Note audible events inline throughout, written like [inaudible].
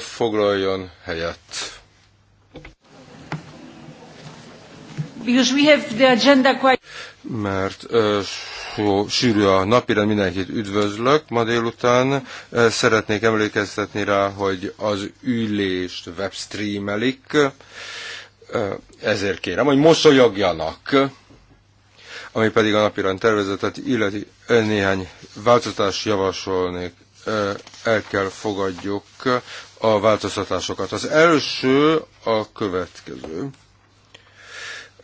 foglaljon helyet. Because we have the agenda quite... Mert jó, sűrű a napirend, mindenkit üdvözlök ma délután. Szeretnék emlékeztetni rá, hogy az ülést webstreamelik, ezért kérem, hogy mosolyogjanak. Ami pedig a napirend tervezetet illeti néhány változtást javasolnék el kell fogadjuk a változtatásokat. Az első a következő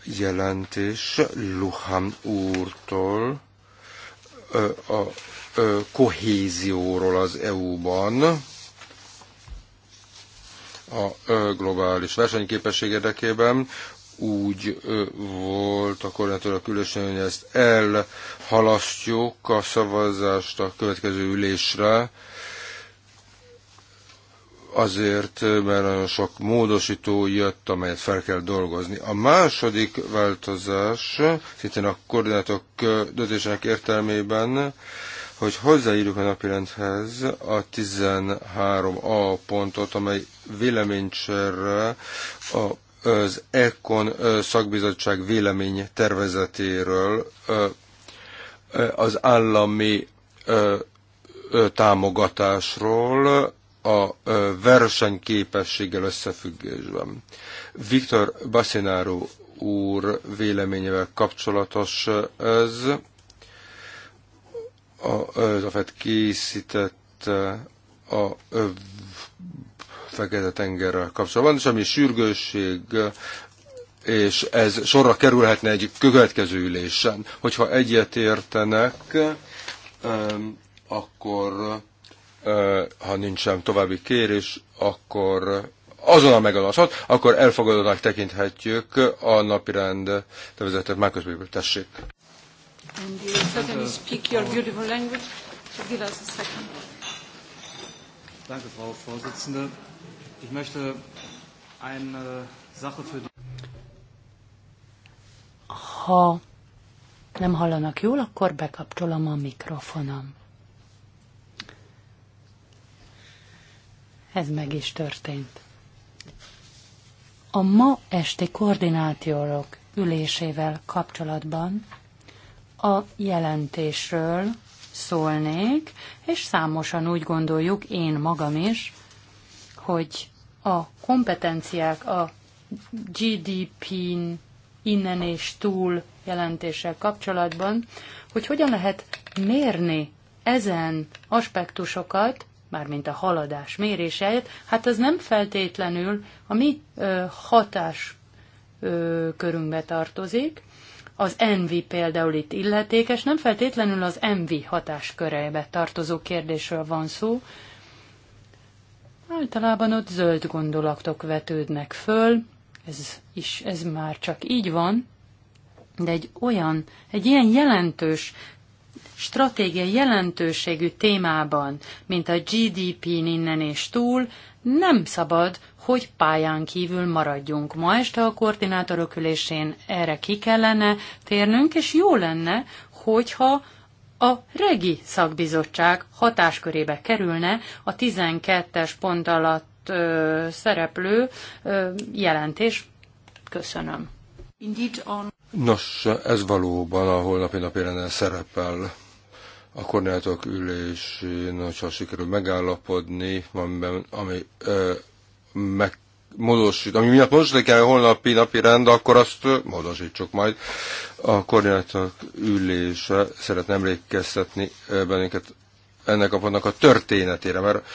jelentés Luhan úrtól a kohézióról az EU-ban a globális versenyképesség érdekében úgy volt a koordinátorok különösen, hogy ezt elhalasztjuk a szavazást a következő ülésre, azért, mert nagyon sok módosító jött, amelyet fel kell dolgozni. A második változás, szintén a koordinátok döntésének értelmében, hogy hozzáírjuk a napirendhez a 13a pontot, amely véleménycserre a az ECON szakbizottság vélemény tervezetéről az állami támogatásról a versenyképességgel összefüggésben. Viktor Bassináró úr véleményével kapcsolatos ez. A, az a AFED készített a Fekete-tengerrel kapcsolatban, és ami sürgősség, és ez sorra kerülhetne egy következő ülésen. Hogyha egyetértenek, akkor ha nincsen további kérés, akkor a megalazhat, akkor elfogadottnak tekinthetjük a napirend tevezetet. Márkusz Béből, tessék. Danke, Frau Vorsitzende. Ich möchte eine Sache für Ha nem hallanak jól, akkor bekapcsolom a mikrofonom. Ez meg is történt. A ma esti koordinátorok ülésével kapcsolatban a jelentésről szólnék, és számosan úgy gondoljuk, én magam is, hogy a kompetenciák a GDP-n innen és túl jelentéssel kapcsolatban, hogy hogyan lehet mérni ezen aspektusokat, mármint a haladás méréseit, hát az nem feltétlenül a mi ö, hatás ö, körünkbe tartozik. Az envi például itt illetékes, nem feltétlenül az envi körébe tartozó kérdésről van szó, Általában ott zöld gondolatok vetődnek föl, ez, is, ez már csak így van, de egy olyan, egy ilyen jelentős, stratégiai jelentőségű témában, mint a gdp innen és túl, nem szabad, hogy pályán kívül maradjunk. Ma este a koordinátorok ülésén erre ki kellene térnünk, és jó lenne, hogyha a regi szakbizottság hatáskörébe kerülne a 12-es pont alatt ö, szereplő ö, jelentés. Köszönöm. Indeed on... Nos, ez valóban a holnapi napirenden szerepel a koordinátok ülésén, hogyha sikerül megállapodni, amiben, ami ö, meg módosít, ami miatt módosítani kell holnapi napi rend, akkor azt módosítsuk majd. A koordinátor ülése szeretne emlékeztetni bennünket ennek a pontnak a történetére, mert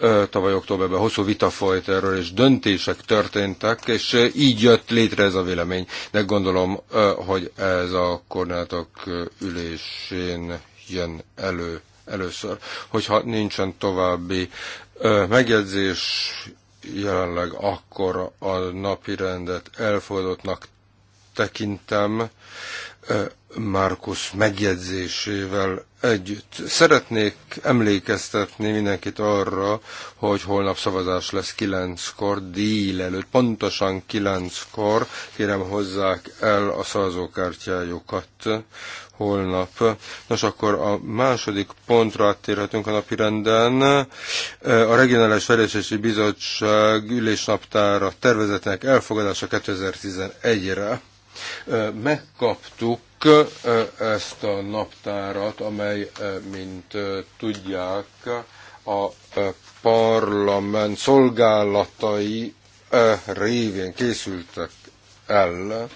ö, tavaly októberben hosszú vita folyt erről, és döntések történtek, és ö, így jött létre ez a vélemény. De gondolom, ö, hogy ez a koordinátok ülésén jön elő először. Hogyha nincsen további ö, megjegyzés, jelenleg akkor a napi rendet elfogadottnak tekintem Márkusz megjegyzésével együtt. Szeretnék emlékeztetni mindenkit arra, hogy holnap szavazás lesz kilenckor előtt, Pontosan kilenckor kérem hozzák el a szavazókártyájukat, holnap. Nos, akkor a második pontra áttérhetünk a napi renden. E, a Regionális Fejlesztési Bizottság ülésnaptára tervezetnek elfogadása 2011-re. E, megkaptuk e, ezt a naptárat, amely, mint tudják, a parlament szolgálatai révén készültek el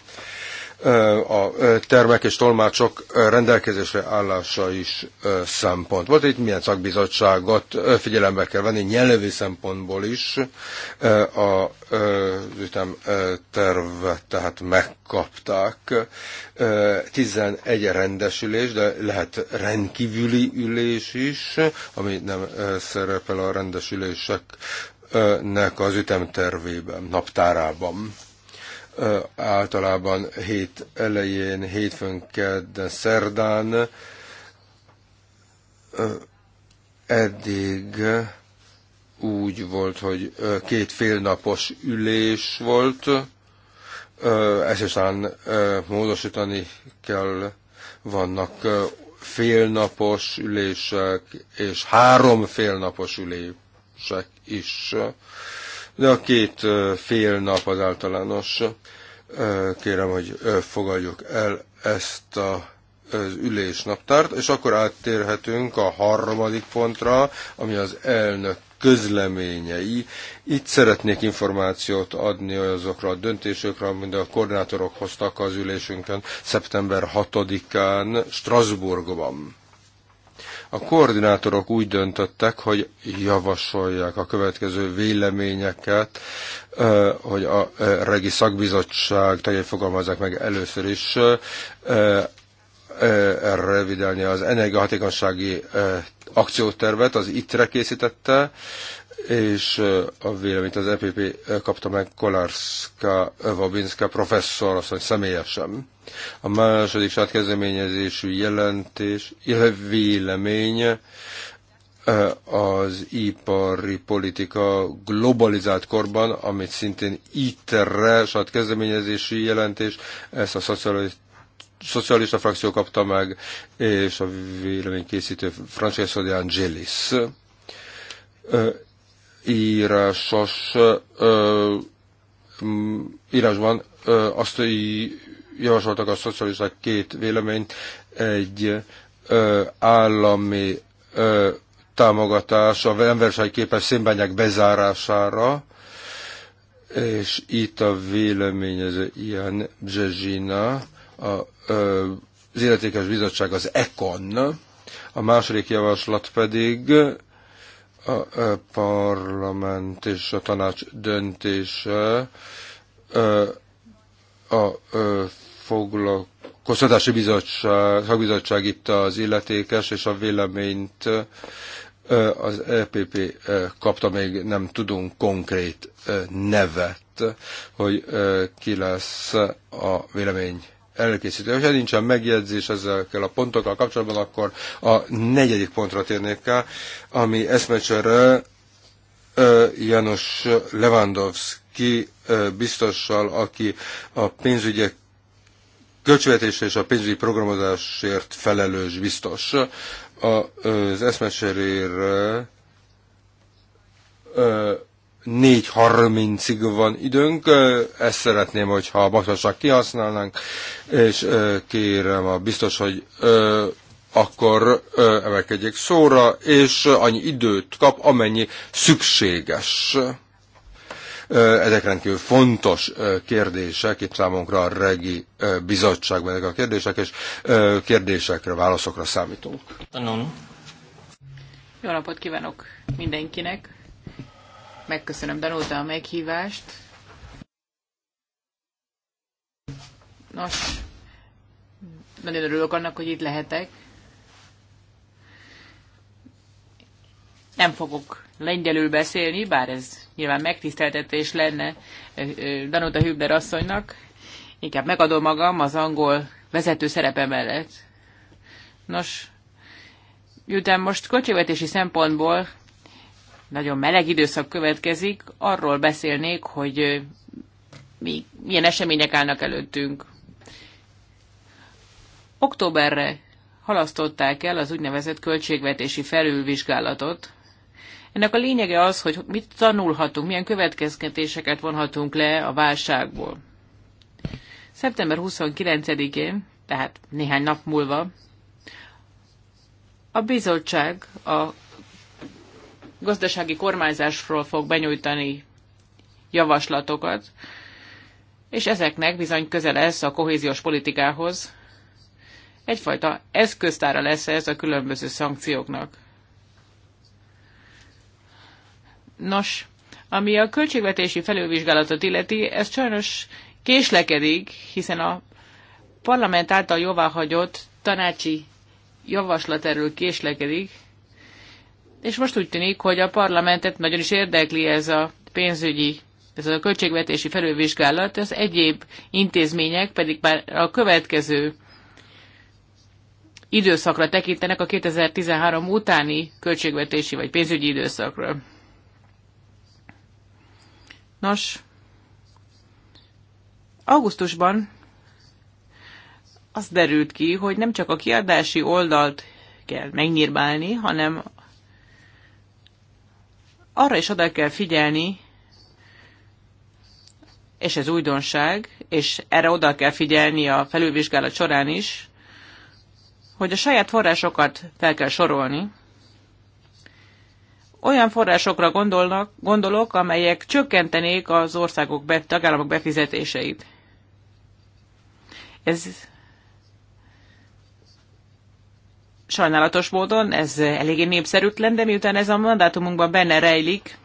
a termek és tolmácsok rendelkezésre állása is szempont. Volt itt milyen szakbizottságot figyelembe kell venni, nyelvi szempontból is a ütem tervet, tehát megkapták 11 rendesülés, de lehet rendkívüli ülés is, ami nem szerepel a rendesüléseknek az ütemtervében, naptárában általában hét elején, hétfőn, kedden, szerdán. Eddig úgy volt, hogy két félnapos ülés volt, ezt is módosítani kell, vannak félnapos ülések, és három félnapos ülések is de a két fél nap az általános. Kérem, hogy fogadjuk el ezt a az ülésnaptárt, és akkor áttérhetünk a harmadik pontra, ami az elnök közleményei. Itt szeretnék információt adni azokra a döntésekre, amit a koordinátorok hoztak az ülésünkön szeptember 6-án Strasbourgban. A koordinátorok úgy döntöttek, hogy javasolják a következő véleményeket, hogy a regi szakbizottság tegyen fogalmazzák meg először is revidálni az energiahatékonysági akciótervet, az ITRE készítette, és a véleményt az EPP kapta meg Kolarska Vabinska professzor, azt mondja személyesen. A második saját kezdeményezésű jelentés, illetve vélemény az ipari politika globalizált korban, amit szintén ITER-re saját kezdeményezésű jelentés, ezt a szocialista szocialista frakció kapta meg, és a véleménykészítő Francesco de Angelis írásos ö, mm, írásban ö, azt javasoltak a szocialisták két véleményt, egy ö, állami ö, támogatás a képes színbányák bezárására, és itt a véleményező ilyen Bzsezsina, a, ö, az illetékes bizottság az ECON, a második javaslat pedig a parlament és a tanács döntése a foglalkoztatási bizottság, bizottság itt az illetékes, és a véleményt az EPP kapta, még nem tudunk konkrét nevet, hogy ki lesz a vélemény elkészítő. Ha nincsen megjegyzés ezekkel a pontokkal kapcsolatban, akkor a negyedik pontra térnék el, ami eszmecsere Janos Lewandowski biztossal, aki a pénzügyek költségvetésre és a pénzügyi programozásért felelős biztos. A, az eszmecserére 4.30-ig van időnk, ezt szeretném, hogyha magasak kihasználnánk, és kérem a biztos, hogy akkor emelkedjék szóra, és annyi időt kap, amennyi szükséges. Ezek rendkívül fontos kérdések, itt számunkra a regi bizottságban ezek a kérdések, és kérdésekre, válaszokra számítunk. Tanulunk. Jó napot kívánok mindenkinek! Megköszönöm Danóta a meghívást. Nos, nagyon örülök annak, hogy itt lehetek. Nem fogok lengyelül beszélni, bár ez nyilván megtiszteltetés lenne Danóta Hübner asszonynak. Inkább megadom magam az angol vezető szerepe mellett. Nos, miután most költségvetési szempontból nagyon meleg időszak következik, arról beszélnék, hogy mi, milyen események állnak előttünk. Októberre halasztották el az úgynevezett költségvetési felülvizsgálatot. Ennek a lényege az, hogy mit tanulhatunk, milyen következtetéseket vonhatunk le a válságból. Szeptember 29-én, tehát néhány nap múlva, a bizottság a gazdasági kormányzásról fog benyújtani javaslatokat, és ezeknek bizony köze lesz a kohéziós politikához. Egyfajta eszköztára lesz ez a különböző szankcióknak. Nos, ami a költségvetési felülvizsgálatot illeti, ez sajnos késlekedik, hiszen a parlament által jóváhagyott tanácsi javaslat erről késlekedik és most úgy tűnik, hogy a parlamentet nagyon is érdekli ez a pénzügyi, ez a költségvetési felülvizsgálat, az egyéb intézmények pedig már a következő időszakra tekintenek a 2013 utáni költségvetési vagy pénzügyi időszakra. Nos, augusztusban az derült ki, hogy nem csak a kiadási oldalt kell megnyírbálni, hanem arra is oda kell figyelni, és ez újdonság, és erre oda kell figyelni a felülvizsgálat során is, hogy a saját forrásokat fel kell sorolni. Olyan forrásokra gondolnak, gondolok, amelyek csökkentenék az országok, be, tagállamok befizetéseit. Ez sajnálatos módon ez eléggé népszerűtlen, de miután ez a mandátumunkban benne rejlik,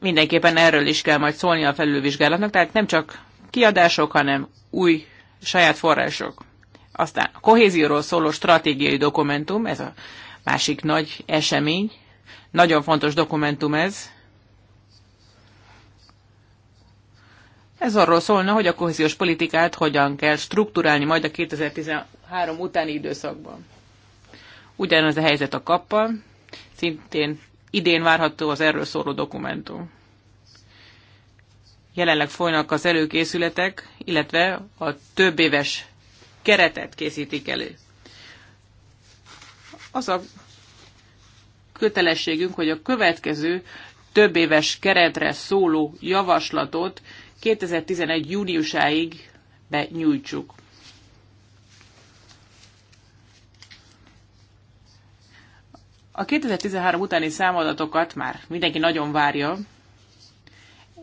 mindenképpen erről is kell majd szólni a felülvizsgálatnak, tehát nem csak kiadások, hanem új saját források. Aztán a kohézióról szóló stratégiai dokumentum, ez a másik nagy esemény, nagyon fontos dokumentum ez. Ez arról szólna, hogy a kohéziós politikát hogyan kell strukturálni majd a 2013 utáni időszakban. Ugyanaz a helyzet a kappal, szintén idén várható az erről szóló dokumentum. Jelenleg folynak az előkészületek, illetve a több éves keretet készítik elő. Az a kötelességünk, hogy a következő több éves keretre szóló javaslatot 2011. júniusáig benyújtsuk. A 2013 utáni számadatokat már mindenki nagyon várja,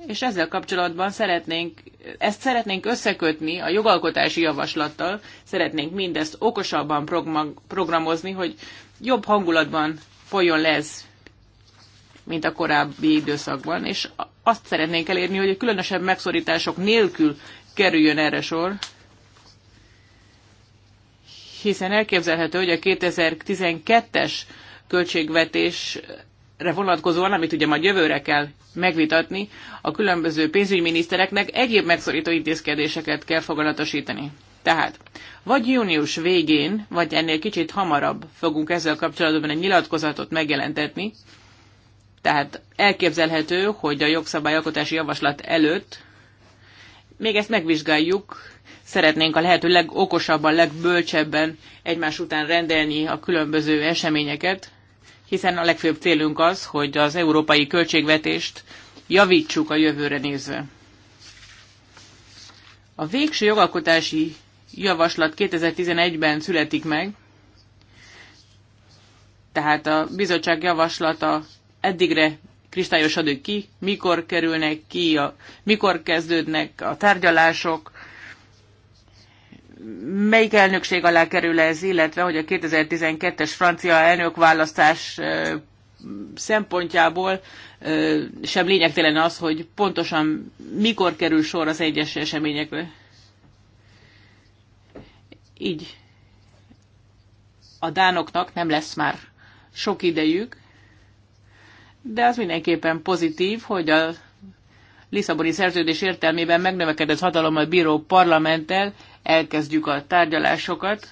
és ezzel kapcsolatban szeretnénk, ezt szeretnénk összekötni a jogalkotási javaslattal, szeretnénk mindezt okosabban programozni, hogy jobb hangulatban folyjon le ez, mint a korábbi időszakban, és azt szeretnénk elérni, hogy a különösebb megszorítások nélkül kerüljön erre sor, hiszen elképzelhető, hogy a 2012-es költségvetésre vonatkozóan, amit ugye majd jövőre kell megvitatni, a különböző pénzügyminisztereknek egyéb megszorító intézkedéseket kell foglalatosítani. Tehát, vagy június végén, vagy ennél kicsit hamarabb fogunk ezzel kapcsolatban egy nyilatkozatot megjelentetni, tehát elképzelhető, hogy a jogszabályalkotási javaslat előtt még ezt megvizsgáljuk, szeretnénk a lehető legokosabban, legbölcsebben egymás után rendelni a különböző eseményeket, hiszen a legfőbb célunk az, hogy az európai költségvetést javítsuk a jövőre nézve. A végső jogalkotási javaslat 2011-ben születik meg, tehát a bizottság javaslata eddigre kristályosodik ki, mikor kerülnek ki, a, mikor kezdődnek a tárgyalások, melyik elnökség alá kerül ez, illetve hogy a 2012-es francia elnökválasztás szempontjából sem lényegtelen az, hogy pontosan mikor kerül sor az egyes eseményekre. Így a dánoknak nem lesz már sok idejük, de az mindenképpen pozitív, hogy a Lisszaboni szerződés értelmében megnövekedett hatalommal bíró parlamenttel elkezdjük a tárgyalásokat,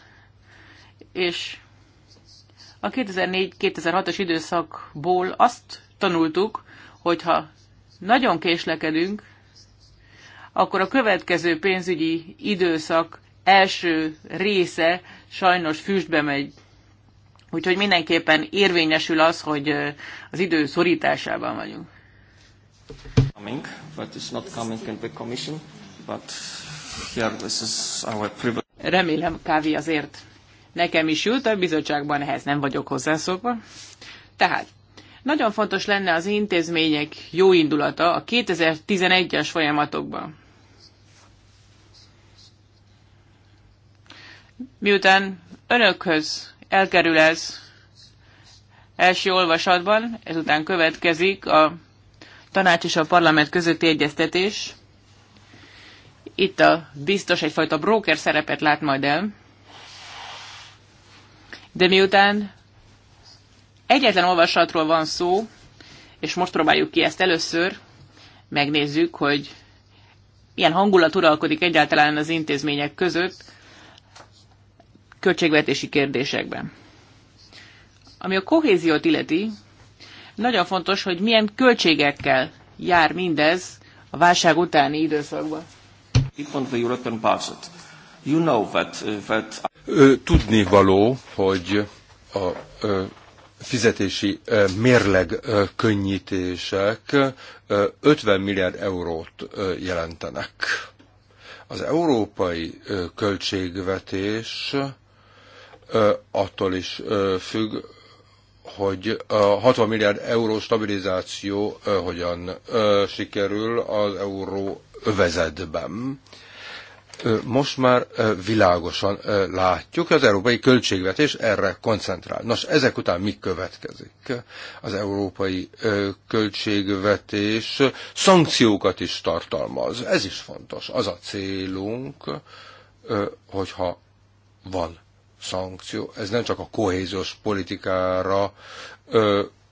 és a 2004-2006-os időszakból azt tanultuk, hogyha nagyon késlekedünk, akkor a következő pénzügyi időszak első része sajnos füstbe megy. Úgyhogy mindenképpen érvényesül az, hogy az idő szorításában vagyunk. Coming, but it's not coming in the commission, but here, this is our privilege. Remélem, kávé azért nekem is jut, a bizottságban ehhez nem vagyok hozzászokva. Tehát, nagyon fontos lenne az intézmények jó indulata a 2011-es folyamatokban. Miután önökhöz elkerül ez első olvasatban, ezután következik a tanács és a parlament közötti egyeztetés, itt a biztos egyfajta broker szerepet lát majd el, de miután egyetlen olvasatról van szó, és most próbáljuk ki ezt először, megnézzük, hogy milyen hangulat uralkodik egyáltalán az intézmények között költségvetési kérdésekben. Ami a kohéziót illeti, nagyon fontos, hogy milyen költségekkel jár mindez a válság utáni időszakban. Tudni való, hogy a fizetési mérleg könnyítések 50 milliárd eurót jelentenek. Az európai költségvetés attól is függ, hogy a 60 milliárd euró stabilizáció hogyan sikerül az euró övezetben. Most már világosan látjuk, az európai költségvetés erre koncentrál. Nos, ezek után mi következik? Az európai költségvetés szankciókat is tartalmaz. Ez is fontos. Az a célunk, hogyha van szankció, ez nem csak a kohéziós politikára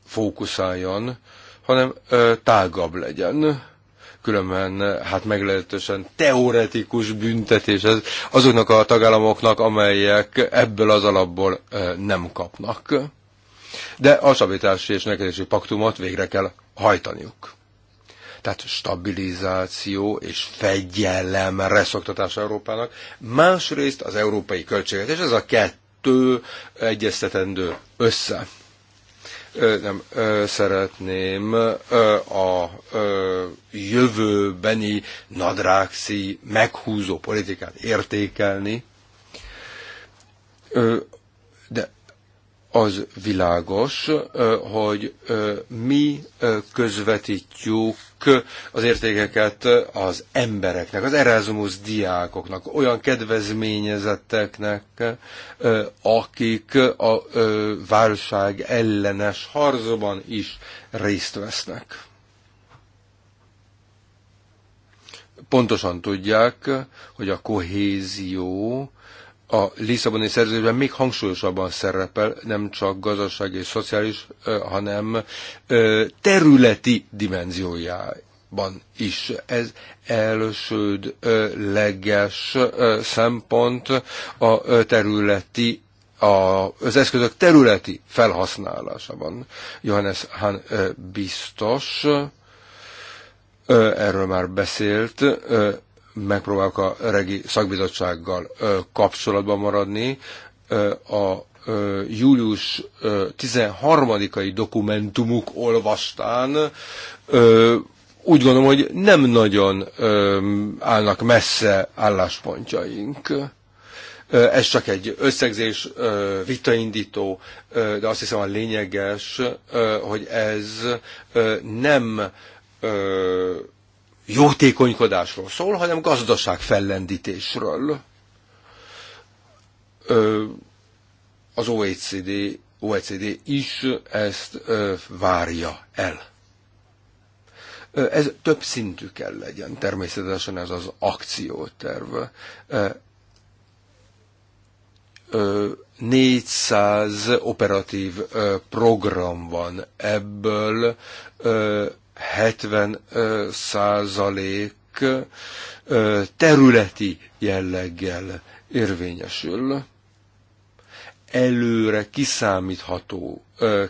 fókuszáljon, hanem tágabb legyen különben hát meglehetősen teoretikus büntetés ez azoknak a tagállamoknak, amelyek ebből az alapból nem kapnak. De a stabilitási és növekedési paktumot végre kell hajtaniuk. Tehát stabilizáció és fegyelemre szoktatás Európának. Másrészt az európai és ez a kettő egyeztetendő össze nem szeretném a jövőbeni nadráxi meghúzó politikát értékelni, de az világos, hogy mi közvetítjük az értékeket az embereknek, az Erasmus diákoknak, olyan kedvezményezetteknek, akik a válság ellenes harcban is részt vesznek. Pontosan tudják, hogy a kohézió a Lisszaboni szerződésben még hangsúlyosabban szerepel nem csak gazdasági és szociális, hanem területi dimenziójában is. Ez elsődleges szempont a területi a, az eszközök területi felhasználásában. Johannes Hahn biztos, erről már beszélt, megpróbálok a regi szakbizottsággal kapcsolatban maradni. A július 13-ai dokumentumuk olvastán úgy gondolom, hogy nem nagyon állnak messze álláspontjaink. Ez csak egy összegzés, vitaindító, de azt hiszem a lényeges, hogy ez nem jótékonykodásról szól, hanem gazdaság fellendítésről. Az OECD, OECD is ezt várja el. Ez több szintű kell legyen, természetesen ez az akcióterv. 400 operatív program van, ebből 70 százalék területi jelleggel érvényesül. Előre kiszámítható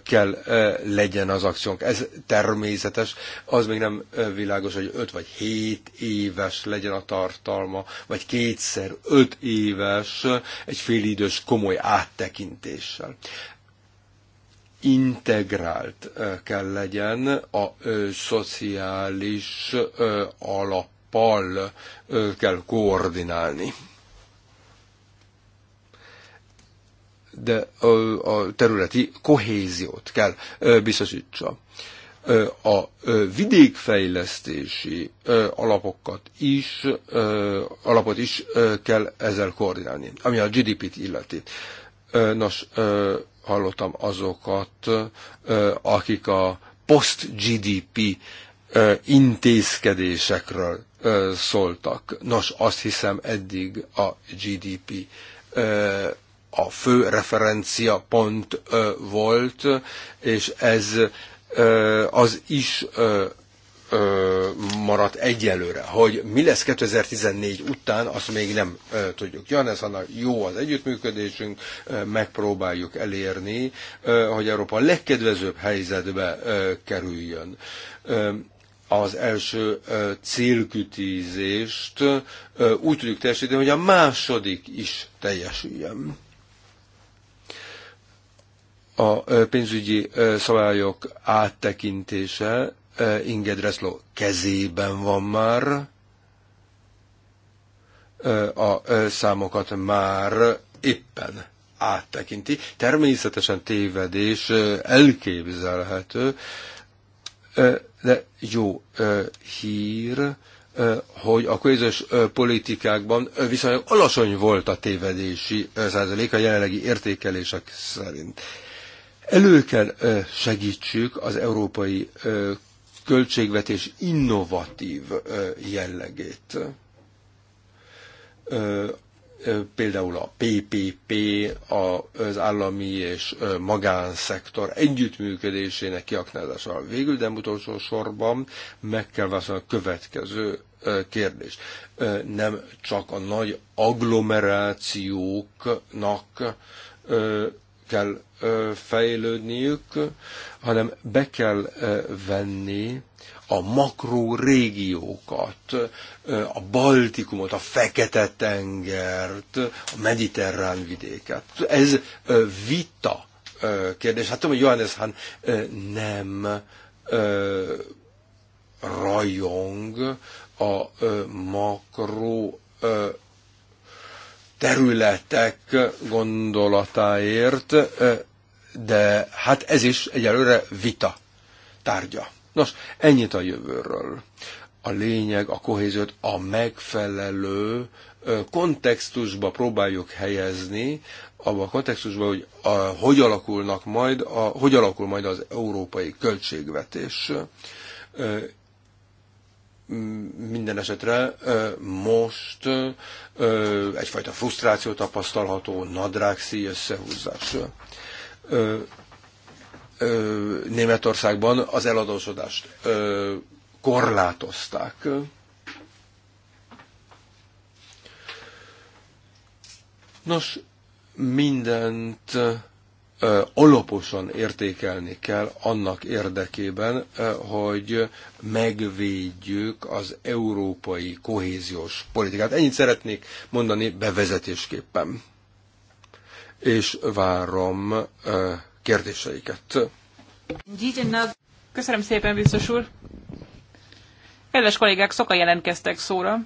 kell legyen az akciónk. Ez természetes, az még nem világos, hogy 5 vagy 7 éves legyen a tartalma, vagy kétszer 5 éves egy félidős komoly áttekintéssel integrált kell legyen a szociális alappal kell koordinálni. de a területi kohéziót kell biztosítsa. A vidékfejlesztési alapokat is, alapot is kell ezzel koordinálni, ami a GDP-t illeti. Nos, hallottam azokat, akik a post-GDP intézkedésekről szóltak. Nos, azt hiszem eddig a GDP a fő referencia pont volt, és ez az is ö, maradt egyelőre. Hogy mi lesz 2014 után, azt még nem ö, tudjuk. Janes Anna, jó az együttműködésünk, ö, megpróbáljuk elérni, ö, hogy Európa a legkedvezőbb helyzetbe ö, kerüljön. Ö, az első ö, célkütízést ö, úgy tudjuk teljesíteni, hogy a második is teljesüljön a pénzügyi szabályok áttekintése Inge Dreszló kezében van már, a számokat már éppen áttekinti. Természetesen tévedés elképzelhető, de jó hír, hogy a közös politikákban viszonylag alacsony volt a tévedési százalék a jelenlegi értékelések szerint. Elő kell segítsük az Európai költségvetés innovatív jellegét. Például a PPP, az állami és magánszektor együttműködésének kiaknázása végül, de utolsó sorban meg kell válaszolni a következő kérdés. Nem csak a nagy agglomerációknak kell fejlődniük, hanem be kell venni a makró régiókat, a Baltikumot, a Fekete-tengert, a mediterrán vidéket. Ez vita kérdés. Hát tudom, hogy Johannes Hahn nem rajong a makró területek gondolatáért, de hát ez is egyelőre vita tárgya. Nos, ennyit a jövőről. A lényeg, a kohéziót a megfelelő kontextusba próbáljuk helyezni, abban a kontextusban, hogy a, hogy, alakulnak majd a, hogy alakul majd az európai költségvetés minden esetre most egyfajta frusztráció tapasztalható, nadrágszi összehúzás. Németországban az eladósodást korlátozták. Nos, mindent alaposan értékelni kell annak érdekében, hogy megvédjük az európai kohéziós politikát. Ennyit szeretnék mondani bevezetésképpen. És várom kérdéseiket. Köszönöm szépen, biztos úr. Kedves kollégák, szoka jelentkeztek szóra.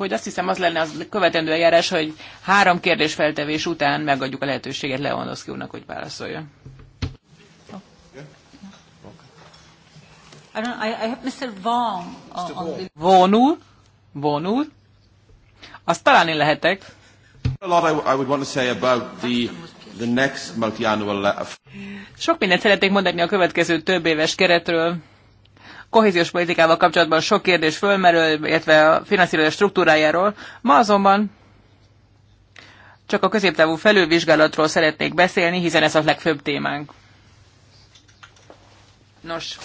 Úgyhogy azt hiszem, az lenne az követendő eljárás, hogy három feltevés után megadjuk a lehetőséget Leonoszki úrnak, hogy válaszoljon. I don't, I, I have Mr. Vaughan uh, Vaughan úr? Vaughan úr? Azt talán én lehetek. Sok mindent szeretnék mondani a következő több éves keretről, kohéziós politikával kapcsolatban sok kérdés fölmerül, illetve a finanszírozás struktúrájáról. Ma azonban csak a középtávú felülvizsgálatról szeretnék beszélni, hiszen ez a legfőbb témánk. Nos,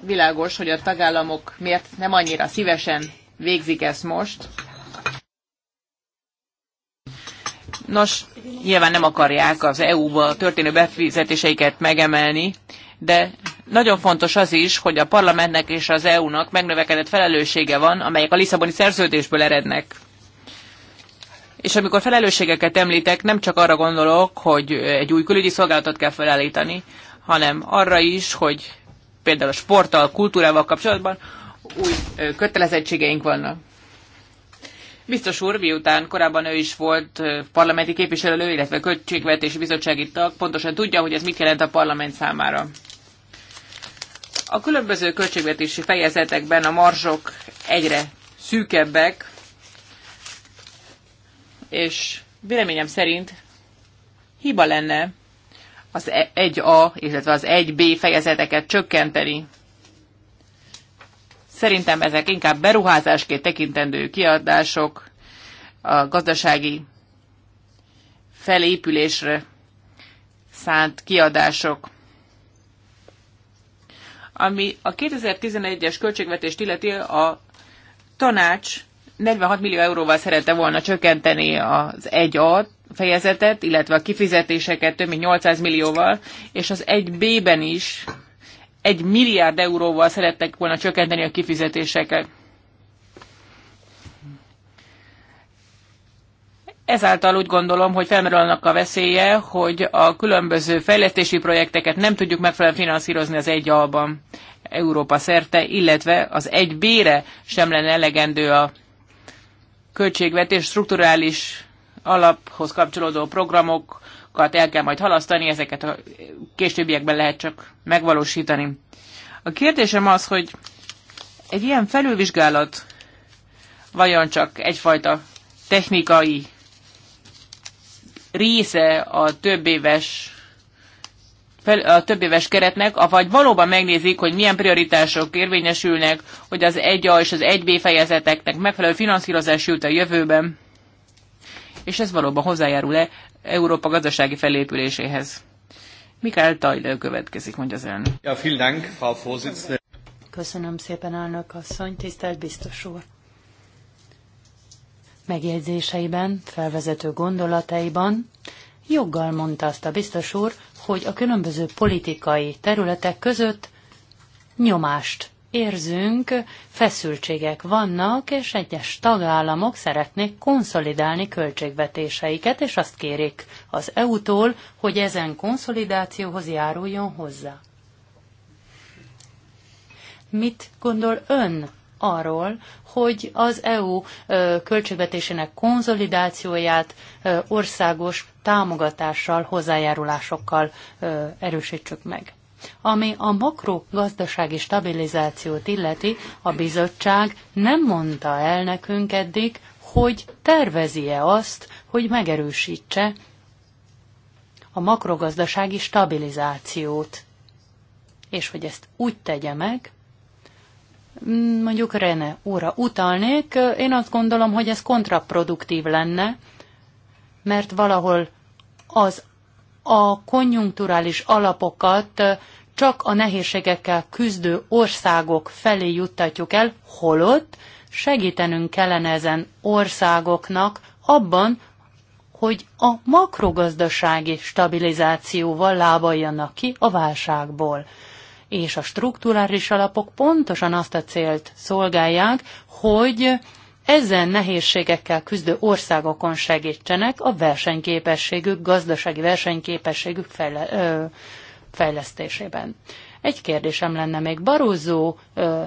világos, hogy a tagállamok miért nem annyira szívesen végzik ezt most. Nos, nyilván nem akarják az EU-ba történő befizetéseiket megemelni, de nagyon fontos az is, hogy a parlamentnek és az EU-nak megnövekedett felelőssége van, amelyek a Lisszaboni szerződésből erednek. És amikor felelősségeket említek, nem csak arra gondolok, hogy egy új külügyi szolgálatot kell felállítani, hanem arra is, hogy például a sporttal, kultúrával kapcsolatban új kötelezettségeink vannak. Biztos úr, miután korábban ő is volt parlamenti képviselő, illetve költségvetési bizottsági tag, pontosan tudja, hogy ez mit jelent a parlament számára. A különböző költségvetési fejezetekben a marzsok egyre szűkebbek, és véleményem szerint hiba lenne az 1A, e- illetve az 1B fejezeteket csökkenteni. Szerintem ezek inkább beruházásként tekintendő kiadások a gazdasági felépülésre szánt kiadások. Ami a 2011-es költségvetést illeti, a tanács 46 millió euróval szerette volna csökkenteni az 1A fejezetet, illetve a kifizetéseket több mint 800 millióval, és az 1B-ben is 1 milliárd euróval szerettek volna csökkenteni a kifizetéseket. Ezáltal úgy gondolom, hogy felmerül annak a veszélye, hogy a különböző fejlesztési projekteket nem tudjuk megfelelően finanszírozni az egy alban Európa szerte, illetve az egy bére sem lenne elegendő a költségvetés strukturális alaphoz kapcsolódó programokat el kell majd halasztani, ezeket a későbbiekben lehet csak megvalósítani. A kérdésem az, hogy egy ilyen felülvizsgálat vajon csak egyfajta technikai része a több éves a több éves keretnek, vagy valóban megnézik, hogy milyen prioritások érvényesülnek, hogy az 1A és az 1B fejezeteknek megfelelő finanszírozás jut a jövőben, és ez valóban hozzájárul-e Európa gazdasági felépüléséhez. Mikael Tajlő következik, mondja az elnök. Ja, vielen Dank, Frau Vorsitzende. Köszönöm szépen, elnök asszony, tisztelt biztos úr megjegyzéseiben, felvezető gondolataiban joggal mondta azt a biztos úr, hogy a különböző politikai területek között nyomást érzünk, feszültségek vannak, és egyes tagállamok szeretnék konszolidálni költségvetéseiket, és azt kérik az EU-tól, hogy ezen konszolidációhoz járuljon hozzá. Mit gondol ön arról, hogy az EU költségvetésének konzolidációját országos támogatással, hozzájárulásokkal erősítsük meg. Ami a makrogazdasági stabilizációt illeti, a bizottság nem mondta el nekünk eddig, hogy tervezi-e azt, hogy megerősítse a makrogazdasági stabilizációt, és hogy ezt úgy tegye meg, mondjuk Rene úra utalnék, én azt gondolom, hogy ez kontraproduktív lenne, mert valahol az a konjunkturális alapokat csak a nehézségekkel küzdő országok felé juttatjuk el, holott segítenünk kellene ezen országoknak abban, hogy a makrogazdasági stabilizációval lábaljanak ki a válságból és a strukturális alapok pontosan azt a célt szolgálják, hogy ezen nehézségekkel küzdő országokon segítsenek a versenyképességük, gazdasági versenyképességük fejle, ö, fejlesztésében. Egy kérdésem lenne még. Barózó ö,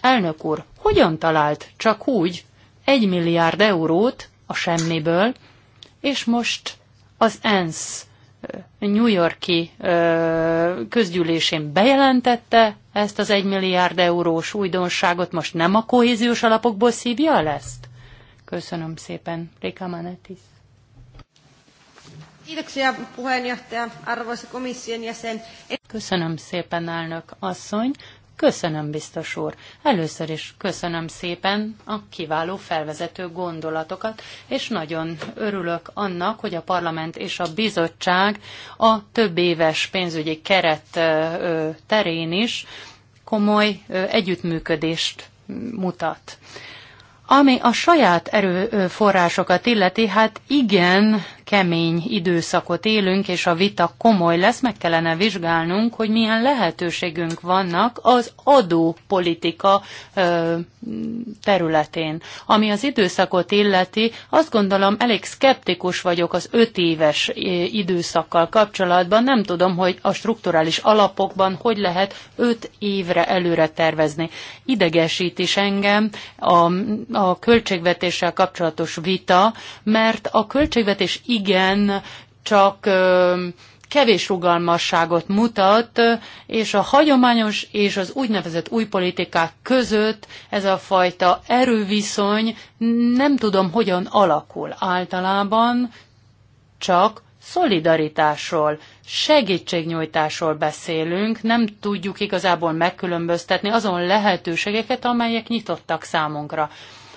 elnök úr, hogyan talált csak úgy egy milliárd eurót a semmiből, és most az ENSZ New Yorki közgyűlésén bejelentette ezt az egymilliárd milliárd eurós újdonságot, most nem a kohéziós alapokból szívja lesz? Köszönöm szépen, Réka Manetis. Köszönöm szépen, elnök asszony. Köszönöm, biztos úr. Először is köszönöm szépen a kiváló felvezető gondolatokat, és nagyon örülök annak, hogy a parlament és a bizottság a több éves pénzügyi keret terén is komoly együttműködést mutat. Ami a saját erőforrásokat illeti, hát igen, kemény időszakot élünk, és a vita komoly lesz, meg kellene vizsgálnunk, hogy milyen lehetőségünk vannak az adópolitika ö, területén. Ami az időszakot illeti, azt gondolom elég szkeptikus vagyok az öt éves időszakkal kapcsolatban. Nem tudom, hogy a strukturális alapokban hogy lehet öt évre előre tervezni. Idegesít is engem a, a költségvetéssel kapcsolatos vita, mert a költségvetés igen, csak kevés rugalmasságot mutat, és a hagyományos és az úgynevezett új politikák között ez a fajta erőviszony nem tudom hogyan alakul általában, csak szolidaritásról, segítségnyújtásról beszélünk, nem tudjuk igazából megkülönböztetni azon lehetőségeket, amelyek nyitottak számunkra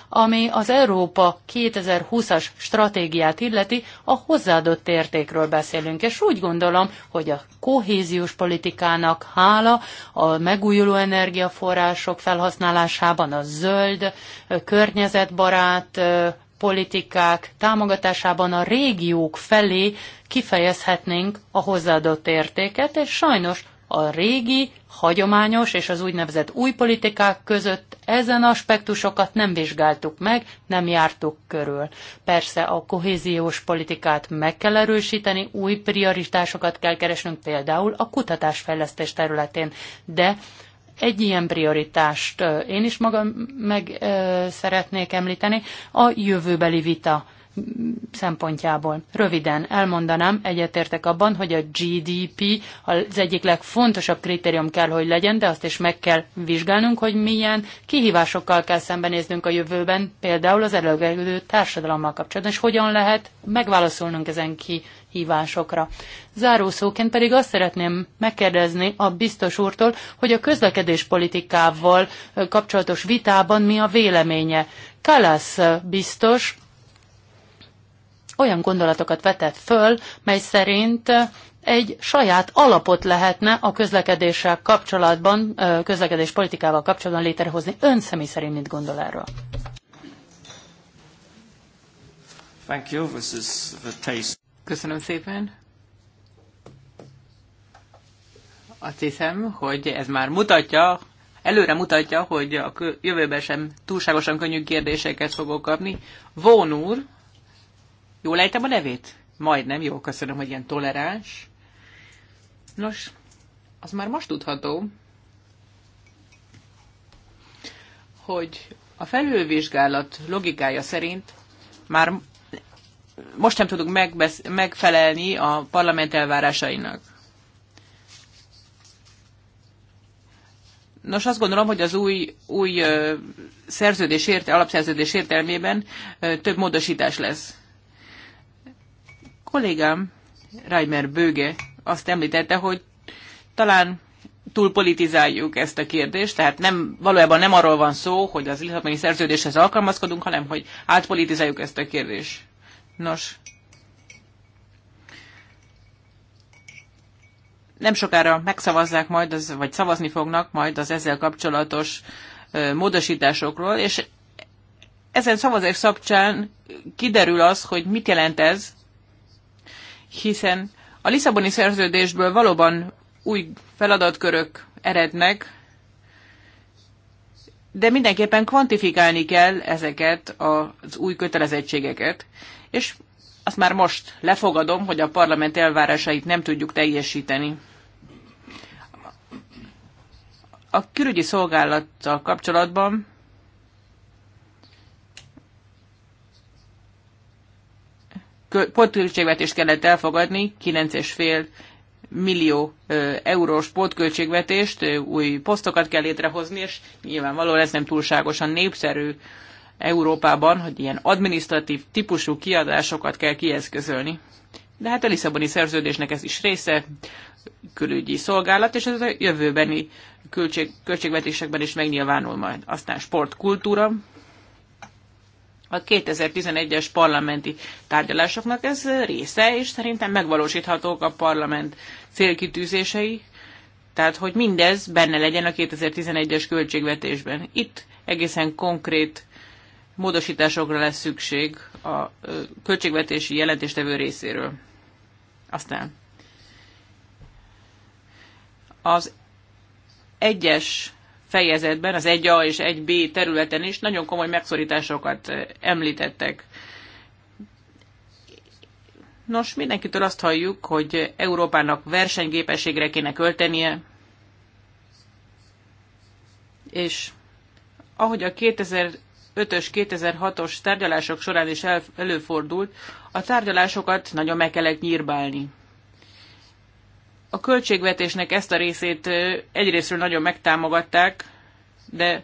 ami az Európa 2020-as stratégiát illeti, a hozzáadott értékről beszélünk. És úgy gondolom, hogy a kohéziós politikának hála a megújuló energiaforrások felhasználásában a zöld, környezetbarát politikák támogatásában a régiók felé kifejezhetnénk a hozzáadott értéket, és sajnos a régi, hagyományos és az úgynevezett új politikák között ezen aspektusokat nem vizsgáltuk meg, nem jártuk körül. Persze a kohéziós politikát meg kell erősíteni, új prioritásokat kell keresnünk például a kutatásfejlesztés területén, de egy ilyen prioritást én is magam meg ö, szeretnék említeni, a jövőbeli vita szempontjából. Röviden elmondanám, egyetértek abban, hogy a GDP az egyik legfontosabb kritérium kell, hogy legyen, de azt is meg kell vizsgálnunk, hogy milyen kihívásokkal kell szembenéznünk a jövőben, például az előgelődő társadalommal kapcsolatban, és hogyan lehet megválaszolnunk ezen kihívásokra. Zárószóként pedig azt szeretném megkérdezni a biztos úrtól, hogy a közlekedéspolitikával kapcsolatos vitában mi a véleménye. Kalasz biztos olyan gondolatokat vetett föl, mely szerint egy saját alapot lehetne a közlekedéssel kapcsolatban, közlekedés politikával kapcsolatban létrehozni. Ön személy szerint mit gondol erről? Thank you. This is the taste. Köszönöm szépen. Azt hiszem, hogy ez már mutatja, előre mutatja, hogy a jövőben sem túlságosan könnyű kérdéseket fogok kapni. Vón úr, Jól ejtem a nevét? Majdnem, jó, köszönöm, hogy ilyen toleráns. Nos, az már most tudható, hogy a felülvizsgálat logikája szerint már most nem tudunk megfelelni a parlament elvárásainak. Nos, azt gondolom, hogy az új, új szerződés érte, alapszerződés értelmében több módosítás lesz kollégám, Reimer Böge azt említette, hogy talán túl politizáljuk ezt a kérdést, tehát nem, valójában nem arról van szó, hogy az Lisszaboni szerződéshez alkalmazkodunk, hanem hogy átpolitizáljuk ezt a kérdést. Nos, nem sokára megszavazzák majd, az, vagy szavazni fognak majd az ezzel kapcsolatos ö, módosításokról, és ezen szavazás szabcsán kiderül az, hogy mit jelent ez hiszen a Lisszaboni szerződésből valóban új feladatkörök erednek, de mindenképpen kvantifikálni kell ezeket az új kötelezettségeket, és azt már most lefogadom, hogy a parlament elvárásait nem tudjuk teljesíteni. A külügyi szolgálattal kapcsolatban pótköltségvetést kellett elfogadni, 9,5 millió eurós pótköltségvetést, új posztokat kell létrehozni, és nyilvánvalóan ez nem túlságosan népszerű Európában, hogy ilyen administratív típusú kiadásokat kell kieszközölni. De hát a Lisszaboni szerződésnek ez is része, külügyi szolgálat, és ez a jövőbeni költség, költségvetésekben is megnyilvánul majd. Aztán sport, kultúra, a 2011-es parlamenti tárgyalásoknak ez része, és szerintem megvalósíthatók a parlament célkitűzései, tehát hogy mindez benne legyen a 2011-es költségvetésben. Itt egészen konkrét módosításokra lesz szükség a költségvetési jelentéstevő részéről. Aztán az egyes fejezetben, az 1A és 1B területen is nagyon komoly megszorításokat említettek. Nos, mindenkitől azt halljuk, hogy Európának versenyképességre kéne költenie, és ahogy a 2005-ös, 2006-os tárgyalások során is előfordult, a tárgyalásokat nagyon meg kellett nyírbálni. A költségvetésnek ezt a részét egyrésztről nagyon megtámogatták, de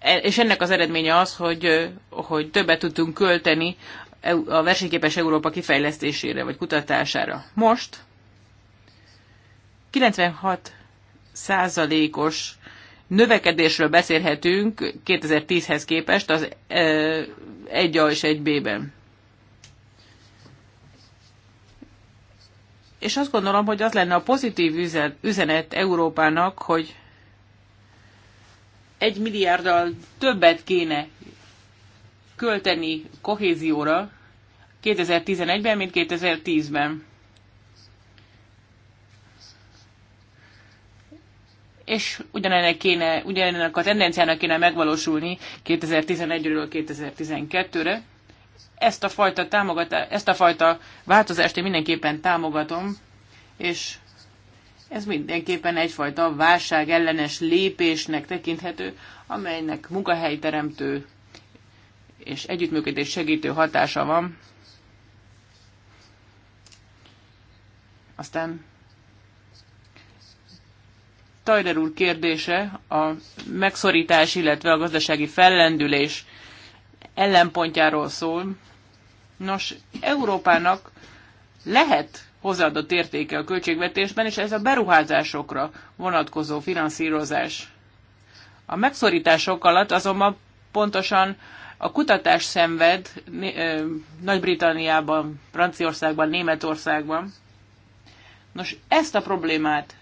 e, és ennek az eredménye az, hogy, hogy többet tudtunk költeni a versenyképes Európa kifejlesztésére vagy kutatására. Most 96 százalékos növekedésről beszélhetünk 2010-hez képest az 1A és 1B-ben. És azt gondolom, hogy az lenne a pozitív üzenet Európának, hogy egy milliárddal többet kéne költeni kohézióra 2011-ben, mint 2010-ben. És ugyanennek, kéne, ugyanennek a tendenciának kéne megvalósulni 2011-ről 2012-re. Ezt a fajta, támogatá- ezt a fajta változást én mindenképpen támogatom, és ez mindenképpen egyfajta válság ellenes lépésnek tekinthető, amelynek munkahelyteremtő és együttműködés segítő hatása van. Aztán Tajder úr kérdése a megszorítás, illetve a gazdasági fellendülés ellenpontjáról szól. Nos, Európának lehet hozzáadott értéke a költségvetésben, és ez a beruházásokra vonatkozó finanszírozás. A megszorítások alatt azonban pontosan a kutatás szenved Nagy-Britanniában, Franciaországban, Németországban. Nos, ezt a problémát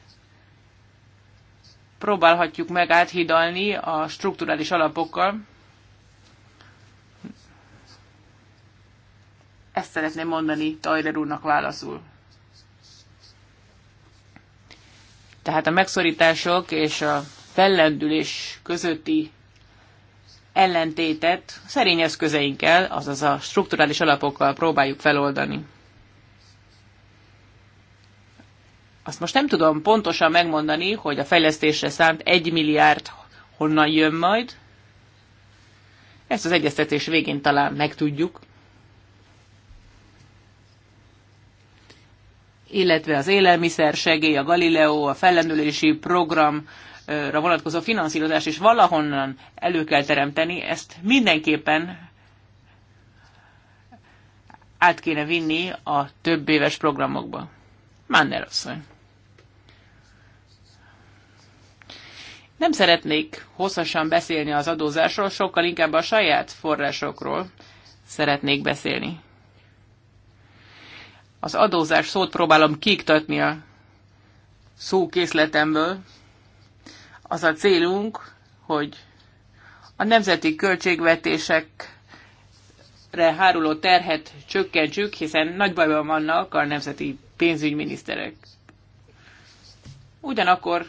próbálhatjuk meg áthidalni a strukturális alapokkal. Ezt szeretném mondani Tajler úrnak válaszul. Tehát a megszorítások és a fellendülés közötti ellentétet szerény eszközeinkkel, azaz a strukturális alapokkal próbáljuk feloldani. Azt most nem tudom pontosan megmondani, hogy a fejlesztésre szánt egy milliárd honnan jön majd. Ezt az egyeztetés végén talán megtudjuk. illetve az élelmiszer segély, a Galileo, a fellendülési programra vonatkozó finanszírozás is valahonnan elő kell teremteni, ezt mindenképpen át kéne vinni a több éves programokba. Manner asszony. Nem szeretnék hosszasan beszélni az adózásról, sokkal inkább a saját forrásokról szeretnék beszélni az adózás szót próbálom kiktatni a szókészletemből. Az a célunk, hogy a nemzeti költségvetésekre háruló terhet csökkentsük, hiszen nagy bajban vannak a nemzeti pénzügyminiszterek. Ugyanakkor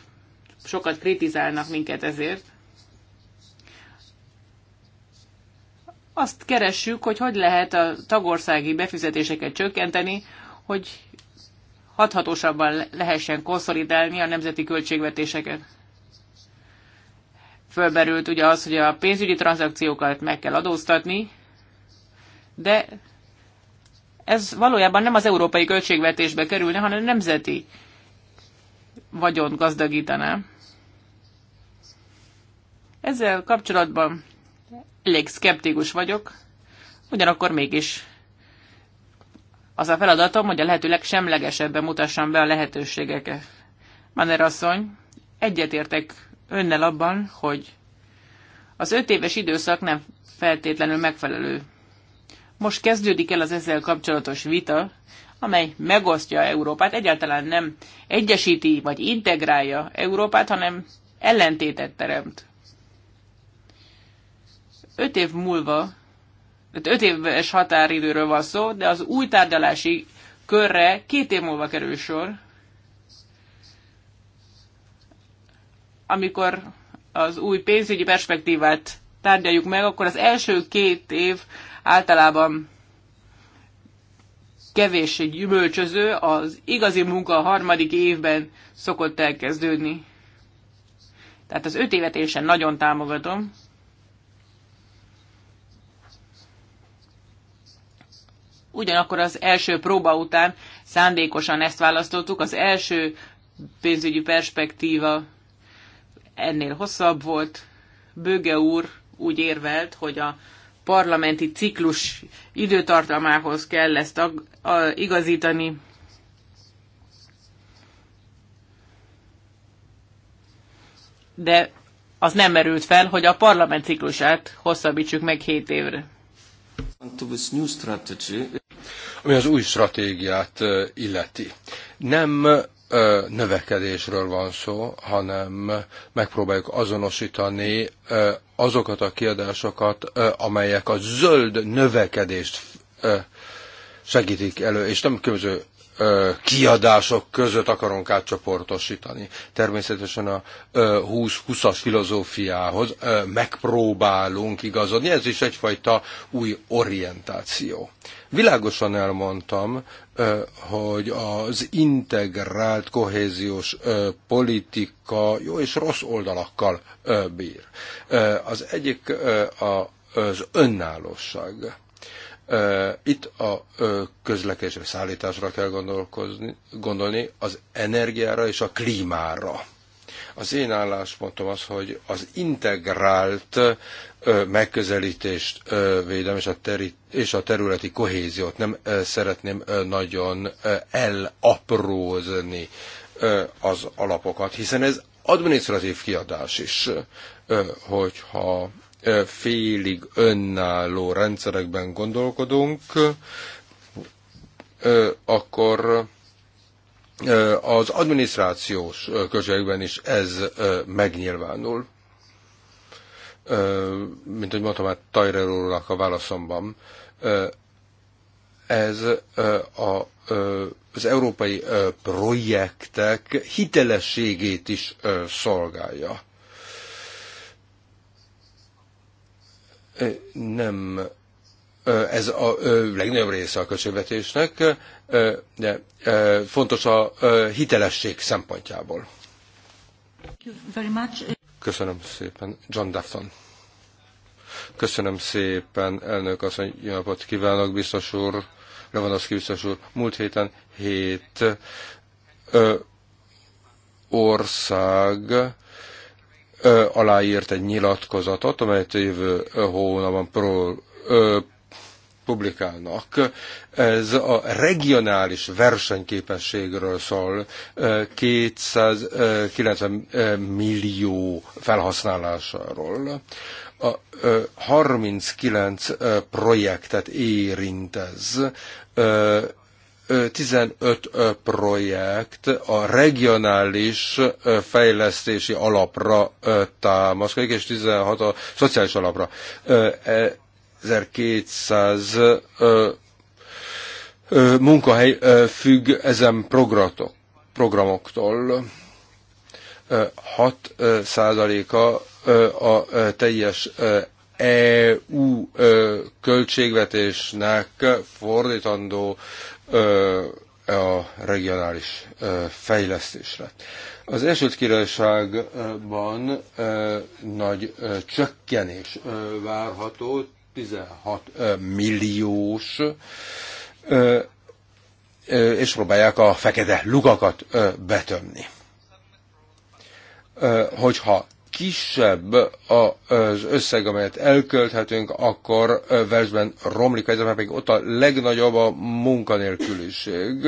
sokat kritizálnak minket ezért. Azt keressük, hogy hogy lehet a tagországi befizetéseket csökkenteni, hogy hathatósabban lehessen konszolidálni a nemzeti költségvetéseket. Fölberült ugye az, hogy a pénzügyi tranzakciókat meg kell adóztatni, de ez valójában nem az európai költségvetésbe kerülne, hanem nemzeti vagyon gazdagítaná. Ezzel kapcsolatban elég szkeptikus vagyok, ugyanakkor mégis az a feladatom, hogy a lehetőleg semlegesebben mutassam be a lehetőségeket. Manner asszony, egyetértek önnel abban, hogy az öt éves időszak nem feltétlenül megfelelő. Most kezdődik el az ezzel kapcsolatos vita, amely megosztja Európát, egyáltalán nem egyesíti vagy integrálja Európát, hanem ellentétet teremt. Öt év múlva öt éves határidőről van szó, de az új tárgyalási körre két év múlva kerül sor, amikor az új pénzügyi perspektívát tárgyaljuk meg, akkor az első két év általában kevés gyümölcsöző, az igazi munka a harmadik évben szokott elkezdődni. Tehát az öt évet én sem nagyon támogatom. Ugyanakkor az első próba után szándékosan ezt választottuk, az első pénzügyi perspektíva ennél hosszabb volt. Böge úr úgy érvelt, hogy a parlamenti ciklus időtartamához kell ezt ag- a- igazítani. De az nem merült fel, hogy a parlament ciklusát hosszabbítsuk meg 7 évre ami az új stratégiát illeti. Nem növekedésről van szó, hanem megpróbáljuk azonosítani azokat a kiadásokat, amelyek a zöld növekedést segítik elő, és nem különböző kiadások között akarunk átcsoportosítani. Természetesen a 20-20-as filozófiához megpróbálunk igazodni, ez is egyfajta új orientáció. Világosan elmondtam, hogy az integrált kohéziós politika jó és rossz oldalakkal bír. Az egyik az önállóság itt a közlekedésre, szállításra kell gondolkozni, gondolni, az energiára és a klímára. Az én álláspontom az, hogy az integrált megközelítést védem, és a, teri, és a területi kohéziót nem szeretném nagyon elaprózni az alapokat, hiszen ez administratív kiadás is, hogyha félig önálló rendszerekben gondolkodunk, akkor az adminisztrációs költségekben is ez megnyilvánul. Mint hogy mondtam már hát Tajrerólnak a válaszomban, ez a, az európai projektek hitelességét is szolgálja Nem ez a legnagyobb része a költségvetésnek, de fontos a hitelesség szempontjából. Köszönöm szépen, John Dafton. Köszönöm szépen, elnök asszony, jó napot kívánok, biztos úr, Levanovszki biztos úr. Múlt héten hét ö, ország aláírt egy nyilatkozatot, amelyet jövő hónapban pro, ö, publikálnak. Ez a regionális versenyképességről szól, 290 millió felhasználásáról. A 39 projektet érint ez, 15 projekt a regionális fejlesztési alapra támaszkodik, és 16 a szociális alapra. 1200 munkahely függ ezen programoktól. 6 százaléka a teljes EU költségvetésnek fordítandó E a regionális fejlesztésre. Az első Királyságban nagy csökkenés várható, 16 milliós, és próbálják a fekete lugakat betömni. Hogyha kisebb az összeg, amelyet elkölthetünk, akkor versben romlik a helyzet, mert pedig ott a legnagyobb a munkanélküliség.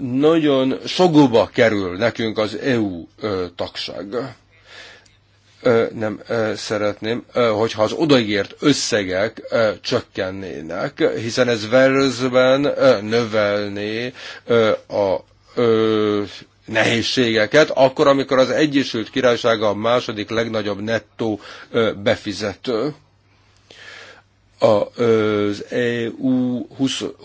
Nagyon sokba kerül nekünk az EU tagság nem szeretném, hogyha az odaígért összegek csökkennének, hiszen ez versben növelné a nehézségeket, akkor, amikor az Egyesült Királyság a második legnagyobb nettó befizető. Az EU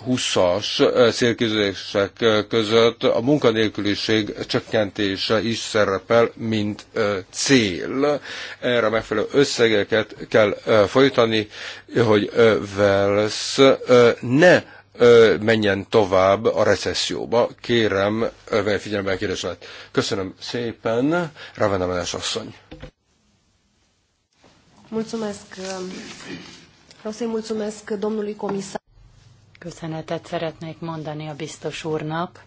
20-as célkizések között a munkanélküliség csökkentése is szerepel, mint cél. Erre megfelelő összegeket kell folytani, hogy Velsz ne menjen tovább a recesszióba. Kérem, vegye figyelembe a kérdésemet. Köszönöm szépen, Ravenna Menes asszony. Mulțumesc. Um, vreau să-i mulțumesc domnului comisar. Köszönetet szeretnék mondani a biztos úrnak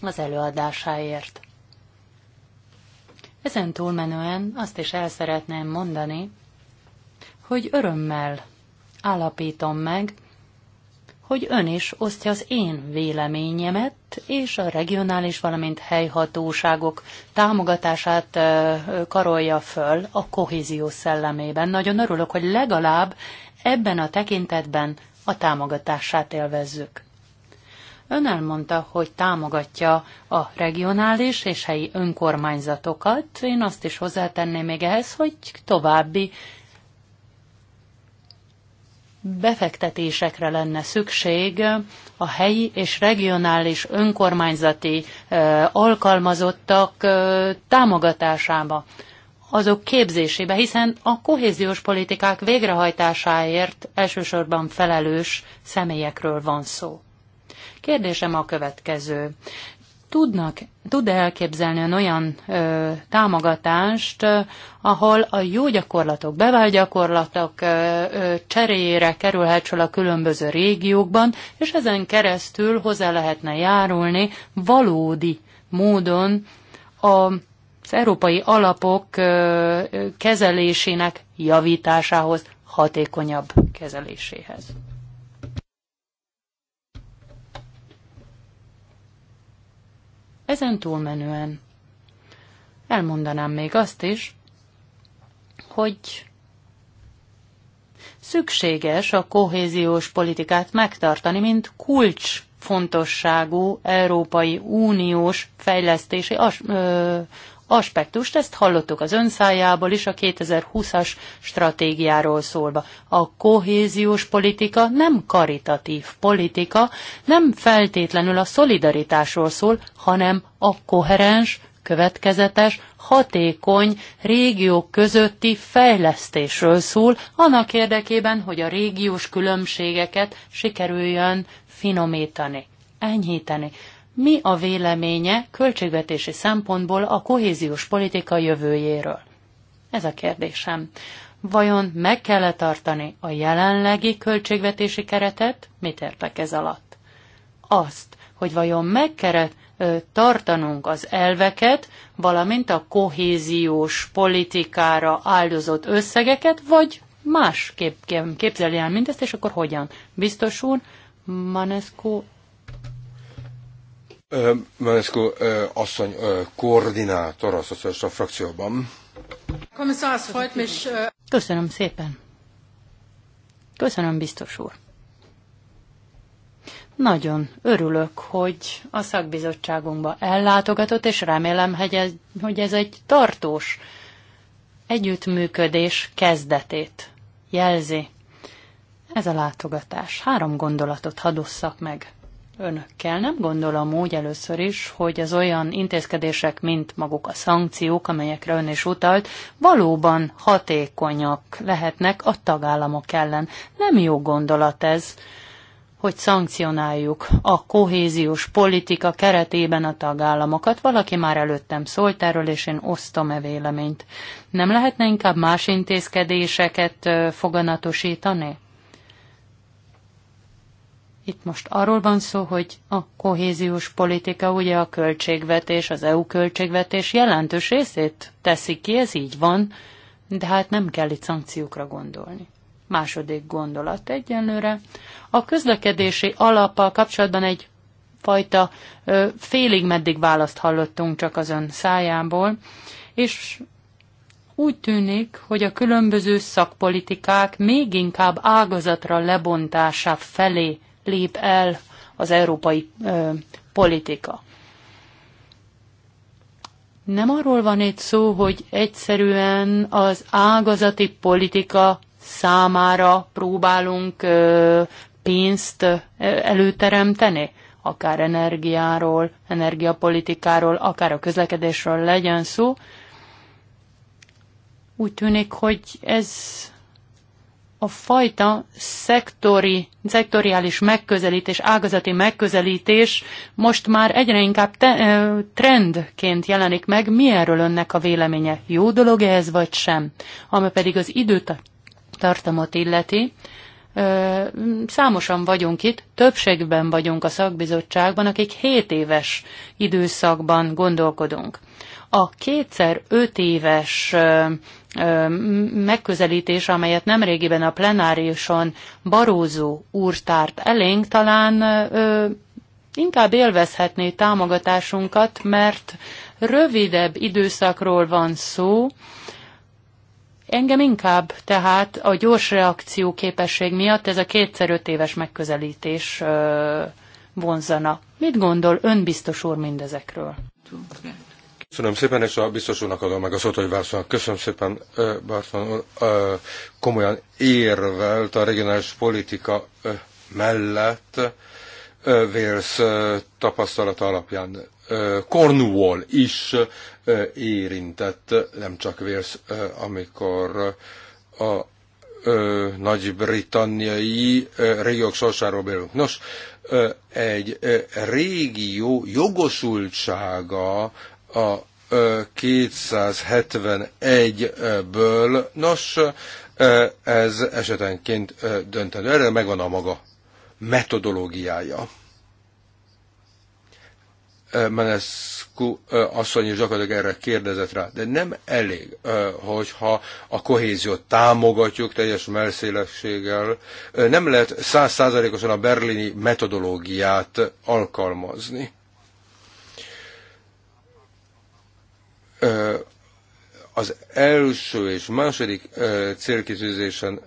az előadásáért. Ezen túlmenően azt is el szeretném mondani, hogy örömmel állapítom meg, hogy ön is osztja az én véleményemet, és a regionális, valamint helyhatóságok támogatását karolja föl a kohézió szellemében. Nagyon örülök, hogy legalább ebben a tekintetben a támogatását élvezzük. Ön elmondta, hogy támogatja a regionális és helyi önkormányzatokat. Én azt is hozzátenném még ehhez, hogy további befektetésekre lenne szükség a helyi és regionális önkormányzati alkalmazottak támogatásába, azok képzésébe, hiszen a kohéziós politikák végrehajtásáért elsősorban felelős személyekről van szó. Kérdésem a következő tudnak, tud elképzelni olyan ö, támogatást, ö, ahol a jó gyakorlatok, bevált gyakorlatok ö, ö, cseréjére kerülhet a különböző régiókban, és ezen keresztül hozzá lehetne járulni valódi módon a az európai alapok kezelésének javításához, hatékonyabb kezeléséhez. Ezen túlmenően elmondanám még azt is, hogy szükséges a kohéziós politikát megtartani, mint kulcs fontosságú Európai Uniós fejlesztési as, ö, aspektust. Ezt hallottuk az ön szájából is a 2020-as stratégiáról szólva. A kohéziós politika nem karitatív politika, nem feltétlenül a szolidaritásról szól, hanem a koherens, következetes, hatékony régiók közötti fejlesztésről szól, annak érdekében, hogy a régiós különbségeket sikerüljön finomítani, enyhíteni mi a véleménye költségvetési szempontból a kohéziós politika jövőjéről? Ez a kérdésem. Vajon meg kell -e tartani a jelenlegi költségvetési keretet? Mit értek ez alatt? Azt, hogy vajon meg kell tartanunk az elveket, valamint a kohéziós politikára áldozott összegeket, vagy más kép, képzelje el mindezt, és akkor hogyan? Biztos úr, Manescu Manescu asszony koordinátor a szocialista frakcióban. Köszönöm szépen. Köszönöm, biztos úr. Nagyon örülök, hogy a szakbizottságunkba ellátogatott, és remélem, hogy ez, hogy ez egy tartós együttműködés kezdetét jelzi. Ez a látogatás. Három gondolatot hadosszak meg önökkel. Nem gondolom úgy először is, hogy az olyan intézkedések, mint maguk a szankciók, amelyekre ön is utalt, valóban hatékonyak lehetnek a tagállamok ellen. Nem jó gondolat ez hogy szankcionáljuk a kohéziós politika keretében a tagállamokat. Valaki már előttem szólt erről, és én osztom e véleményt. Nem lehetne inkább más intézkedéseket foganatosítani? Itt most arról van szó, hogy a kohéziós politika, ugye a költségvetés, az EU költségvetés jelentős részét teszi ki, ez így van, de hát nem kell itt szankciókra gondolni. Második gondolat egyenlőre. A közlekedési alappal kapcsolatban egy fajta ö, félig meddig választ hallottunk csak az ön szájából, és úgy tűnik, hogy a különböző szakpolitikák még inkább ágazatra lebontása felé lép el az európai ö, politika. Nem arról van itt szó, hogy egyszerűen az ágazati politika számára próbálunk ö, pénzt ö, előteremteni, akár energiáról, energiapolitikáról, akár a közlekedésről legyen szó. Úgy tűnik, hogy ez a fajta szektori, szektoriális megközelítés, ágazati megközelítés most már egyre inkább te, trendként jelenik meg. Mi erről önnek a véleménye? Jó dolog -e ez vagy sem? Ami pedig az időtartamot illeti, számosan vagyunk itt, többségben vagyunk a szakbizottságban, akik 7 éves időszakban gondolkodunk. A kétszer 5 éves megközelítés, amelyet nemrégiben a plenárison Barózó úr tárt elénk, talán inkább élvezhetné támogatásunkat, mert rövidebb időszakról van szó, Engem inkább tehát a gyors reakció képesség miatt ez a kétszer öt éves megközelítés ö, vonzana. Mit gondol ön biztos úr mindezekről? Köszönöm szépen, és a biztos úrnak adom meg a szót, hogy válaszolnak. Köszönöm szépen, Barton úr. Komolyan érvelt a regionális politika mellett vélsz tapasztalata alapján. Cornwall is érintett, nem csak vélsz, amikor a nagy-britanniai régiók sorsáról bélünk. Nos, egy régió jogosultsága a 271-ből. Nos, ez esetenként döntendő. Erre megvan a maga metodológiája. Menescu asszony is gyakorlatilag erre kérdezett rá, de nem elég, hogyha a kohéziót támogatjuk teljes merszélességgel, nem lehet százszázalékosan a berlini metodológiát alkalmazni az első és második célkitűzésen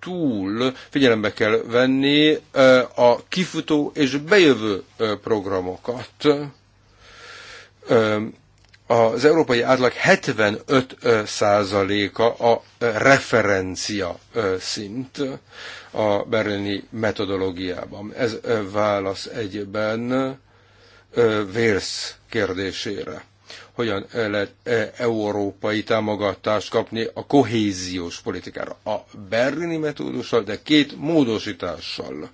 túl figyelembe kell venni a kifutó és bejövő programokat. Az európai átlag 75%-a a referencia szint a berlini metodológiában. Ez válasz egyben Vérsz kérdésére hogyan lehet e, európai támogatást kapni a kohéziós politikára. A berlini metódussal, de két módosítással.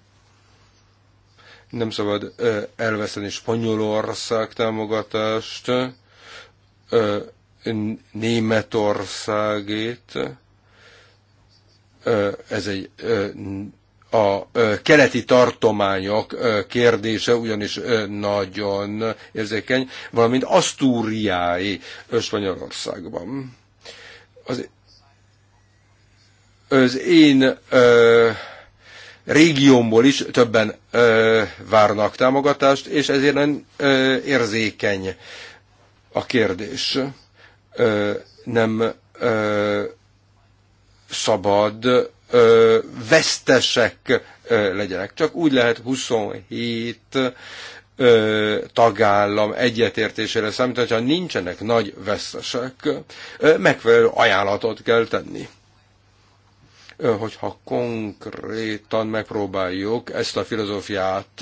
Nem szabad e, elveszteni Spanyolország támogatást, e, Németországét, ez egy a keleti tartományok kérdése ugyanis nagyon érzékeny, valamint Asztúriái Spanyolországban. Az, az én ö, régiómból is többen ö, várnak támogatást, és ezért nem ö, érzékeny a kérdés. Ö, nem ö, szabad ö, vesztesek ö, legyenek. Csak úgy lehet 27 ö, tagállam egyetértésére számítani, hogyha nincsenek nagy vesztesek, ö, megfelelő ajánlatot kell tenni hogyha konkrétan megpróbáljuk ezt a filozófiát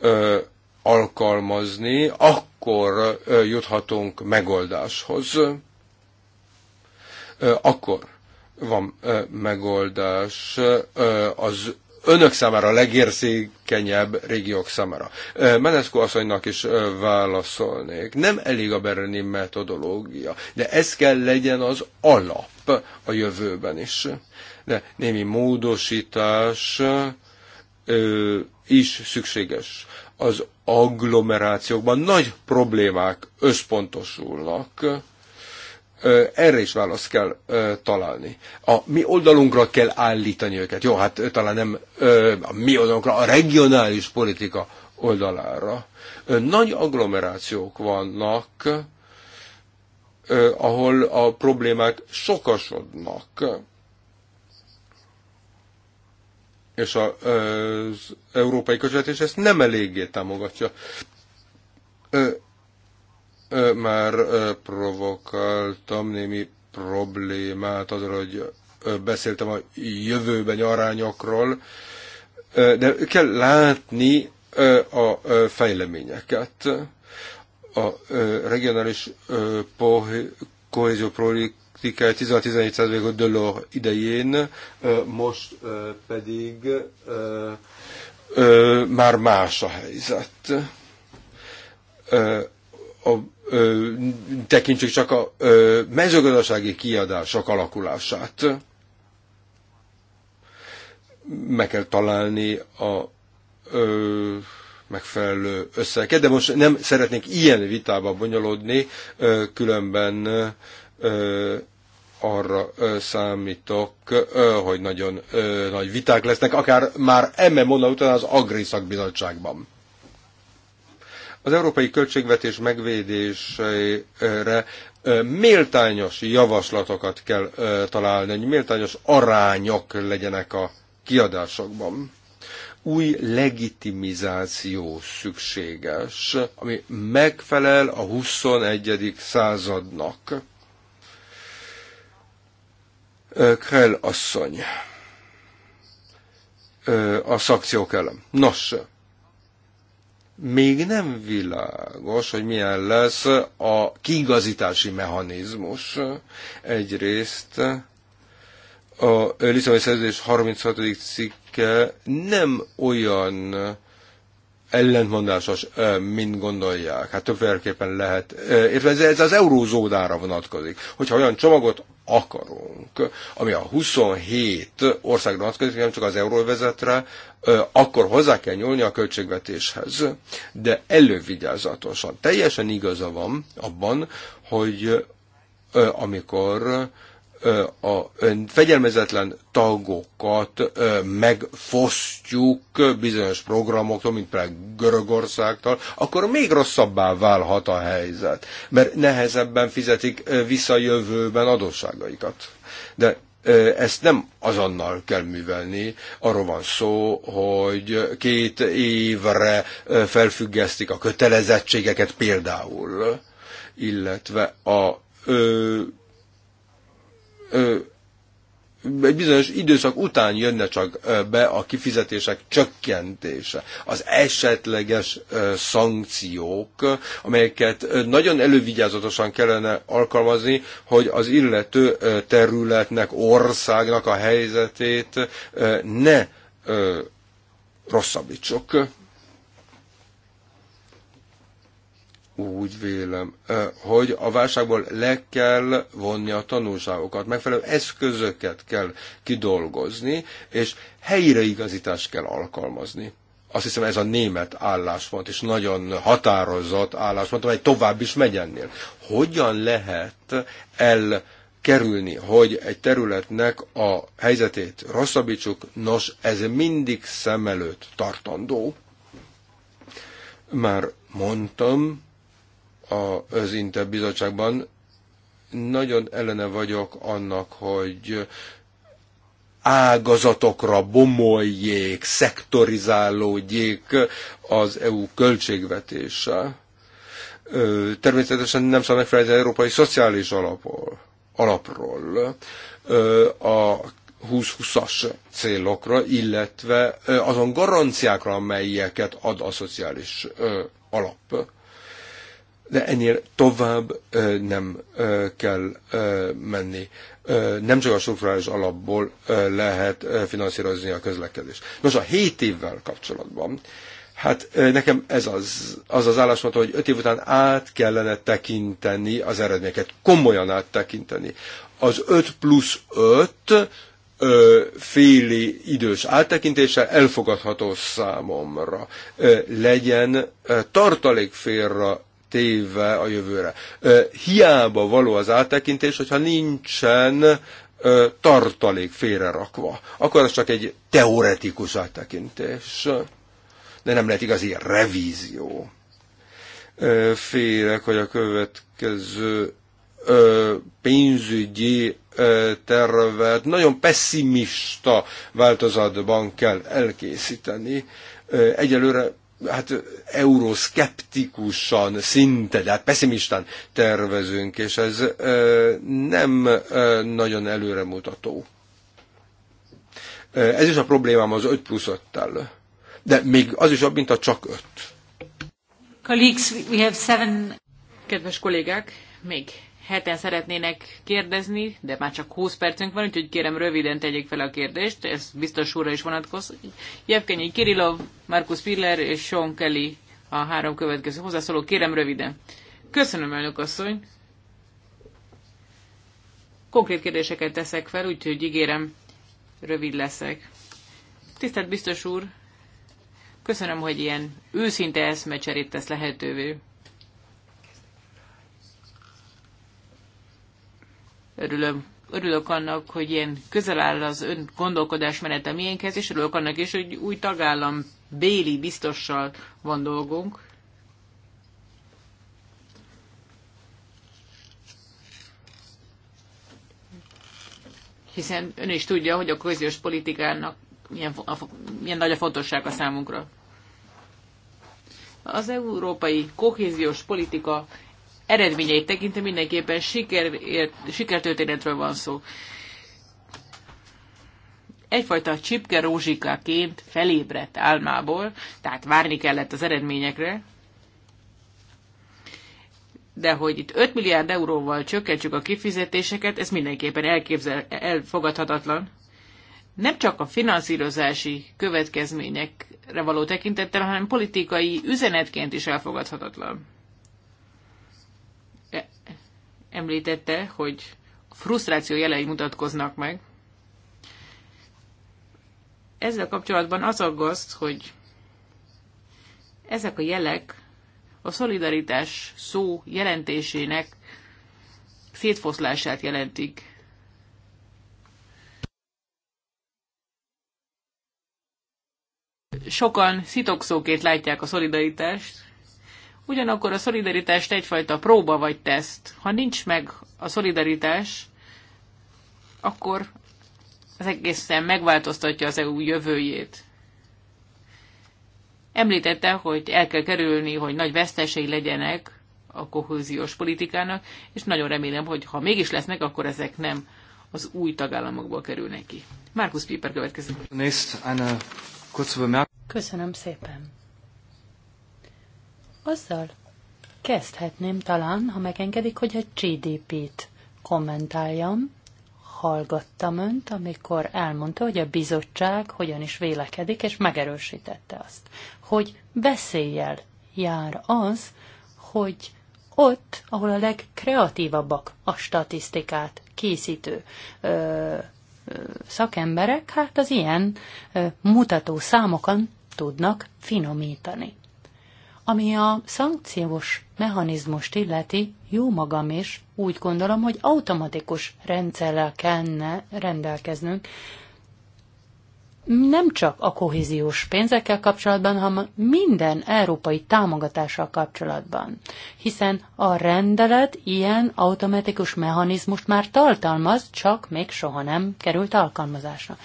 ö, alkalmazni, akkor ö, juthatunk megoldáshoz. Ö, akkor van megoldás az önök számára a legérzékenyebb régiók számára. Meneszko asszonynak is válaszolnék. Nem elég a berlini metodológia, de ez kell legyen az alap a jövőben is. De némi módosítás ö, is szükséges. Az agglomerációkban nagy problémák összpontosulnak erre is választ kell találni. A mi oldalunkra kell állítani őket. Jó, hát talán nem a mi oldalunkra, a regionális politika oldalára. Nagy agglomerációk vannak, ahol a problémák sokasodnak. És az európai közvetés ezt nem eléggé támogatja már provokáltam némi problémát azzal, hogy beszéltem a jövőben arányokról, de kell látni a fejleményeket. A regionális kohézió politikája 16-17 Delors idején, most pedig már más a helyzet. A tekintsük csak a ö, mezőgazdasági kiadások alakulását. Meg kell találni a ö, megfelelő összeget, de most nem szeretnék ilyen vitába bonyolódni, ö, különben ö, arra számítok, hogy nagyon nagy viták lesznek, akár már emme mondna után az Agri szakbizottságban. Az európai költségvetés megvédésére méltányos javaslatokat kell találni, hogy méltányos arányok legyenek a kiadásokban. Új legitimizáció szükséges, ami megfelel a 21. századnak. Krell asszony a szakciók ellen. Nos, még nem világos, hogy milyen lesz a kiigazítási mechanizmus. Egyrészt a Lisszabon Szerződés 36. cikke nem olyan ellentmondásos, mint gondolják. Hát többféleképpen lehet. Értve ez az eurózódára vonatkozik. Hogyha olyan csomagot akarunk, ami a 27 országra vonatkozik, nem csak az euróvezetre, akkor hozzá kell nyúlni a költségvetéshez. De elővigyázatosan. Teljesen igaza van abban, hogy amikor a fegyelmezetlen tagokat megfosztjuk bizonyos programoktól, mint például Görögországtól, akkor még rosszabbá válhat a helyzet, mert nehezebben fizetik vissza jövőben adósságaikat. De ezt nem azonnal kell művelni, arról van szó, hogy két évre felfüggesztik a kötelezettségeket például, illetve a egy bizonyos időszak után jönne csak be a kifizetések csökkentése, az esetleges szankciók, amelyeket nagyon elővigyázatosan kellene alkalmazni, hogy az illető területnek, országnak a helyzetét ne rosszabbítsuk. úgy vélem, hogy a válságból le kell vonni a tanulságokat, megfelelő eszközöket kell kidolgozni, és helyre igazítást kell alkalmazni. Azt hiszem ez a német álláspont, és nagyon határozott álláspont, amely tovább is megy ennél. Hogyan lehet el kerülni, hogy egy területnek a helyzetét rosszabbítsuk, nos, ez mindig szem előtt tartandó. Már mondtam, az Inter bizottságban. Nagyon ellene vagyok annak, hogy ágazatokra bomoljék, szektorizálódjék az EU költségvetése. Természetesen nem szabad megfelelni az Európai Szociális Alapról, alapról a 20-20-as célokra, illetve azon garanciákra, amelyeket ad a szociális alap de ennél tovább nem kell menni. Nem csak a struktúrális alapból lehet finanszírozni a közlekedést. Nos, a 7 évvel kapcsolatban, hát nekem ez az az, az álláspont, hogy 5 év után át kellene tekinteni az eredményeket, komolyan áttekinteni. Az 5 plusz 5 féli idős áttekintéssel elfogadható számomra. Legyen tartalék félre téve a jövőre. Hiába való az áttekintés, hogyha nincsen tartalék félrerakva, akkor az csak egy teoretikus áttekintés, de nem lehet igazi revízió. Félek, hogy a következő pénzügyi tervet nagyon pessimista változatban kell elkészíteni. Egyelőre hát euroszkeptikusan, szinte, de hát pessimistán tervezünk, és ez ö, nem ö, nagyon előremutató. Ez is a problémám az 5 plusz 5-tel. De még az is jobb, mint a csak 5. Colleagues, we have seven... Kedves kollégák, még heten szeretnének kérdezni, de már csak 20 percünk van, úgyhogy kérem röviden tegyék fel a kérdést, ez biztos úrra is vonatkozik. Jevkenyi Kirillov, Markus Piller és Sean Kelly a három következő hozzászóló, kérem röviden. Köszönöm, elnök asszony. Konkrét kérdéseket teszek fel, úgyhogy ígérem, rövid leszek. Tisztelt biztos úr, köszönöm, hogy ilyen őszinte eszmecserét tesz lehetővé. Örülöm, örülök annak, hogy ilyen közel áll az ön gondolkodás menete miénkhez, és örülök annak is, hogy új tagállam Béli biztossal van dolgunk. Hiszen ön is tudja, hogy a közös politikának milyen, milyen nagy a fontossága számunkra. Az európai kohéziós politika eredményeit tekintve mindenképpen siker, sikertörténetről van szó. Egyfajta csipke rózsikaként felébredt álmából, tehát várni kellett az eredményekre, de hogy itt 5 milliárd euróval csökkentsük a kifizetéseket, ez mindenképpen elképzel, elfogadhatatlan. Nem csak a finanszírozási következményekre való tekintettel, hanem politikai üzenetként is elfogadhatatlan. E, említette, hogy frusztráció jelei mutatkoznak meg. Ezzel kapcsolatban az aggaszt, hogy ezek a jelek a szolidaritás szó jelentésének szétfoszlását jelentik. Sokan szitokszóként látják a szolidaritást, Ugyanakkor a szolidaritást egyfajta próba vagy teszt. Ha nincs meg a szolidaritás, akkor az egészen megváltoztatja az EU jövőjét. Említette, hogy el kell kerülni, hogy nagy vesztesei legyenek a kohéziós politikának, és nagyon remélem, hogy ha mégis lesznek, akkor ezek nem az új tagállamokból kerülnek ki. Markus Piper következik. Köszönöm szépen. Azzal kezdhetném talán, ha megengedik, hogy egy GDP-t kommentáljam. Hallgattam önt, amikor elmondta, hogy a bizottság hogyan is vélekedik, és megerősítette azt, hogy veszéllyel jár az, hogy ott, ahol a legkreatívabbak a statisztikát készítő ö, szakemberek hát az ilyen mutató számokon tudnak finomítani. Ami a szankciós mechanizmust illeti, jó magam is, úgy gondolom, hogy automatikus rendszerrel kellene rendelkeznünk, nem csak a kohéziós pénzekkel kapcsolatban, hanem minden európai támogatással kapcsolatban. Hiszen a rendelet ilyen automatikus mechanizmust már tartalmaz, csak még soha nem került alkalmazásra.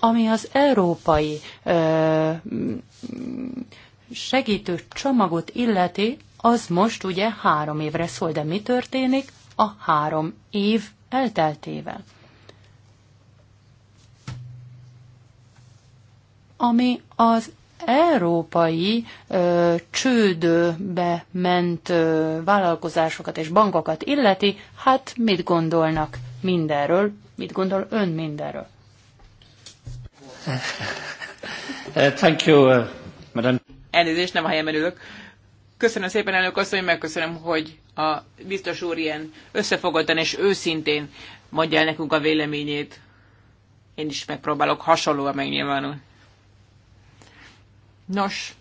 Ami az európai ö, segítő csomagot illeti, az most ugye három évre szól, de mi történik a három év elteltével? Ami az európai ö, csődbe ment ö, vállalkozásokat és bankokat illeti, hát mit gondolnak mindenről, mit gondol ön mindenről? [laughs] Uh, thank you, uh, madame. Elnézést, nem a helyemen ülök. Köszönöm szépen, elnök asszony, megköszönöm, hogy a biztos úr ilyen összefogottan és őszintén mondja el nekünk a véleményét. Én is megpróbálok hasonlóan megnyilvánulni. Nos,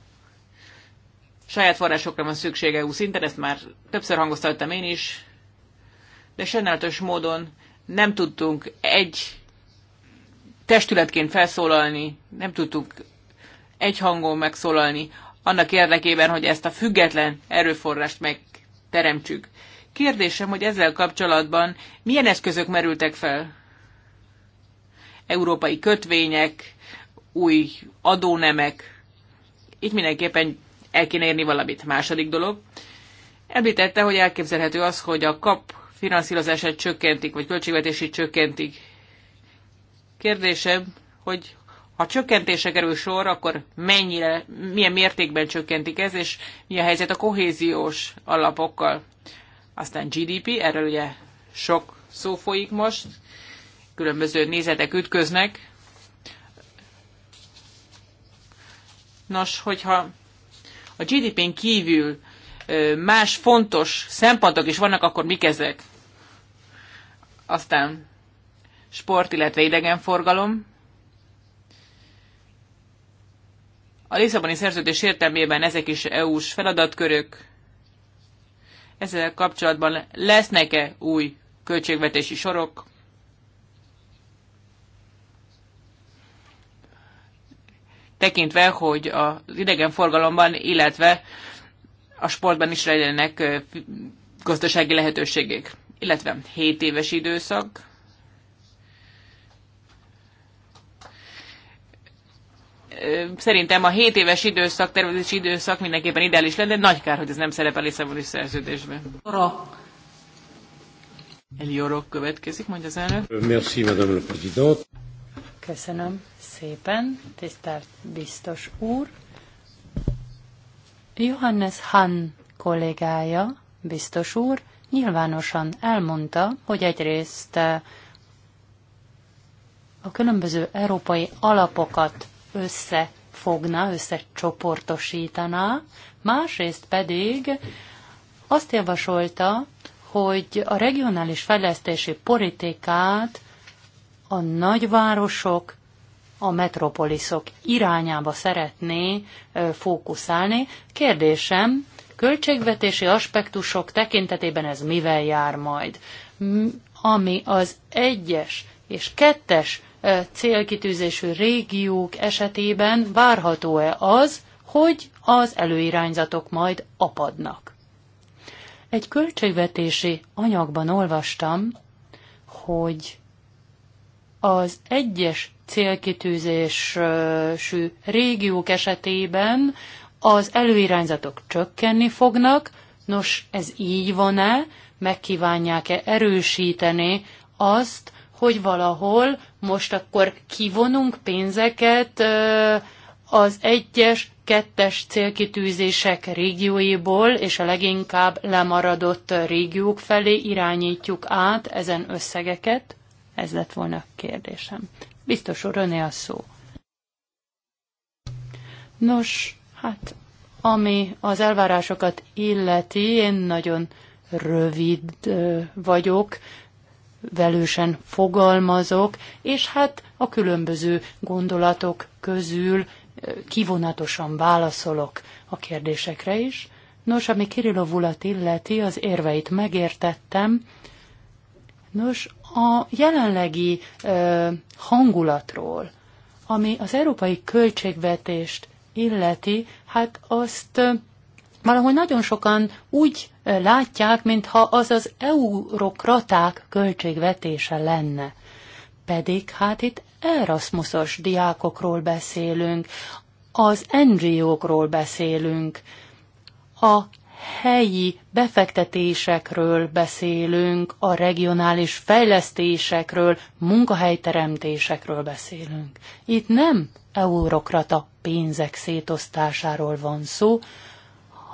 saját forrásokra van szüksége EU szinten, ezt már többször hangoztattam én is, de sajnálatos módon nem tudtunk egy testületként felszólalni, nem tudtuk egy hangon megszólalni, annak érdekében, hogy ezt a független erőforrást megteremtsük. Kérdésem, hogy ezzel kapcsolatban milyen eszközök merültek fel? Európai kötvények, új adónemek. Itt mindenképpen el kéne érni valamit. Második dolog. Említette, hogy elképzelhető az, hogy a kap finanszírozását csökkentik, vagy költségvetését csökkentik. Kérdésem, hogy ha csökkentése kerül sor, akkor mennyire, milyen mértékben csökkentik ez, és mi a helyzet a kohéziós alapokkal. Aztán GDP, erről ugye sok szó folyik most, különböző nézetek ütköznek. Nos, hogyha a GDP-n kívül más fontos szempontok is vannak, akkor mik ezek? Aztán sport, illetve idegenforgalom. A Lisszaboni szerződés értelmében ezek is EU-s feladatkörök. Ezzel kapcsolatban lesznek-e új költségvetési sorok? Tekintve, hogy az idegenforgalomban, illetve a sportban is legyenek gazdasági lehetőségek. Illetve 7 éves időszak szerintem a 7 éves időszak, tervezési időszak mindenképpen ideális lenne, de nagy kár, hogy ez nem szerepel Lisszaboni szerződésben. Eliorok következik, mondja az elnök. Merci, madame la présidente. Köszönöm szépen, tisztelt biztos úr. Johannes Hahn kollégája, biztos úr, nyilvánosan elmondta, hogy egyrészt a különböző európai alapokat összefogna, összecsoportosítana, másrészt pedig azt javasolta, hogy a regionális fejlesztési politikát a nagyvárosok, a metropoliszok irányába szeretné fókuszálni. Kérdésem, költségvetési aspektusok tekintetében ez mivel jár majd? Ami az egyes és kettes célkitűzésű régiók esetében várható-e az, hogy az előirányzatok majd apadnak. Egy költségvetési anyagban olvastam, hogy az egyes célkitűzésű régiók esetében az előirányzatok csökkenni fognak, nos ez így van-e, megkívánják-e erősíteni azt, hogy valahol most akkor kivonunk pénzeket az egyes, kettes célkitűzések régióiból és a leginkább lemaradott régiók felé irányítjuk át ezen összegeket? Ez lett volna a kérdésem. Biztos úr, öné a szó. Nos, hát ami az elvárásokat illeti, én nagyon rövid vagyok, velősen fogalmazok, és hát a különböző gondolatok közül kivonatosan válaszolok a kérdésekre is. Nos, ami Kirillovulat illeti, az érveit megértettem. Nos, a jelenlegi ö, hangulatról, ami az európai költségvetést illeti, hát azt ö, valahogy nagyon sokan úgy látják, mintha az az eurokraták költségvetése lenne. Pedig hát itt Erasmusos diákokról beszélünk, az NGO-król beszélünk, a helyi befektetésekről beszélünk, a regionális fejlesztésekről, munkahelyteremtésekről beszélünk. Itt nem eurokrata pénzek szétosztásáról van szó,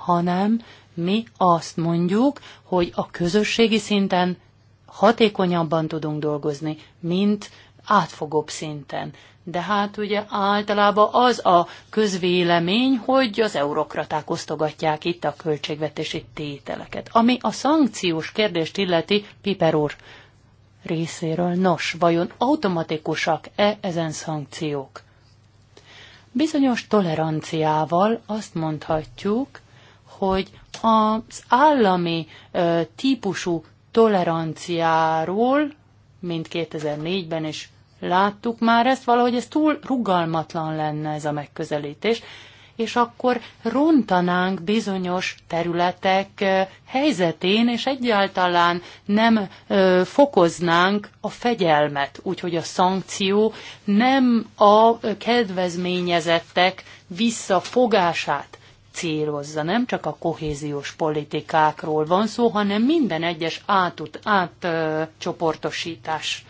hanem mi azt mondjuk, hogy a közösségi szinten hatékonyabban tudunk dolgozni, mint átfogóbb szinten. De hát ugye általában az a közvélemény, hogy az eurokraták osztogatják itt a költségvetési tételeket. Ami a szankciós kérdést illeti, Piper úr részéről, nos, vajon automatikusak-e ezen szankciók? Bizonyos toleranciával azt mondhatjuk, hogy az állami ö, típusú toleranciáról, mint 2004-ben is láttuk már ezt, valahogy ez túl rugalmatlan lenne ez a megközelítés, és akkor rontanánk bizonyos területek ö, helyzetén, és egyáltalán nem ö, fokoznánk a fegyelmet, úgyhogy a szankció nem a kedvezményezettek visszafogását célozza. Nem csak a kohéziós politikákról van szó, hanem minden egyes átut, átcsoportosításról.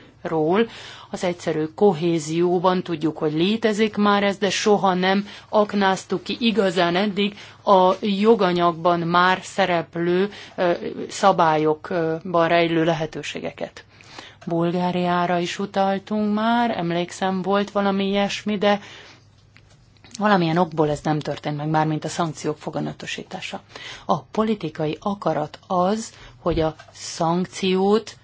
Át, Az egyszerű kohézióban tudjuk, hogy létezik már ez, de soha nem aknáztuk ki igazán eddig a joganyagban már szereplő szabályokban rejlő lehetőségeket. Bulgáriára is utaltunk már, emlékszem volt valami ilyesmi, de Valamilyen okból ez nem történt meg, mármint a szankciók foganatosítása. A politikai akarat az, hogy a szankciót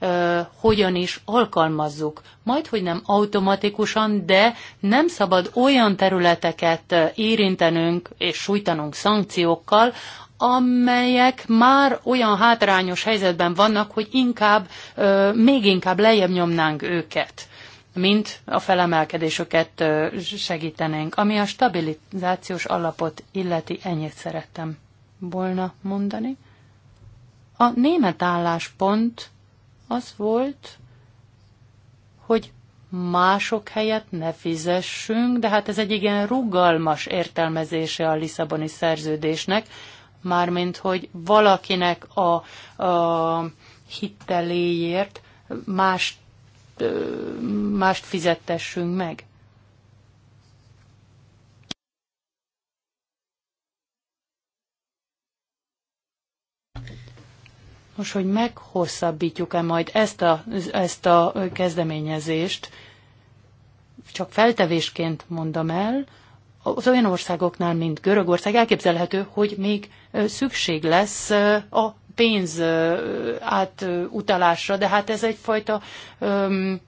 ö, hogyan is alkalmazzuk. Majd, hogy nem automatikusan, de nem szabad olyan területeket érintenünk és sújtanunk szankciókkal, amelyek már olyan hátrányos helyzetben vannak, hogy inkább, ö, még inkább lejjebb nyomnánk őket mint a felemelkedésüket segítenénk. Ami a stabilizációs alapot illeti, ennyit szerettem volna mondani. A német álláspont az volt, hogy mások helyett ne fizessünk, de hát ez egy igen rugalmas értelmezése a Lisszaboni szerződésnek, mármint hogy valakinek a, a hitteléért más mást fizettessünk meg. Most, hogy meghosszabbítjuk-e majd ezt a, ezt a kezdeményezést, csak feltevésként mondom el, az olyan országoknál, mint Görögország elképzelhető, hogy még szükség lesz a pénz átutalásra, de hát ez egyfajta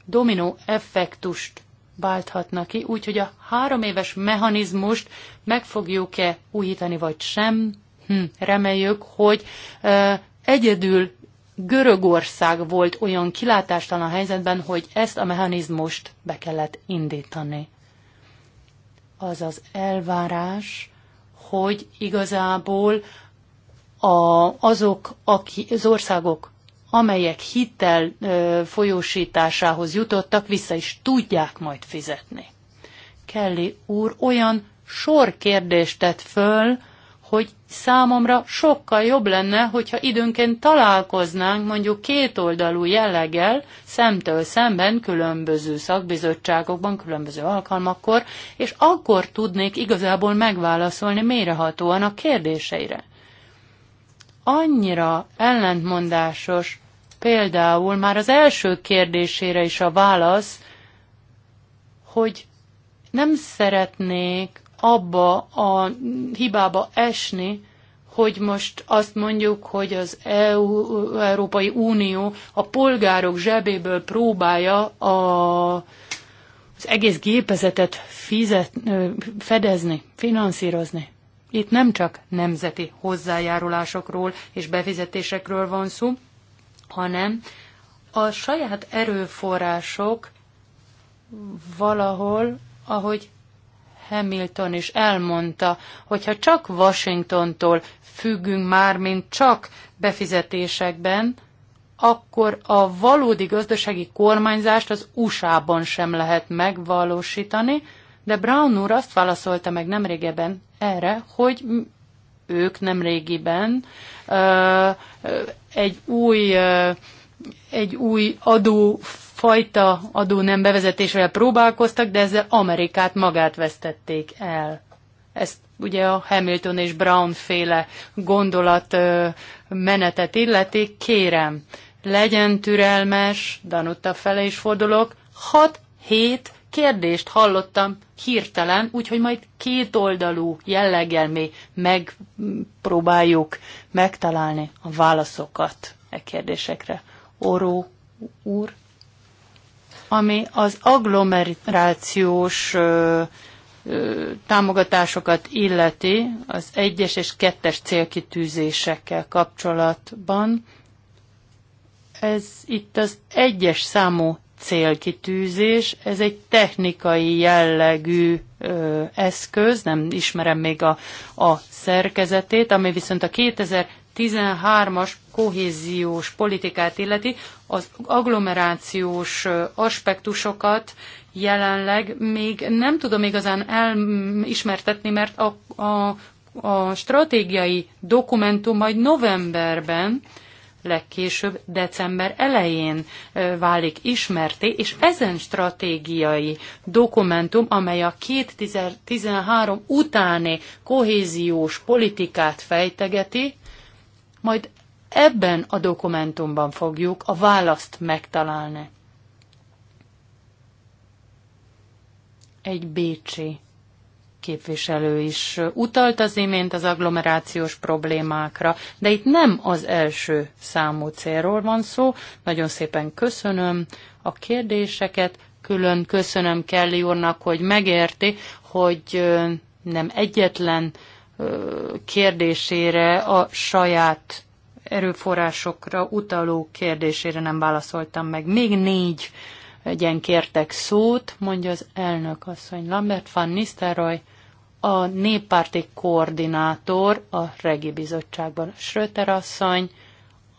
dominó effektust válthatna ki, úgyhogy a három éves mechanizmust meg fogjuk-e újítani, vagy sem. Hm, reméljük, hogy e, egyedül Görögország volt olyan kilátástalan helyzetben, hogy ezt a mechanizmust be kellett indítani. Az az elvárás, hogy igazából a, azok aki, az országok, amelyek hittel ö, folyósításához jutottak, vissza is tudják majd fizetni. Kelly úr olyan sor kérdést tett föl, hogy számomra sokkal jobb lenne, hogyha időnként találkoznánk mondjuk kétoldalú jelleggel, szemtől szemben különböző szakbizottságokban, különböző alkalmakkor, és akkor tudnék igazából megválaszolni mélyrehatóan a kérdéseire annyira ellentmondásos, például már az első kérdésére is a válasz, hogy nem szeretnék abba a hibába esni, hogy most azt mondjuk, hogy az EU, Európai Unió a polgárok zsebéből próbálja a, az egész gépezetet fizet, fedezni, finanszírozni. Itt nem csak nemzeti hozzájárulásokról és befizetésekről van szó, hanem a saját erőforrások valahol, ahogy Hamilton is elmondta, hogyha csak Washingtontól függünk már, mint csak befizetésekben, akkor a valódi gazdasági kormányzást az USA-ban sem lehet megvalósítani, de Brown úr azt válaszolta meg nemrégiben erre, hogy ők nemrégiben uh, egy új uh, egy új adó fajta adó nem bevezetésre próbálkoztak, de ezzel Amerikát magát vesztették el. Ezt ugye a Hamilton és Brown féle gondolat menetet illeti, kérem, legyen türelmes, Danuta fele is fordulok, 6 hét kérdést hallottam hirtelen, úgyhogy majd kétoldalú jelleggel mi megpróbáljuk megtalálni a válaszokat e kérdésekre. Oró úr, ami az agglomerációs ö, ö, támogatásokat illeti az egyes és kettes célkitűzésekkel kapcsolatban. Ez itt az egyes számú célkitűzés, ez egy technikai jellegű ö, eszköz, nem ismerem még a, a szerkezetét, ami viszont a 2013-as kohéziós politikát illeti, az agglomerációs aspektusokat jelenleg még nem tudom igazán elismertetni, mert a, a, a stratégiai dokumentum majd novemberben, legkésőbb december elején válik ismerté, és ezen stratégiai dokumentum, amely a 2013 utáni kohéziós politikát fejtegeti, majd ebben a dokumentumban fogjuk a választ megtalálni. Egy bécsi képviselő is utalt az imént az agglomerációs problémákra, de itt nem az első számú célról van szó. Nagyon szépen köszönöm a kérdéseket, külön köszönöm Kelly úrnak, hogy megérti, hogy nem egyetlen kérdésére a saját erőforrásokra utaló kérdésére nem válaszoltam meg. Még négy egyen kértek szót, mondja az elnök asszony. Lambert van Nisztároly, a néppárti koordinátor a regi bizottságban, Schröter asszony,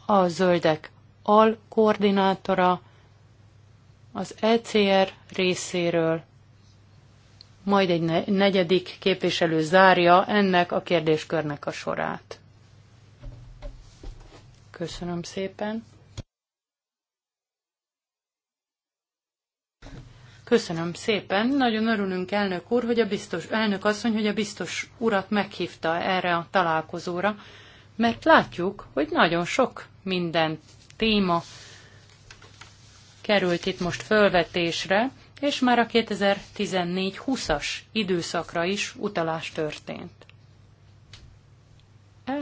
a zöldek alkoordinátora, az ECR részéről, majd egy negyedik képviselő zárja ennek a kérdéskörnek a sorát. Köszönöm szépen. Köszönöm szépen. Nagyon örülünk, elnök úr, hogy a biztos, elnök asszony, hogy a biztos urat meghívta erre a találkozóra, mert látjuk, hogy nagyon sok minden téma került itt most fölvetésre, és már a 2014-20-as időszakra is utalás történt.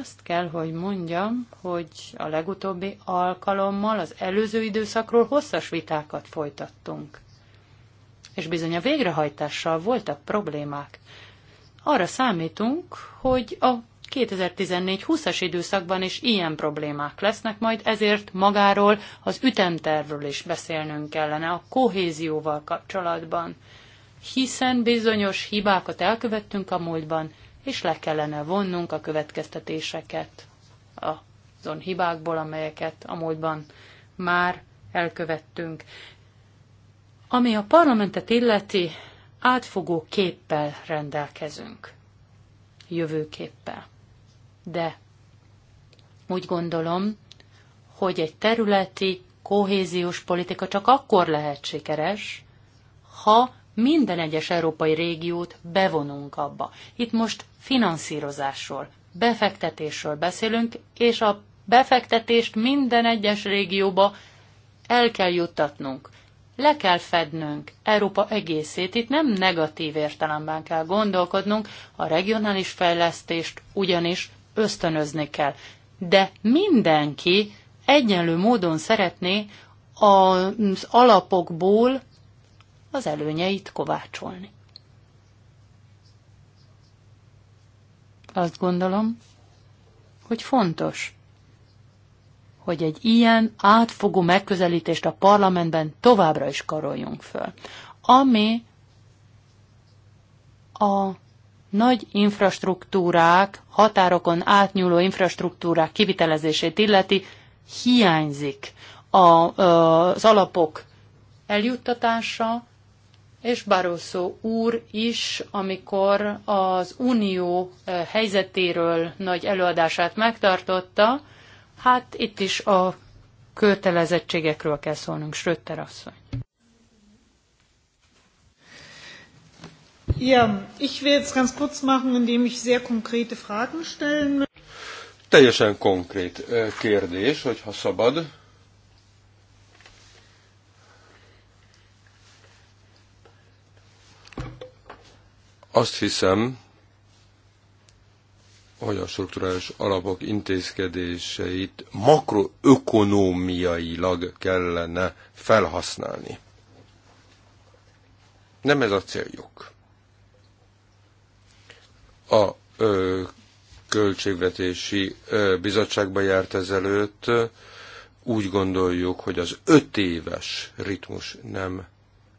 Ezt kell, hogy mondjam, hogy a legutóbbi alkalommal az előző időszakról hosszas vitákat folytattunk és bizony a végrehajtással voltak problémák. Arra számítunk, hogy a 2014-20-as időszakban is ilyen problémák lesznek, majd ezért magáról az ütemtervről is beszélnünk kellene a kohézióval kapcsolatban, hiszen bizonyos hibákat elkövettünk a múltban, és le kellene vonnunk a következtetéseket azon hibákból, amelyeket a múltban már elkövettünk. Ami a parlamentet illeti, átfogó képpel rendelkezünk. Jövőképpel. De úgy gondolom, hogy egy területi, kohéziós politika csak akkor lehet sikeres, ha minden egyes európai régiót bevonunk abba. Itt most finanszírozásról, befektetésről beszélünk, és a befektetést minden egyes régióba el kell juttatnunk le kell fednünk Európa egészét, itt nem negatív értelemben kell gondolkodnunk, a regionális fejlesztést ugyanis ösztönözni kell. De mindenki egyenlő módon szeretné az alapokból az előnyeit kovácsolni. Azt gondolom, hogy fontos hogy egy ilyen átfogó megközelítést a parlamentben továbbra is karoljunk föl. Ami a nagy infrastruktúrák, határokon átnyúló infrastruktúrák kivitelezését illeti, hiányzik a, az alapok eljuttatása, és Barroso úr is, amikor az unió helyzetéről nagy előadását megtartotta, Hát itt is a kötelezettségekről kell szólnunk, Schröter asszony. Ja, ich will jetzt ganz kurz machen, indem ich sehr konkrete Fragen stellen Teljesen konkrét kérdés, hogyha szabad. Azt hiszem, hogy a strukturális alapok intézkedéseit makroökonómiailag kellene felhasználni. Nem ez a céljuk. A ö, költségvetési ö, bizottságba járt ezelőtt, úgy gondoljuk, hogy az öt éves ritmus nem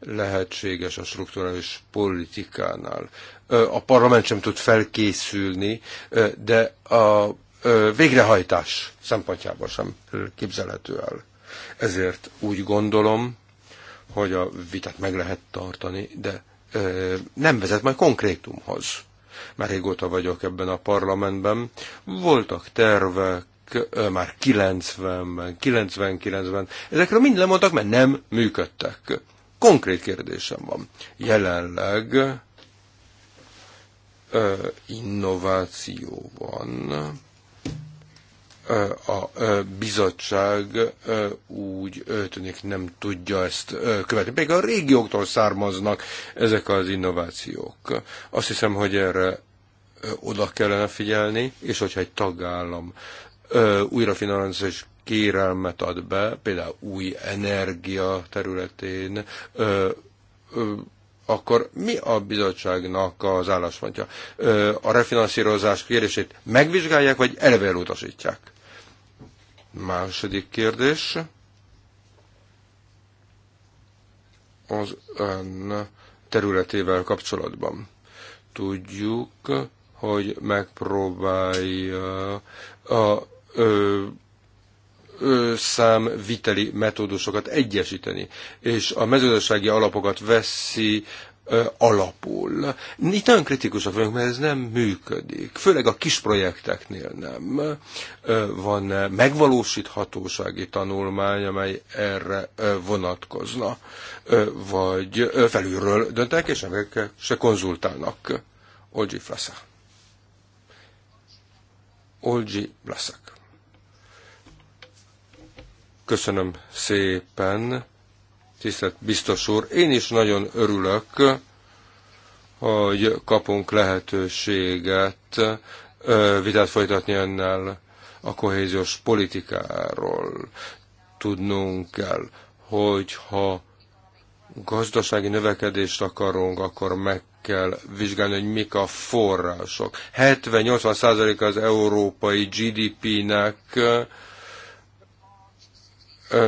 lehetséges a strukturális politikánál. A parlament sem tud felkészülni, de a végrehajtás szempontjából sem képzelhető el. Ezért úgy gondolom, hogy a vitát meg lehet tartani, de nem vezet majd konkrétumhoz. Már régóta vagyok ebben a parlamentben. Voltak tervek, már 90-ben, 99-ben. Ezekről mind lemondtak, mert nem működtek. Konkrét kérdésem van. Jelenleg innováció van. A bizottság úgy tűnik nem tudja ezt követni. még a régióktól származnak ezek az innovációk. Azt hiszem, hogy erre oda kellene figyelni, és hogyha egy tagállam újrafinanszírozás kérelmet ad be, például új energia területén, ö, ö, akkor mi a bizottságnak az álláspontja? Ö, a refinanszírozás kérését megvizsgálják, vagy eleve elutasítják? Második kérdés. Az ön területével kapcsolatban. Tudjuk, hogy megpróbálja a, ö, számviteli metódusokat egyesíteni, és a mezőgazdasági alapokat veszi alapul. Itt nagyon kritikusak vagyunk, mert ez nem működik. Főleg a kis projekteknél nem. Van megvalósíthatósági tanulmány, amely erre vonatkozna, vagy felülről döntek, és nem se konzultálnak. Olgyi Flaszak. Olgyi Flaszak. Köszönöm szépen, tisztelt biztos úr. Én is nagyon örülök, hogy kapunk lehetőséget vitát folytatni önnel a kohéziós politikáról. Tudnunk kell, hogyha gazdasági növekedést akarunk, akkor meg kell vizsgálni, hogy mik a források. 70-80 százalék az európai GDP-nek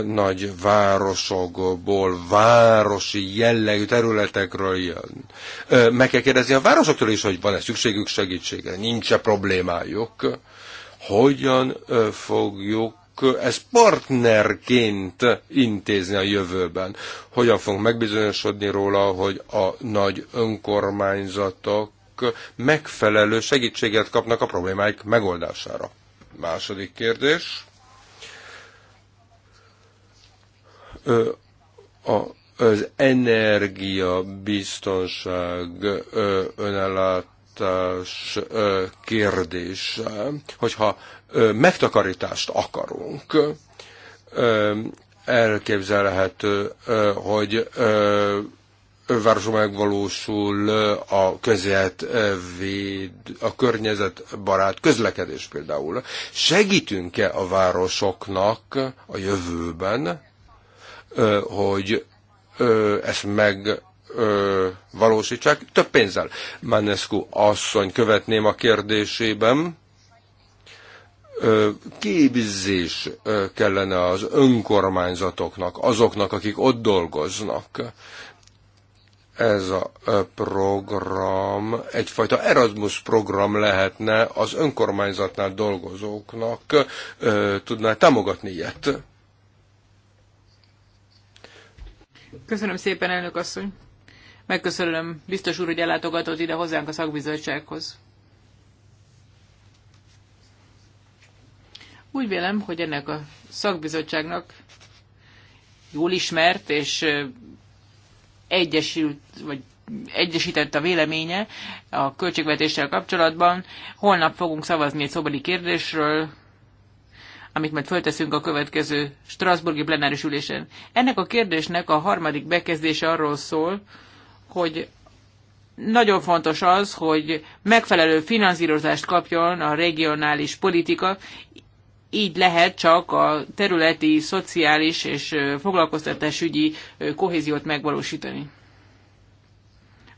nagy városokból, városi jellegű területekről jön. Meg kell kérdezni a városoktól is, hogy van-e szükségük segítségre, nincs-e problémájuk. Hogyan fogjuk ezt partnerként intézni a jövőben? Hogyan fogunk megbizonyosodni róla, hogy a nagy önkormányzatok megfelelő segítséget kapnak a problémáik megoldására? Második kérdés a, az energia biztonság önállátás kérdése, hogyha megtakarítást akarunk, elképzelhető, hogy városban megvalósul a véd, a környezetbarát közlekedés például. Segítünk-e a városoknak a jövőben hogy ezt meg valósítsák több pénzzel. Manescu asszony követném a kérdésében. Képzés kellene az önkormányzatoknak, azoknak, akik ott dolgoznak. Ez a program egyfajta Erasmus program lehetne az önkormányzatnál dolgozóknak, tudná támogatni ilyet Köszönöm szépen, elnök asszony. Megköszönöm, biztos úr, hogy ellátogatott ide hozzánk a szakbizottsághoz. Úgy vélem, hogy ennek a szakbizottságnak jól ismert és egyesült, vagy egyesített a véleménye a költségvetéssel kapcsolatban. Holnap fogunk szavazni egy szobali kérdésről, amit majd fölteszünk a következő Strasburgi plenáris ülésen. Ennek a kérdésnek a harmadik bekezdése arról szól, hogy nagyon fontos az, hogy megfelelő finanszírozást kapjon a regionális politika, így lehet csak a területi, szociális és foglalkoztatásügyi kohéziót megvalósítani.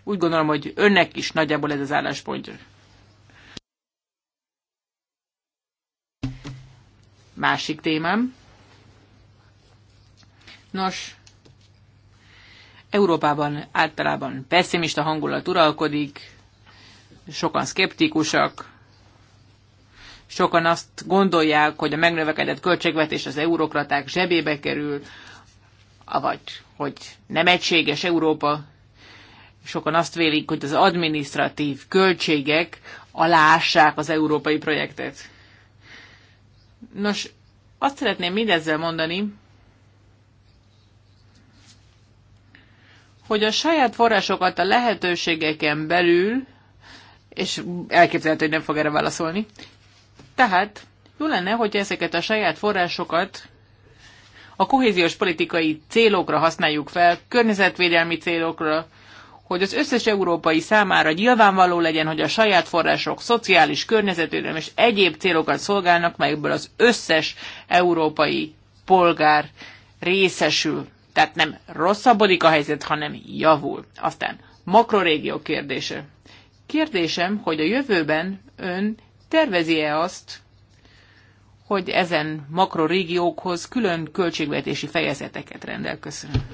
Úgy gondolom, hogy önnek is nagyjából ez az álláspontja. másik témám. Nos, Európában általában pessimista hangulat uralkodik, sokan szkeptikusak, sokan azt gondolják, hogy a megnövekedett költségvetés az eurokraták zsebébe kerül, avagy hogy nem egységes Európa, sokan azt vélik, hogy az administratív költségek alássák az európai projektet. Nos, azt szeretném mindezzel mondani, hogy a saját forrásokat a lehetőségeken belül, és elképzelhető, hogy nem fog erre válaszolni, tehát jó lenne, hogy ezeket a saját forrásokat a kohéziós politikai célokra használjuk fel, környezetvédelmi célokra, hogy az összes európai számára nyilvánvaló legyen, hogy a saját források szociális, környezetvédelmi és egyéb célokat szolgálnak, melyekből az összes európai polgár részesül. Tehát nem rosszabbodik a helyzet, hanem javul. Aztán makrorégió kérdése. Kérdésem, hogy a jövőben ön tervezi-e azt, hogy ezen makrorégiókhoz külön költségvetési fejezeteket rendel. Köszönöm.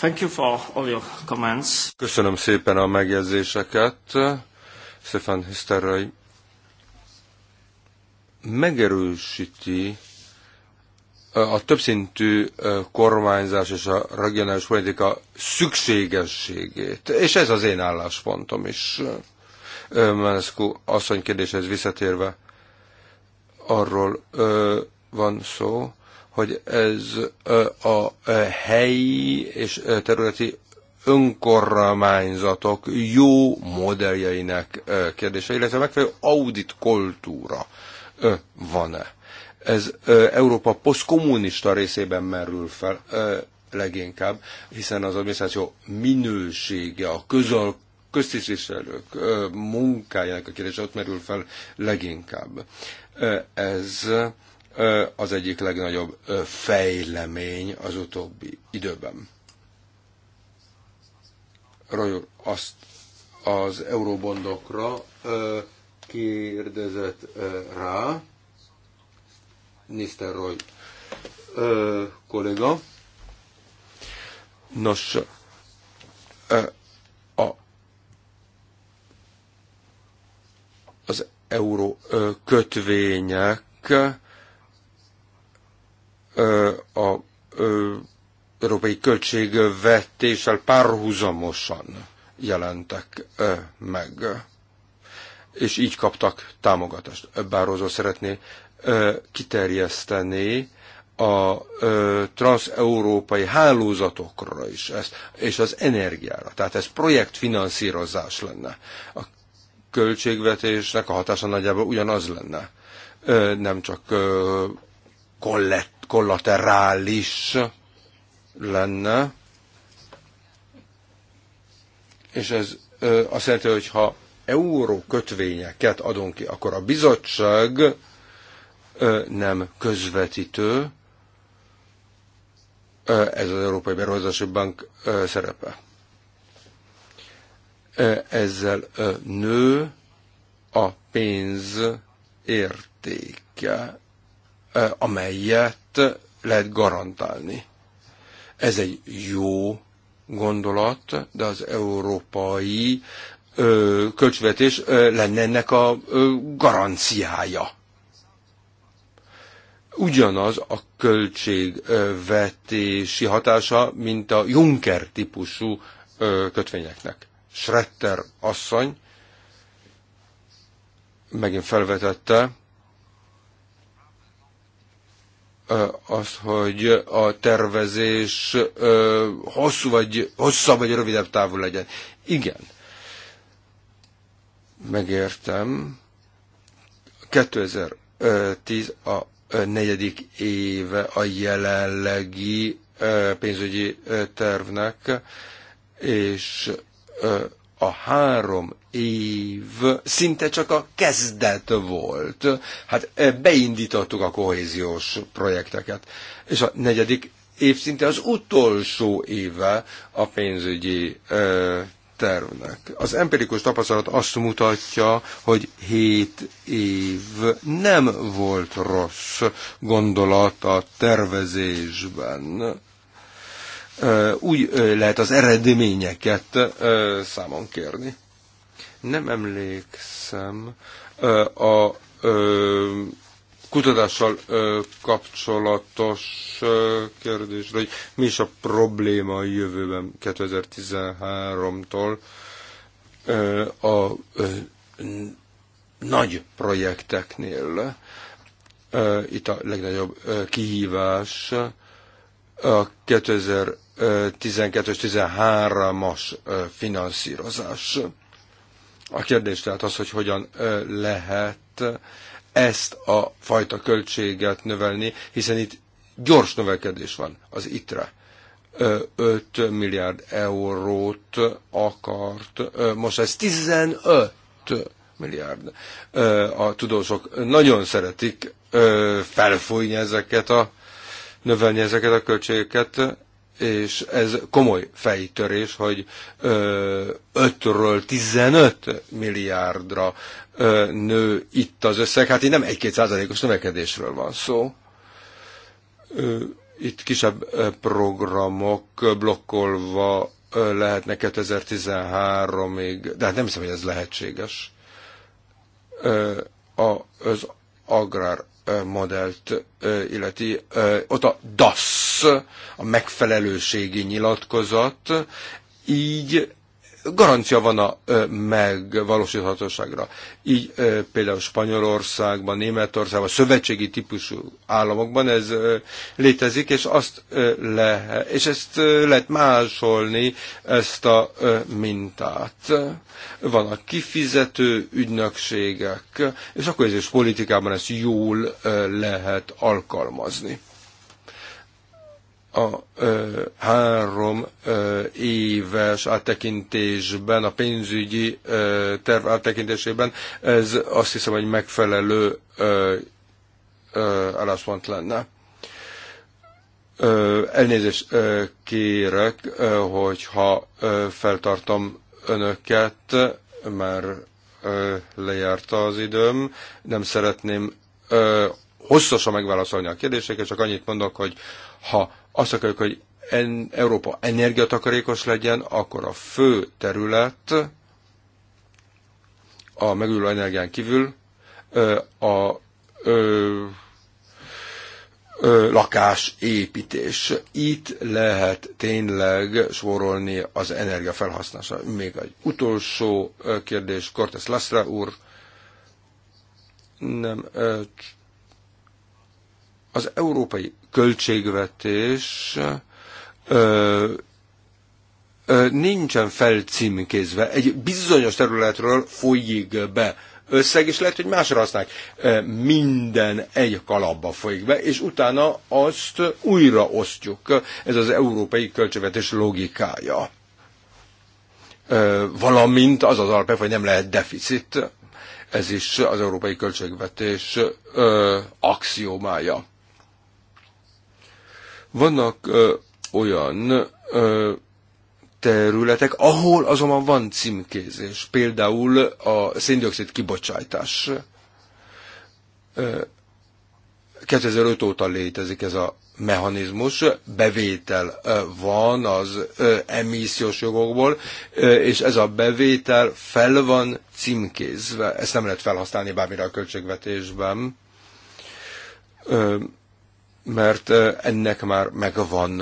Thank you for all your comments. Köszönöm szépen a megjegyzéseket, Stefan Hiszterrel. Megerősíti a többszintű kormányzás és a regionális politika szükségességét. És ez az én álláspontom is. Meneszkú asszony kérdéshez visszatérve arról van szó, hogy ez a helyi és területi önkormányzatok jó modelljeinek kérdése, illetve megfelelő audit kultúra van-e. Ez Európa posztkommunista részében merül fel leginkább, hiszen az adminisztráció minősége, a közöl köztisztviselők munkájának a kérdése ott merül fel leginkább. Ez az egyik legnagyobb fejlemény az utóbbi időben. Rajul azt az eurobondokra kérdezett rá Roy kolléga. Nos, a, az euró kötvények a európai költségvetéssel párhuzamosan jelentek meg, és így kaptak támogatást. Bározó szeretné kiterjeszteni a transeurópai hálózatokra is ezt, és az energiára. Tehát ez projektfinanszírozás lenne. A költségvetésnek a hatása nagyjából ugyanaz lenne. Nem csak kollaterális lenne, és ez ö, azt jelenti, hogy ha euró kötvényeket adunk ki, akkor a bizottság ö, nem közvetítő, ö, ez az Európai Beruházási Bank ö, szerepe. Ezzel ö, nő a pénz értéke amelyet lehet garantálni. Ez egy jó gondolat, de az európai ö, költségvetés lenne ennek a garanciája. Ugyanaz a költségvetési hatása, mint a Juncker típusú kötvényeknek. Schretter asszony megint felvetette, az, hogy a tervezés hosszú vagy, hosszabb vagy rövidebb távú legyen. Igen. Megértem. 2010 a negyedik éve a jelenlegi pénzügyi tervnek, és a három év szinte csak a kezdet volt. Hát e, beindítottuk a kohéziós projekteket. És a negyedik év szinte az utolsó éve a pénzügyi ö, e, tervnek. Az empirikus tapasztalat azt mutatja, hogy hét év nem volt rossz gondolat a tervezésben úgy lehet az eredményeket számon kérni. Nem emlékszem a kutatással kapcsolatos kérdésre, hogy mi is a probléma a jövőben 2013-tól a nagy projekteknél. Itt a legnagyobb kihívás a 2000 12 13-as finanszírozás. A kérdés tehát az, hogy hogyan lehet ezt a fajta költséget növelni, hiszen itt gyors növekedés van az ITRE. 5 milliárd eurót akart, most ez 15 milliárd. A tudósok nagyon szeretik felfújni ezeket a, növelni ezeket a költségeket, és ez komoly fejtörés, hogy 5-ről 15 milliárdra ö, nő itt az összeg. Hát itt nem 1-2 százalékos növekedésről van szó. Ö, Itt kisebb programok blokkolva ö, lehetne 2013-ig, de hát nem hiszem, hogy ez lehetséges. Ö, a, Az agrár modellt illeti, ott a DASZ, a megfelelőségi nyilatkozat, így garancia van a megvalósíthatóságra. Így például Spanyolországban, Németországban, szövetségi típusú államokban ez létezik, és azt le, és ezt lehet másolni, ezt a mintát. Vannak kifizető ügynökségek, és ez is politikában ezt jól lehet alkalmazni a ö, három ö, éves áttekintésben, a pénzügyi ö, terv áttekintésében ez azt hiszem, hogy megfelelő ö, ö, álláspont lenne. Ö, elnézést ö, kérek, ö, hogyha ö, feltartom önöket, mert ö, lejárt az időm, nem szeretném ö, hosszasan megválaszolni a kérdéseket, csak annyit mondok, hogy ha azt akarjuk, hogy en, Európa energiatakarékos legyen, akkor a fő terület a megújuló energián kívül a, a ö, ö, lakásépítés. Itt lehet tényleg sorolni az energia Még egy utolsó kérdés, Cortes Lastra úr. Nem, az európai költségvetés ö, ö, nincsen felcímkézve. Egy bizonyos területről folyik be összeg, és lehet, hogy másra használják. Minden egy kalapba folyik be, és utána azt újra osztjuk. Ez az európai költségvetés logikája. Valamint az az alapja, hogy nem lehet deficit. Ez is az európai költségvetés axiómája vannak ö, olyan ö, területek, ahol azonban van címkézés, például a széndiokszid kibocsátás. 2005 óta létezik ez a mechanizmus, bevétel van az emissziós jogokból, és ez a bevétel fel van címkézve. Ezt nem lehet felhasználni bármire a költségvetésben mert ennek már megvan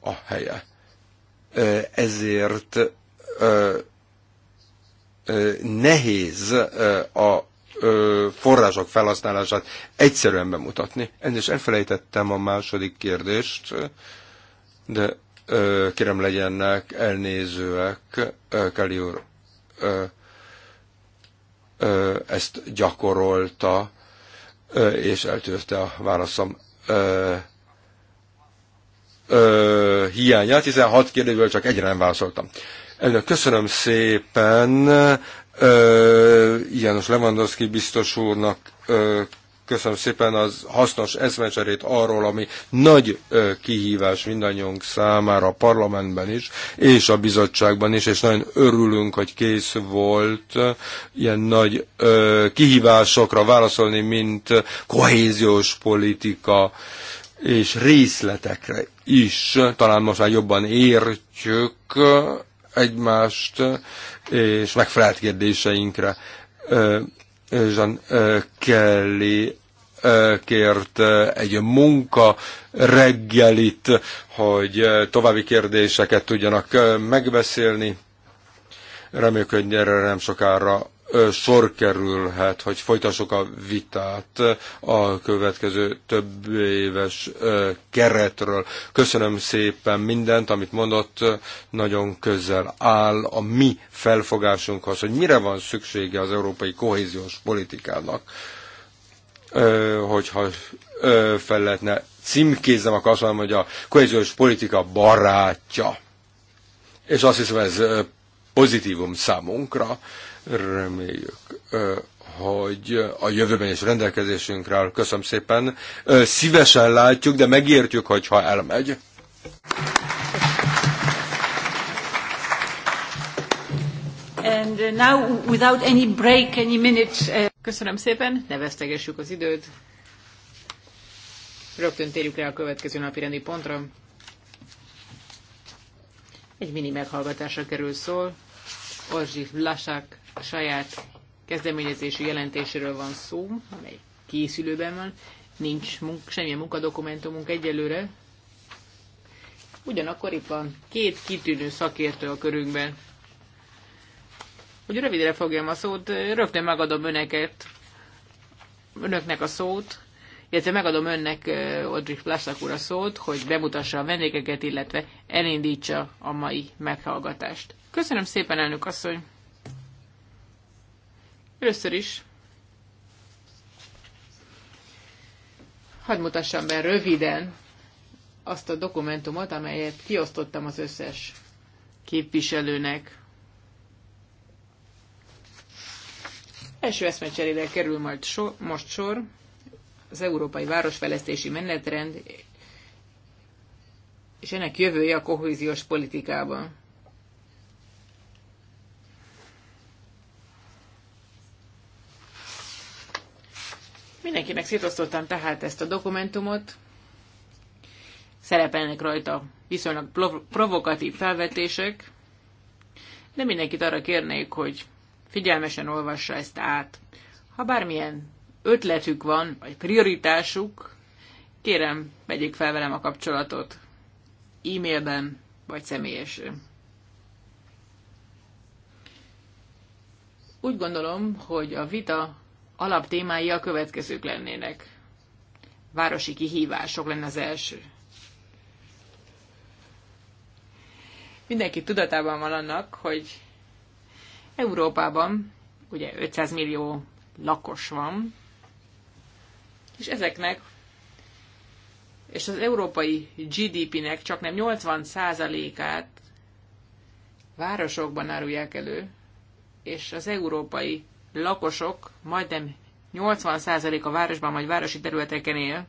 a helye. Ezért nehéz a források felhasználását egyszerűen bemutatni. Ennél is elfelejtettem a második kérdést, de kérem legyenek elnézőek, Kelly úr ezt gyakorolta, és eltűrte a válaszom ö, ö, hiányát, 16 kérdőből csak egyre nem válaszoltam. Elnök, köszönöm szépen ö, János Lewandowski biztos úrnak, ö, Köszönöm szépen az hasznos eszmecserét arról, ami nagy kihívás mindannyiunk számára a parlamentben is, és a bizottságban is, és nagyon örülünk, hogy kész volt ilyen nagy kihívásokra válaszolni, mint kohéziós politika és részletekre is. Talán most már jobban értjük egymást, és megfelelt kérdéseinkre Jean Kelly kért egy munka reggelit, hogy további kérdéseket tudjanak megbeszélni. Reméljük, hogy erre nem sokára sor kerülhet, hogy folytassuk a vitát a következő több éves keretről. Köszönöm szépen mindent, amit mondott, nagyon közel áll a mi felfogásunkhoz, hogy mire van szüksége az európai kohéziós politikának, hogyha fel lehetne címkézzem, akkor azt mondom, hogy a kohéziós politika barátja. És azt hiszem, ez pozitívum számunkra Reméljük, hogy a jövőben is rendelkezésünkre áll. Köszönöm szépen. Szívesen látjuk, de megértjük, hogyha elmegy. Uh, without any break, any minute, uh, Köszönöm szépen, ne vesztegessük az időt. Rögtön térjük rá a következő napi rendi pontra. Egy mini meghallgatásra kerül szól. Orzsi Lasák saját kezdeményezési jelentéséről van szó, amely készülőben van, nincs munk, semmilyen munkadokumentumunk egyelőre. Ugyanakkor itt van két kitűnő szakértő a körünkben. Hogy rövidre fogjam a szót, rögtön megadom önöket, önöknek a szót, illetve megadom önnek, Odrik Plaszak úr a szót, hogy bemutassa a vendégeket, illetve elindítsa a mai meghallgatást. Köszönöm szépen, elnök asszony! Először is hadd mutassam be röviden azt a dokumentumot, amelyet kiosztottam az összes képviselőnek. Első eszmecserére kerül majd so, most sor az Európai Városfejlesztési Menetrend és ennek jövője a kohéziós politikában. Mindenkinek szétosztottam tehát ezt a dokumentumot. Szerepelnek rajta viszonylag provokatív felvetések, de mindenkit arra kérnék, hogy figyelmesen olvassa ezt át. Ha bármilyen ötletük van, vagy prioritásuk, kérem, vegyék fel velem a kapcsolatot e-mailben, vagy személyesen. Úgy gondolom, hogy a vita alaptémái a következők lennének. Városi kihívások lenne az első. Mindenki tudatában van annak, hogy Európában ugye 500 millió lakos van, és ezeknek, és az európai GDP-nek csak nem 80%-át városokban árulják elő, és az európai lakosok majdnem 80% a városban vagy városi területeken él,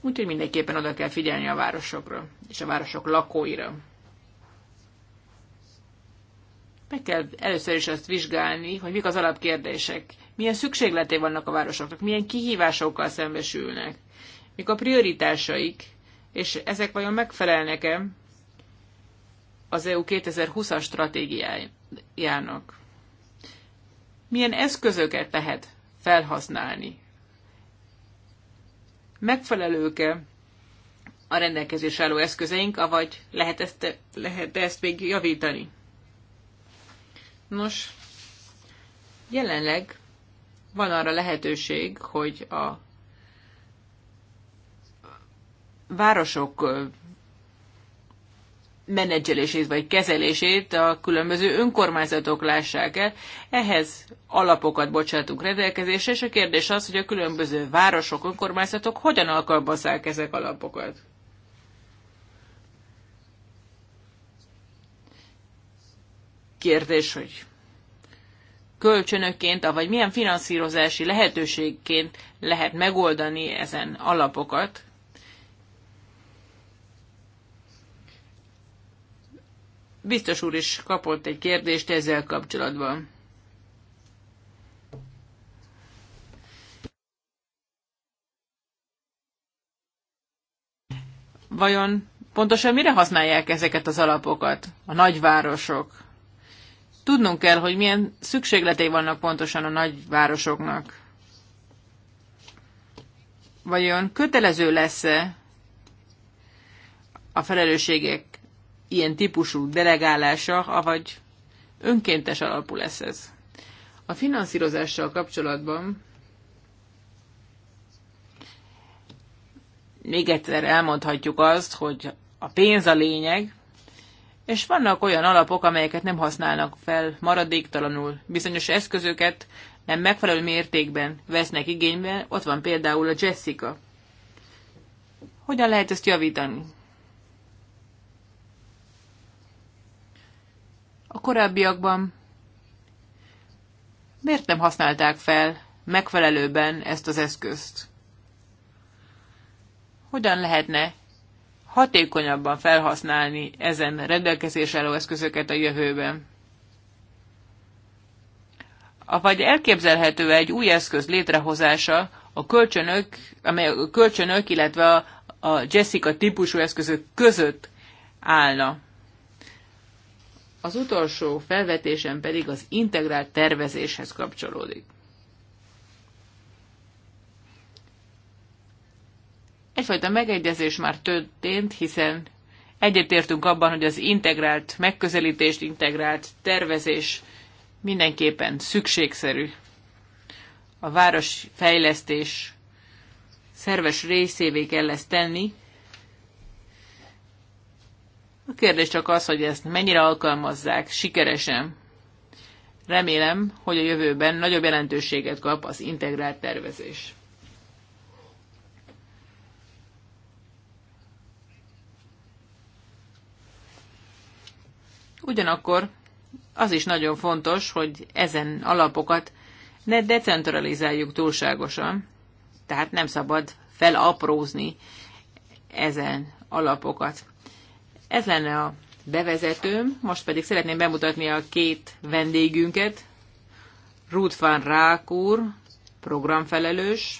úgyhogy mindenképpen oda kell figyelni a városokra és a városok lakóira. Meg kell először is azt vizsgálni, hogy mik az alapkérdések, milyen szükségleté vannak a városoknak, milyen kihívásokkal szembesülnek, mik a prioritásaik, és ezek vajon megfelelnek-e az EU 2020-as stratégiájának milyen eszközöket lehet felhasználni. Megfelelők-e a rendelkezés álló eszközeink, avagy lehet ezt, lehet ezt még javítani? Nos, jelenleg van arra lehetőség, hogy a városok menedzselését vagy kezelését a különböző önkormányzatok lássák el. Ehhez alapokat bocsátunk rendelkezésre, és a kérdés az, hogy a különböző városok, önkormányzatok hogyan alkalmazzák ezek alapokat. Kérdés, hogy kölcsönökként, vagy milyen finanszírozási lehetőségként lehet megoldani ezen alapokat, Biztos úr is kapott egy kérdést ezzel kapcsolatban. Vajon pontosan mire használják ezeket az alapokat a nagyvárosok? Tudnunk kell, hogy milyen szükségletei vannak pontosan a nagyvárosoknak. Vajon kötelező lesz-e a felelősségek ilyen típusú delegálása, avagy önkéntes alapú lesz ez. A finanszírozással kapcsolatban még egyszer elmondhatjuk azt, hogy a pénz a lényeg, és vannak olyan alapok, amelyeket nem használnak fel maradéktalanul. Bizonyos eszközöket nem megfelelő mértékben vesznek igénybe, ott van például a Jessica. Hogyan lehet ezt javítani? a korábbiakban miért nem használták fel megfelelőben ezt az eszközt? Hogyan lehetne hatékonyabban felhasználni ezen rendelkezés álló eszközöket a jövőben? Vagy elképzelhető egy új eszköz létrehozása a kölcsönök, amely a kölcsönök, illetve a Jessica típusú eszközök között állna? Az utolsó felvetésem pedig az integrált tervezéshez kapcsolódik. Egyfajta megegyezés már történt, hiszen egyetértünk abban, hogy az integrált megközelítést, integrált tervezés mindenképpen szükségszerű. A városfejlesztés szerves részévé kell ezt tenni, a kérdés csak az, hogy ezt mennyire alkalmazzák sikeresen. Remélem, hogy a jövőben nagyobb jelentőséget kap az integrált tervezés. Ugyanakkor az is nagyon fontos, hogy ezen alapokat ne decentralizáljuk túlságosan, tehát nem szabad felaprózni ezen alapokat. Ez lenne a bevezetőm, most pedig szeretném bemutatni a két vendégünket. Ruth van Rák úr, programfelelős,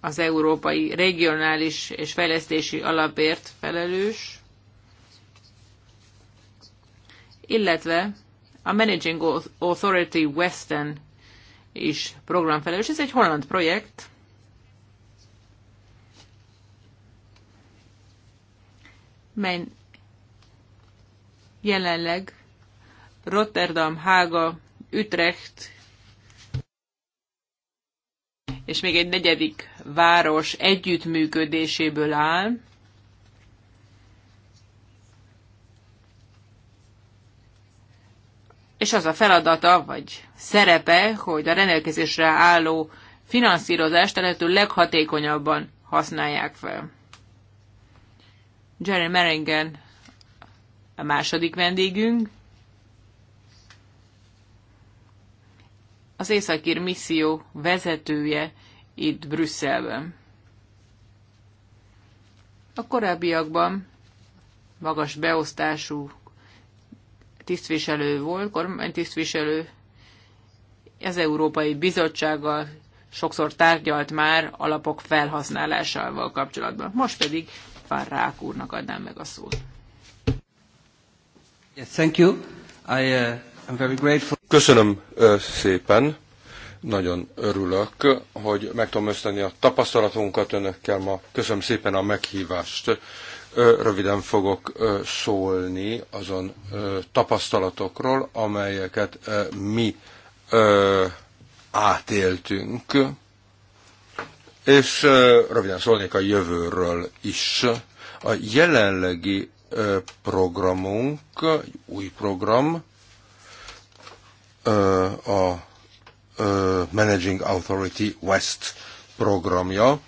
az Európai Regionális és Fejlesztési Alapért felelős, illetve a Managing Authority Western is programfelelős. Ez egy holland projekt, mely jelenleg Rotterdam, Hága, Utrecht, és még egy negyedik város együttműködéséből áll. És az a feladata, vagy szerepe, hogy a rendelkezésre álló finanszírozást a lehető leghatékonyabban használják fel. Jerry Merengen a második vendégünk. Az Északír misszió vezetője itt Brüsszelben. A korábbiakban magas beosztású tisztviselő volt, kormánytisztviselő, az Európai Bizottsággal sokszor tárgyalt már alapok felhasználásával kapcsolatban. Most pedig Rák úrnak adnám meg a szót. Yes, thank you. I, uh, I'm very grateful. Köszönöm uh, szépen. Nagyon örülök, hogy meg tudom ösztönni a tapasztalatunkat önökkel ma. Köszönöm szépen a meghívást röviden fogok szólni azon tapasztalatokról, amelyeket mi átéltünk és röviden szólnék a jövőről is. A jelenlegi programunk, új program, a Managing Authority West programja,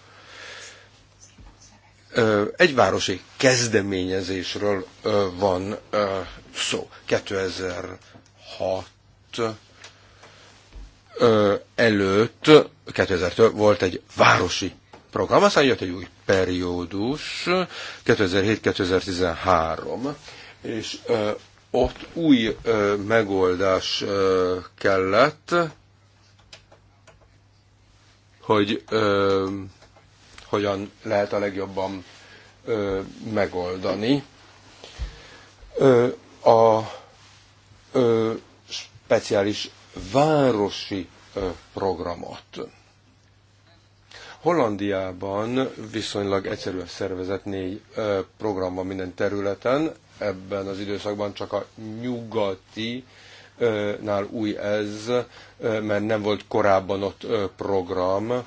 egy városi kezdeményezésről van szó. 2006 előtt, 2000-től volt egy városi program, aztán jött egy új periódus, 2007-2013, és ott új megoldás kellett, hogy hogyan lehet a legjobban ö, megoldani. Ö, a ö, speciális városi programot. Hollandiában viszonylag egyszerűen szervezett négy program van minden területen, ebben az időszakban csak a nyugati nál új ez, mert nem volt korábban ott program,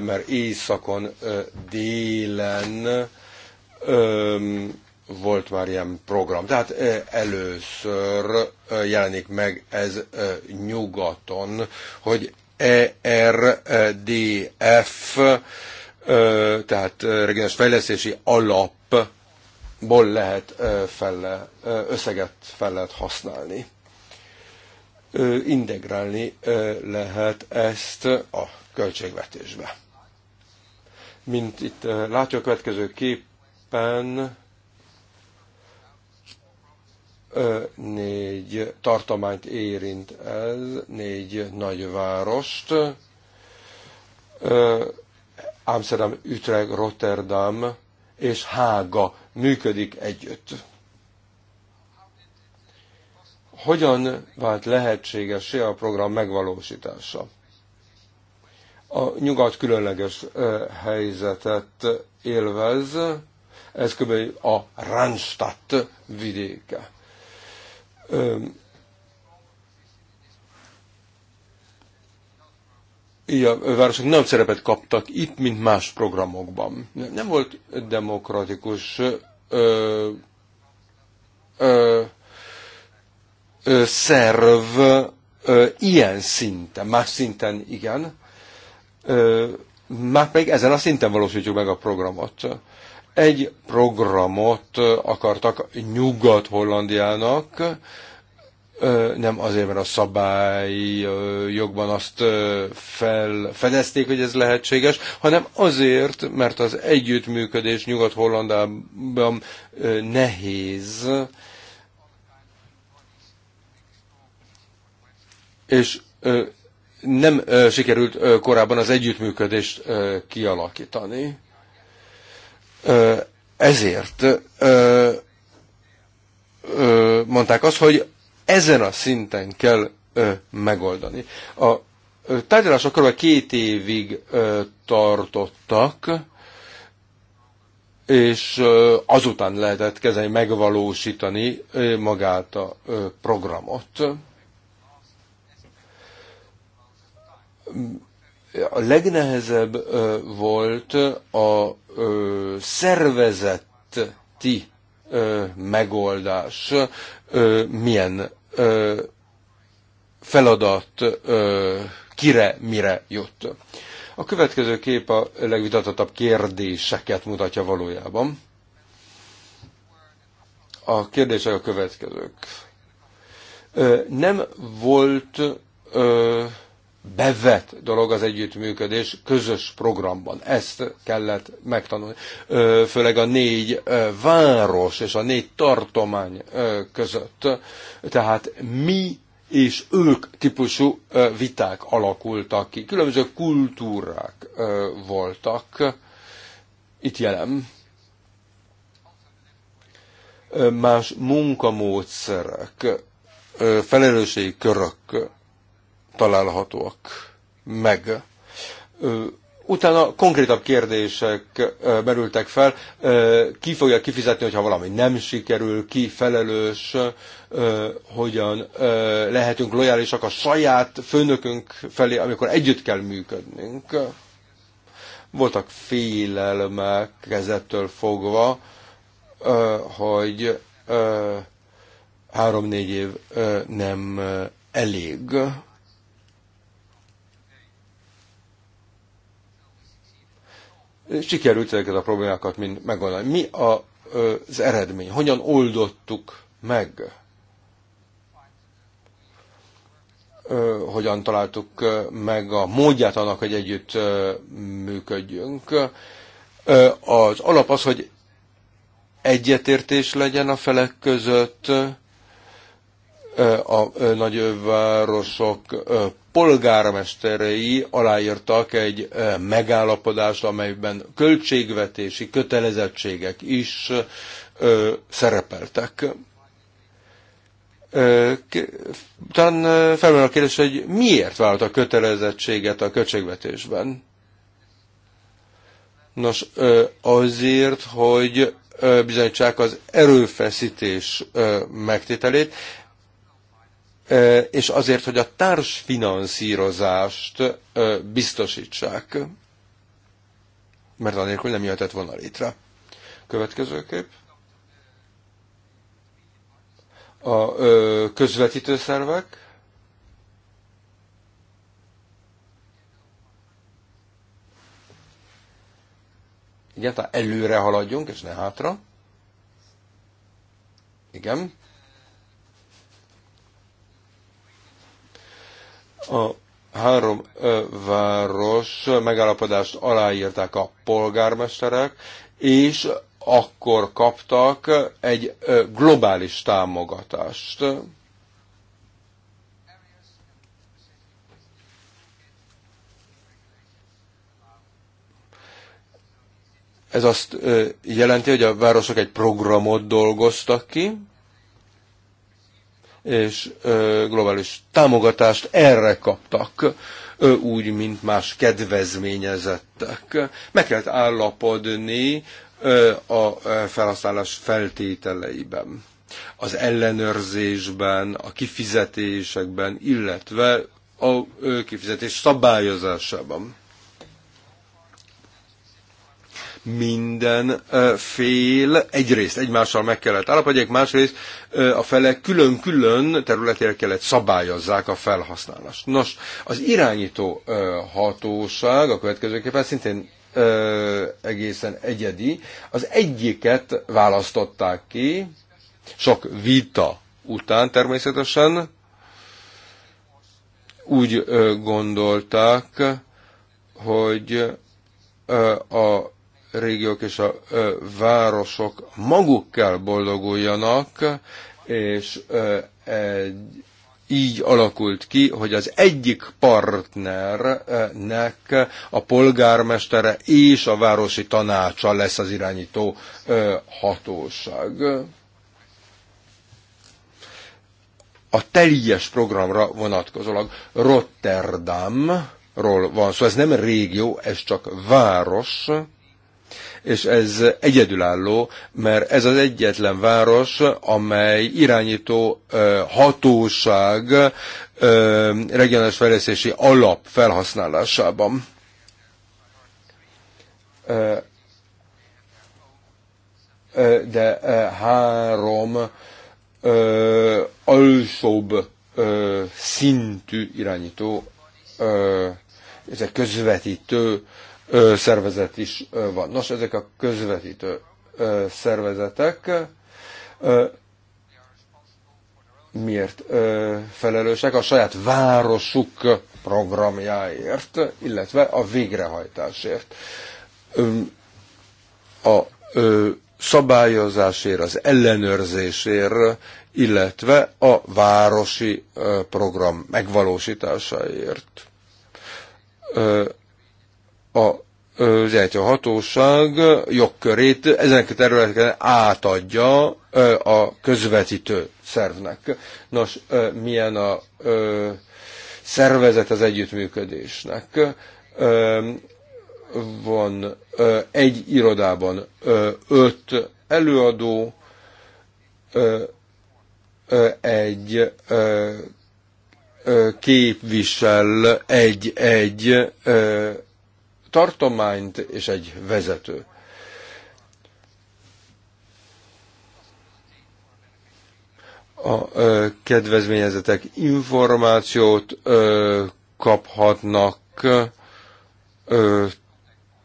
mert éjszakon, délen volt már ilyen program. Tehát először jelenik meg ez nyugaton, hogy ERDF, tehát regionális fejlesztési alapból lehet felle, összeget fel lehet használni. Integrálni lehet ezt a költségvetésbe. Mint itt látja a következő képen, négy tartományt érint el, négy nagyvárost, Amsterdam, Utrecht, Rotterdam és Hága működik együtt. Hogyan vált lehetségesé a program megvalósítása? A nyugat különleges helyzetet élvez, ez kb. a Randstadt vidéke így a városok nem szerepet kaptak itt, mint más programokban. Nem volt demokratikus ö, ö, ö, szerv ö, ilyen szinten, más szinten igen, ö, már pedig ezen a szinten valósítjuk meg a programot. Egy programot akartak Nyugat-Hollandiának, nem azért, mert a szabály jogban azt felfedezték, hogy ez lehetséges, hanem azért, mert az együttműködés Nyugat-Hollandában nehéz, és nem sikerült korábban az együttműködést kialakítani. Ezért mondták azt, hogy ezen a szinten kell megoldani. A tárgyalások körülbelül két évig tartottak, és azután lehetett kezelni, megvalósítani magát a programot. A legnehezebb volt a ö, szervezeti ö, megoldás ö, milyen ö, feladat ö, kire, mire jött A következő kép a legvitatottabb kérdéseket mutatja valójában. A kérdések a következők. Ö, nem volt ö, bevett dolog az együttműködés közös programban. Ezt kellett megtanulni. Főleg a négy város és a négy tartomány között. Tehát mi és ők típusú viták alakultak ki. Különböző kultúrák voltak itt jelen. Más munkamódszerek, felelősségi körök találhatóak meg. Utána konkrétabb kérdések merültek fel, ki fogja kifizetni, hogyha valami nem sikerül, ki felelős, hogyan lehetünk lojálisak a saját főnökünk felé, amikor együtt kell működnünk. Voltak félelmek kezettől fogva, hogy három-négy év nem elég sikerült ezeket a problémákat mind megoldani. Mi a, az eredmény? Hogyan oldottuk meg? Hogyan találtuk meg a módját annak, hogy együtt működjünk? Az alap az, hogy egyetértés legyen a felek között, a nagyvárosok polgármesterei aláírtak egy megállapodást, amelyben költségvetési kötelezettségek is szerepeltek. Talán felmerül a kérdés, hogy miért vált a kötelezettséget a költségvetésben? Nos, azért, hogy bizonyítsák az erőfeszítés megtételét, és azért, hogy a társfinanszírozást biztosítsák, mert anélkül nem jöhetett volna létre. Következőképp. A közvetítő szervek. Igen, tehát előre haladjunk, és ne hátra. Igen. A három város megállapodást aláírták a polgármesterek, és akkor kaptak egy globális támogatást. Ez azt jelenti, hogy a városok egy programot dolgoztak ki, és globális támogatást erre kaptak, úgy, mint más kedvezményezettek. Meg kellett állapodni a felhasználás feltételeiben az ellenőrzésben, a kifizetésekben, illetve a kifizetés szabályozásában. Minden fél egyrészt egymással meg kellett állapodják, másrészt a felek külön-külön területére kellett szabályozzák a felhasználást. Nos, az irányító hatóság a következőképpen szintén egészen egyedi. Az egyiket választották ki, sok vita után természetesen, úgy gondolták, hogy a régiók és a városok maguk kell boldoguljanak, és egy, így alakult ki, hogy az egyik partnernek a polgármestere és a városi tanácsa lesz az irányító hatóság. A teljes programra vonatkozólag Rotterdamról van szó, szóval ez nem régió, ez csak város, és ez egyedülálló, mert ez az egyetlen város, amely irányító hatóság regionális fejlesztési alap felhasználásában de három alsóbb szintű irányító, ez a közvetítő szervezet is van. Nos, ezek a közvetítő szervezetek miért felelősek? A saját városuk programjáért, illetve a végrehajtásért. A szabályozásért, az ellenőrzésért, illetve a városi program megvalósításáért a az a hatóság jogkörét ezen a területeken átadja a közvetítő szervnek. Nos, milyen a szervezet az együttműködésnek? Van egy irodában öt előadó, egy képvisel egy-egy tartományt és egy vezető. a kedvezményezetek információt kaphatnak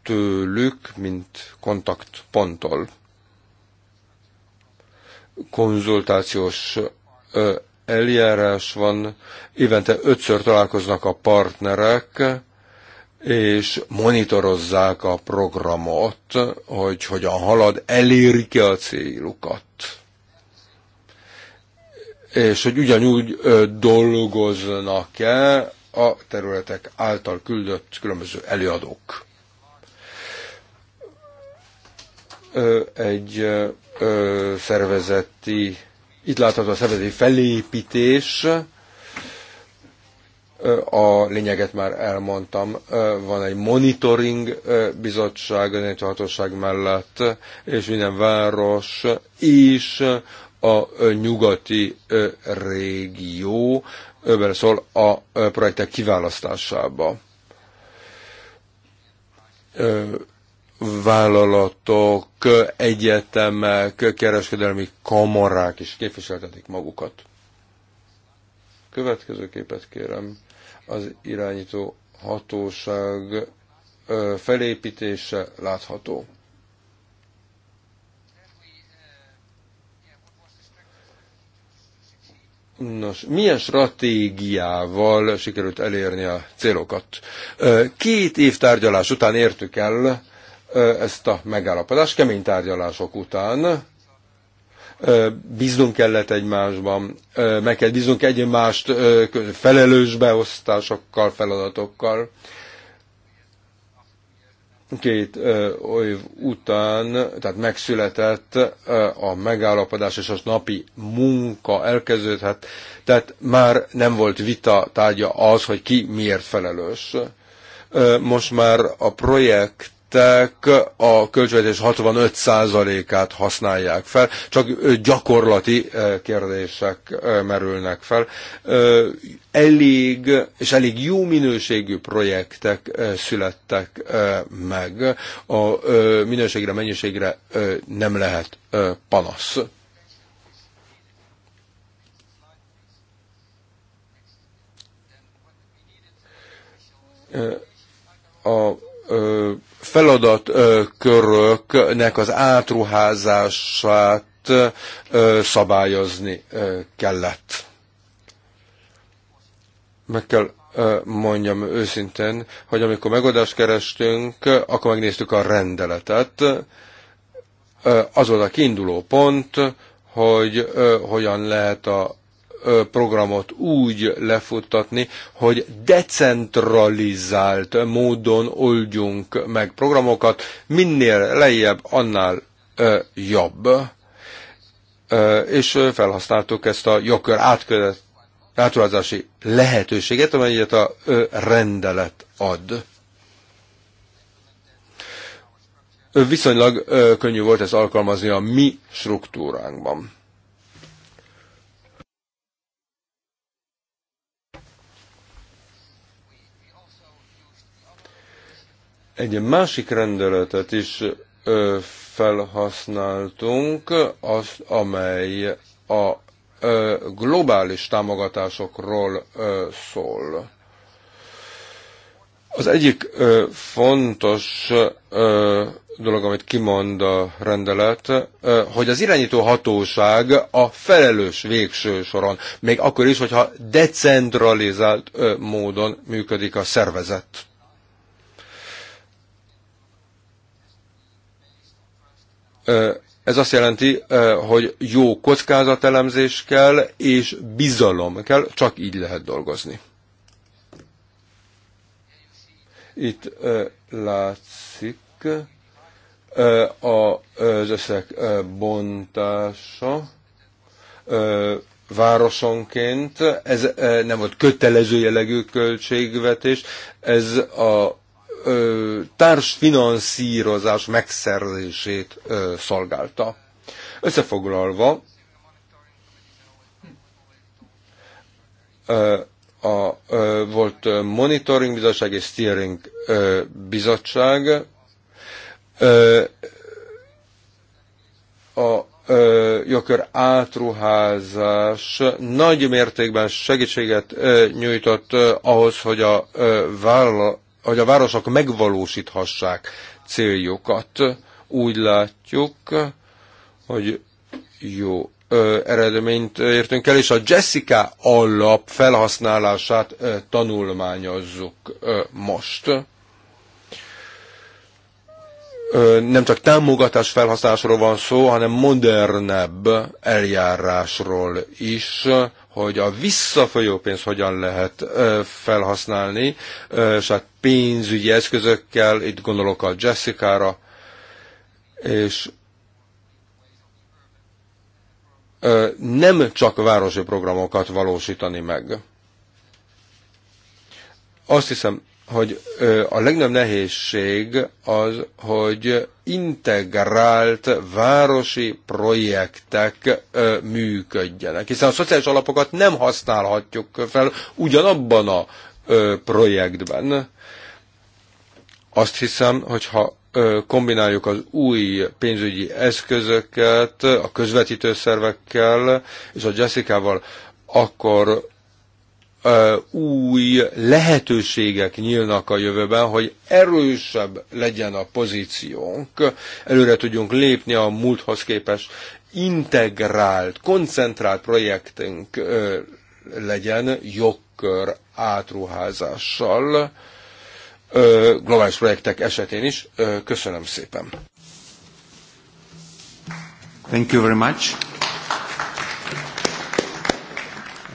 tőlük, mint kontaktponttól. Konzultációs eljárás van, évente ötször találkoznak a partnerek, és monitorozzák a programot, hogy hogyan halad, elérik-e a célukat. És hogy ugyanúgy dolgoznak-e a területek által küldött különböző előadók. Egy szervezeti, itt látható a szervezeti felépítés, a lényeget már elmondtam, van egy monitoring bizottság a hatóság mellett, és minden város is a nyugati régió szól a projektek kiválasztásába vállalatok, egyetemek, kereskedelmi kamarák is képviseltetik magukat. Következő képet kérem. Az irányító hatóság felépítése látható. Nos, milyen stratégiával sikerült elérni a célokat? Két év tárgyalás után értük el ezt a megállapodást, kemény tárgyalások után bíznunk kellett egymásban, meg kell bíznunk egymást felelős beosztásokkal, feladatokkal. Két év után, tehát megszületett a megállapodás és a napi munka elkezdődhet, tehát már nem volt vita tárgya az, hogy ki miért felelős. Most már a projekt érintettek a költségvetés 65%-át használják fel, csak gyakorlati eh, kérdések eh, merülnek fel. Eh, elég, és elég jó minőségű projektek születtek meg. A minőségre, mennyiségre nem lehet panasz. a feladatköröknek az átruházását szabályozni kellett. Meg kell mondjam őszintén, hogy amikor megoldást kerestünk, akkor megnéztük a rendeletet. Az volt a kiinduló pont, hogy hogyan lehet a programot úgy lefuttatni, hogy decentralizált módon oldjunk meg programokat, minél lejjebb, annál jobb. És felhasználtuk ezt a jogkör átkövet lehetőséget, amelyet a rendelet ad. Viszonylag könnyű volt ezt alkalmazni a mi struktúránkban. Egy másik rendeletet is ö, felhasználtunk, az, amely a ö, globális támogatásokról ö, szól. Az egyik ö, fontos ö, dolog, amit kimond a rendelet, ö, hogy az irányító hatóság a felelős végső soron, még akkor is, hogyha decentralizált ö, módon működik a szervezet. Ez azt jelenti, hogy jó kockázatelemzés kell, és bizalom kell, csak így lehet dolgozni. Itt látszik az összeg bontása városonként. Ez nem volt kötelező jellegű költségvetés, ez a társfinanszírozás megszerzését szolgálta. Összefoglalva, a, volt monitoring bizottság és steering bizottság. A jogkör átruházás nagy mértékben segítséget nyújtott ahhoz, hogy a vállal, hogy a városok megvalósíthassák céljukat. Úgy látjuk, hogy jó ö, eredményt értünk el, és a Jessica alap felhasználását ö, tanulmányozzuk ö, most. Ö, nem csak támogatás felhasználásról van szó, hanem modernebb eljárásról is hogy a visszafolyó pénzt hogyan lehet felhasználni, és hát pénzügyi eszközökkel, itt gondolok a Jessica-ra, és nem csak városi programokat valósítani meg. Azt hiszem, hogy a legnagyobb nehézség az, hogy integrált városi projektek működjenek, hiszen a szociális alapokat nem használhatjuk fel ugyanabban a projektben. Azt hiszem, hogyha kombináljuk az új pénzügyi eszközöket, a közvetítő szervekkel és a Jessica-val, akkor új lehetőségek nyílnak a jövőben, hogy erősebb legyen a pozíciónk, előre tudjunk lépni a múlthoz képest integrált, koncentrált projektünk legyen jogkör átruházással, globális projektek esetén is. Köszönöm szépen. Thank you very much.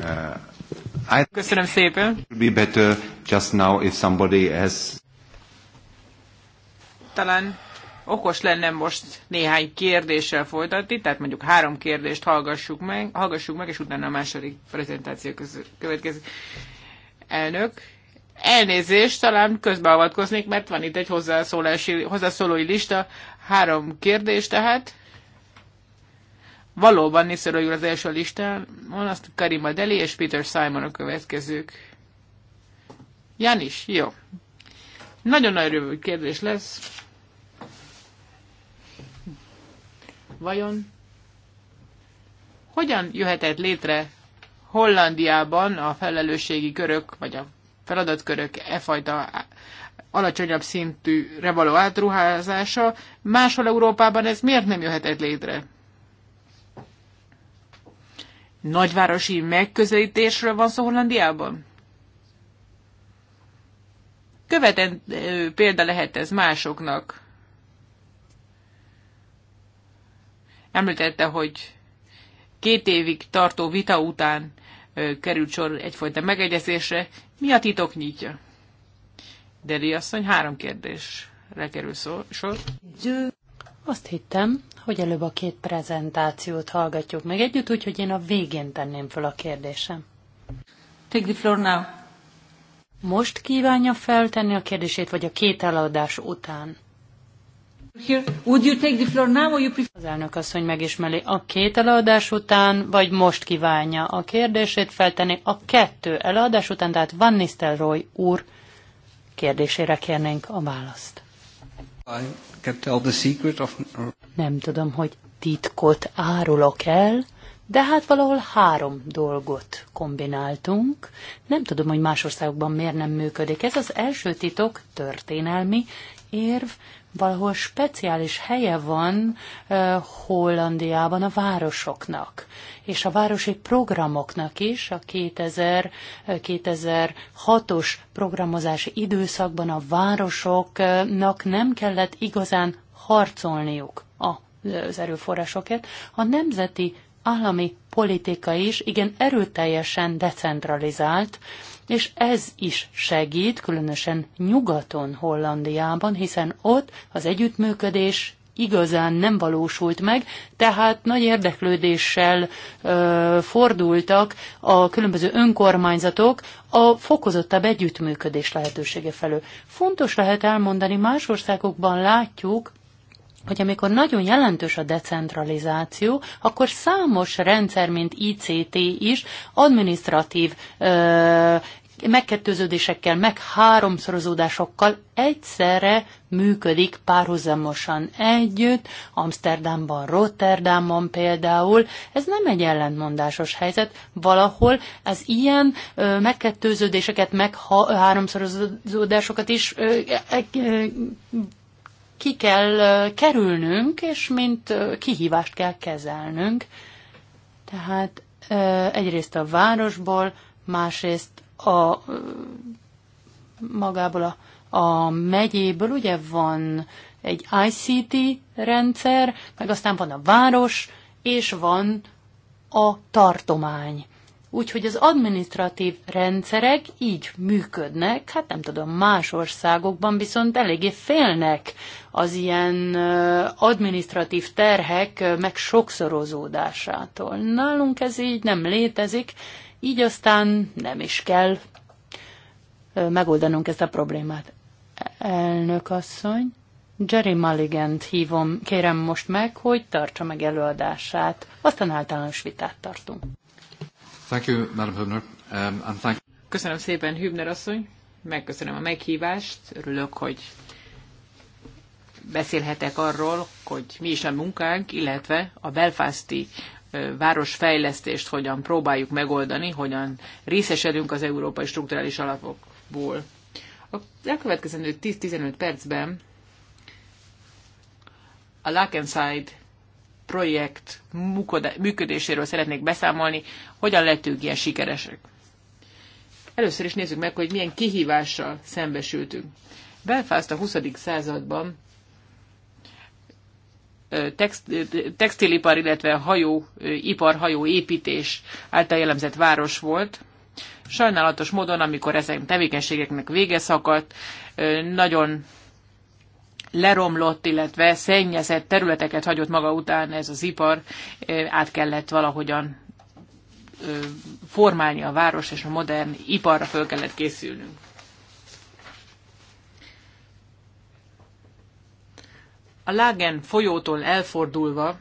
Uh... I... Köszönöm szépen. Be better just now if somebody has... Talán okos lenne most néhány kérdéssel folytatni, tehát mondjuk három kérdést hallgassuk meg, hallgassuk meg és utána a második prezentáció következik. Elnök, elnézést, talán közbeavatkoznék, mert van itt egy hozzászólási, hozzászólói lista, három kérdés tehát valóban Nisztorogul az első listán, van azt Karima Deli és Peter Simon a következők. Janis, jó. Nagyon nagy rövő kérdés lesz. Vajon hogyan jöhetett létre Hollandiában a felelősségi körök, vagy a feladatkörök e fajta alacsonyabb szintűre való átruházása, máshol Európában ez miért nem jöhetett létre? nagyvárosi megközelítésről van szó Hollandiában? Követen példa lehet ez másoknak. Említette, hogy két évig tartó vita után került sor egyfajta megegyezésre. Mi a titok nyitja? Deli asszony, három kérdésre kerül szó, sor. Azt hittem, hogy előbb a két prezentációt hallgatjuk meg együtt, úgyhogy én a végén tenném fel a kérdésem. Take the floor now. Most kívánja feltenni a kérdését, vagy a két eladás után? Here. Would you take the floor now, or you prefer... Az elnök asszony megismeri a két eladás után, vagy most kívánja a kérdését feltenni a kettő eladás után, tehát Van Nistelrooy úr kérdésére kérnénk a választ. Nem tudom, hogy titkot árulok el, de hát valahol három dolgot kombináltunk. Nem tudom, hogy más országokban miért nem működik. Ez az első titok történelmi érv, valahol speciális helye van uh, Hollandiában a városoknak, és a városi programoknak is a 2000, 2006-os programozási időszakban a városoknak nem kellett igazán harcolniuk az erőforrásokat. A nemzeti állami politika is igen erőteljesen decentralizált, és ez is segít, különösen nyugaton Hollandiában, hiszen ott az együttműködés igazán nem valósult meg, tehát nagy érdeklődéssel ö, fordultak a különböző önkormányzatok a fokozottabb együttműködés lehetősége felől. Fontos lehet elmondani, más országokban látjuk, hogy amikor nagyon jelentős a decentralizáció, akkor számos rendszer, mint ICT is administratív ö, megkettőződésekkel, meg háromszorozódásokkal egyszerre működik párhuzamosan együtt, Amsterdamban, Rotterdamban például. Ez nem egy ellentmondásos helyzet, valahol az ilyen ö, megkettőződéseket, meg háromszorozódásokat is ö, ö, e- ö, e- ki kell kerülnünk, és mint kihívást kell kezelnünk. Tehát egyrészt a városból, másrészt a magából a, a megyéből, ugye van egy ICT rendszer, meg aztán van a város, és van a tartomány. Úgyhogy az administratív rendszerek így működnek, hát nem tudom, más országokban viszont eléggé félnek az ilyen administratív terhek meg sokszorozódásától. Nálunk ez így nem létezik, így aztán nem is kell megoldanunk ezt a problémát. Elnök asszony, Jerry mulligan hívom, kérem most meg, hogy tartsa meg előadását, aztán általános vitát tartunk. Thank you, Madam Hübner. Um, and thank... Köszönöm szépen, Hübner asszony. Megköszönöm a meghívást. Örülök, hogy beszélhetek arról, hogy mi is a munkánk, illetve a belfászti városfejlesztést hogyan próbáljuk megoldani, hogyan részesedünk az európai strukturális alapokból. A elkövetkezendő 10-15 percben a Lakenside projekt működéséről szeretnék beszámolni, hogyan lettünk ilyen sikeresek. Először is nézzük meg, hogy milyen kihívással szembesültünk. Belfast a 20. században textilipar, illetve hajó, ipar, hajó építés által jellemzett város volt. Sajnálatos módon, amikor ezen tevékenységeknek vége szakadt, nagyon leromlott, illetve szennyezett területeket hagyott maga után ez az ipar, át kellett valahogyan formálni a város, és a modern iparra föl kellett készülnünk. A Lágen folyótól elfordulva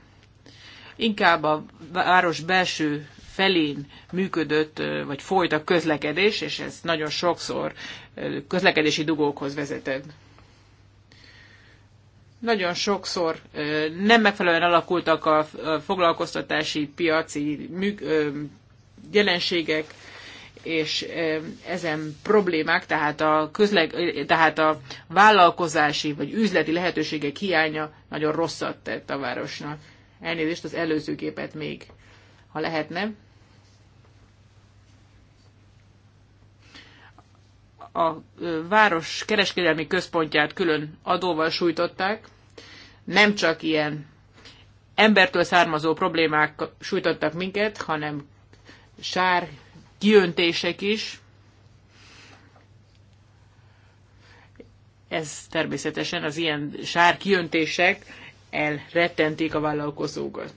inkább a város belső felén működött, vagy folyt a közlekedés, és ez nagyon sokszor közlekedési dugókhoz vezetett nagyon sokszor nem megfelelően alakultak a foglalkoztatási piaci jelenségek, és ezen problémák, tehát a, közleg, tehát a vállalkozási vagy üzleti lehetőségek hiánya nagyon rosszat tett a városnak. Elnézést az előző képet még, ha lehetne. a város kereskedelmi központját külön adóval sújtották. Nem csak ilyen embertől származó problémák sújtottak minket, hanem sár kiöntések is. Ez természetesen az ilyen sár kiöntések elrettentik a vállalkozókat.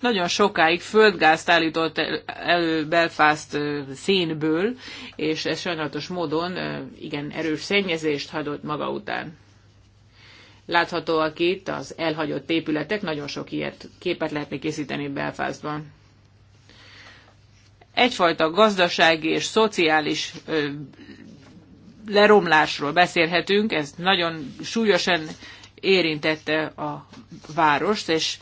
nagyon sokáig földgázt állított elő Belfast szénből, és ez sajnálatos módon igen erős szennyezést hagyott maga után. Láthatóak itt az elhagyott épületek, nagyon sok ilyet képet lehetne készíteni Belfastban. Egyfajta gazdasági és szociális leromlásról beszélhetünk, ez nagyon súlyosan érintette a várost, és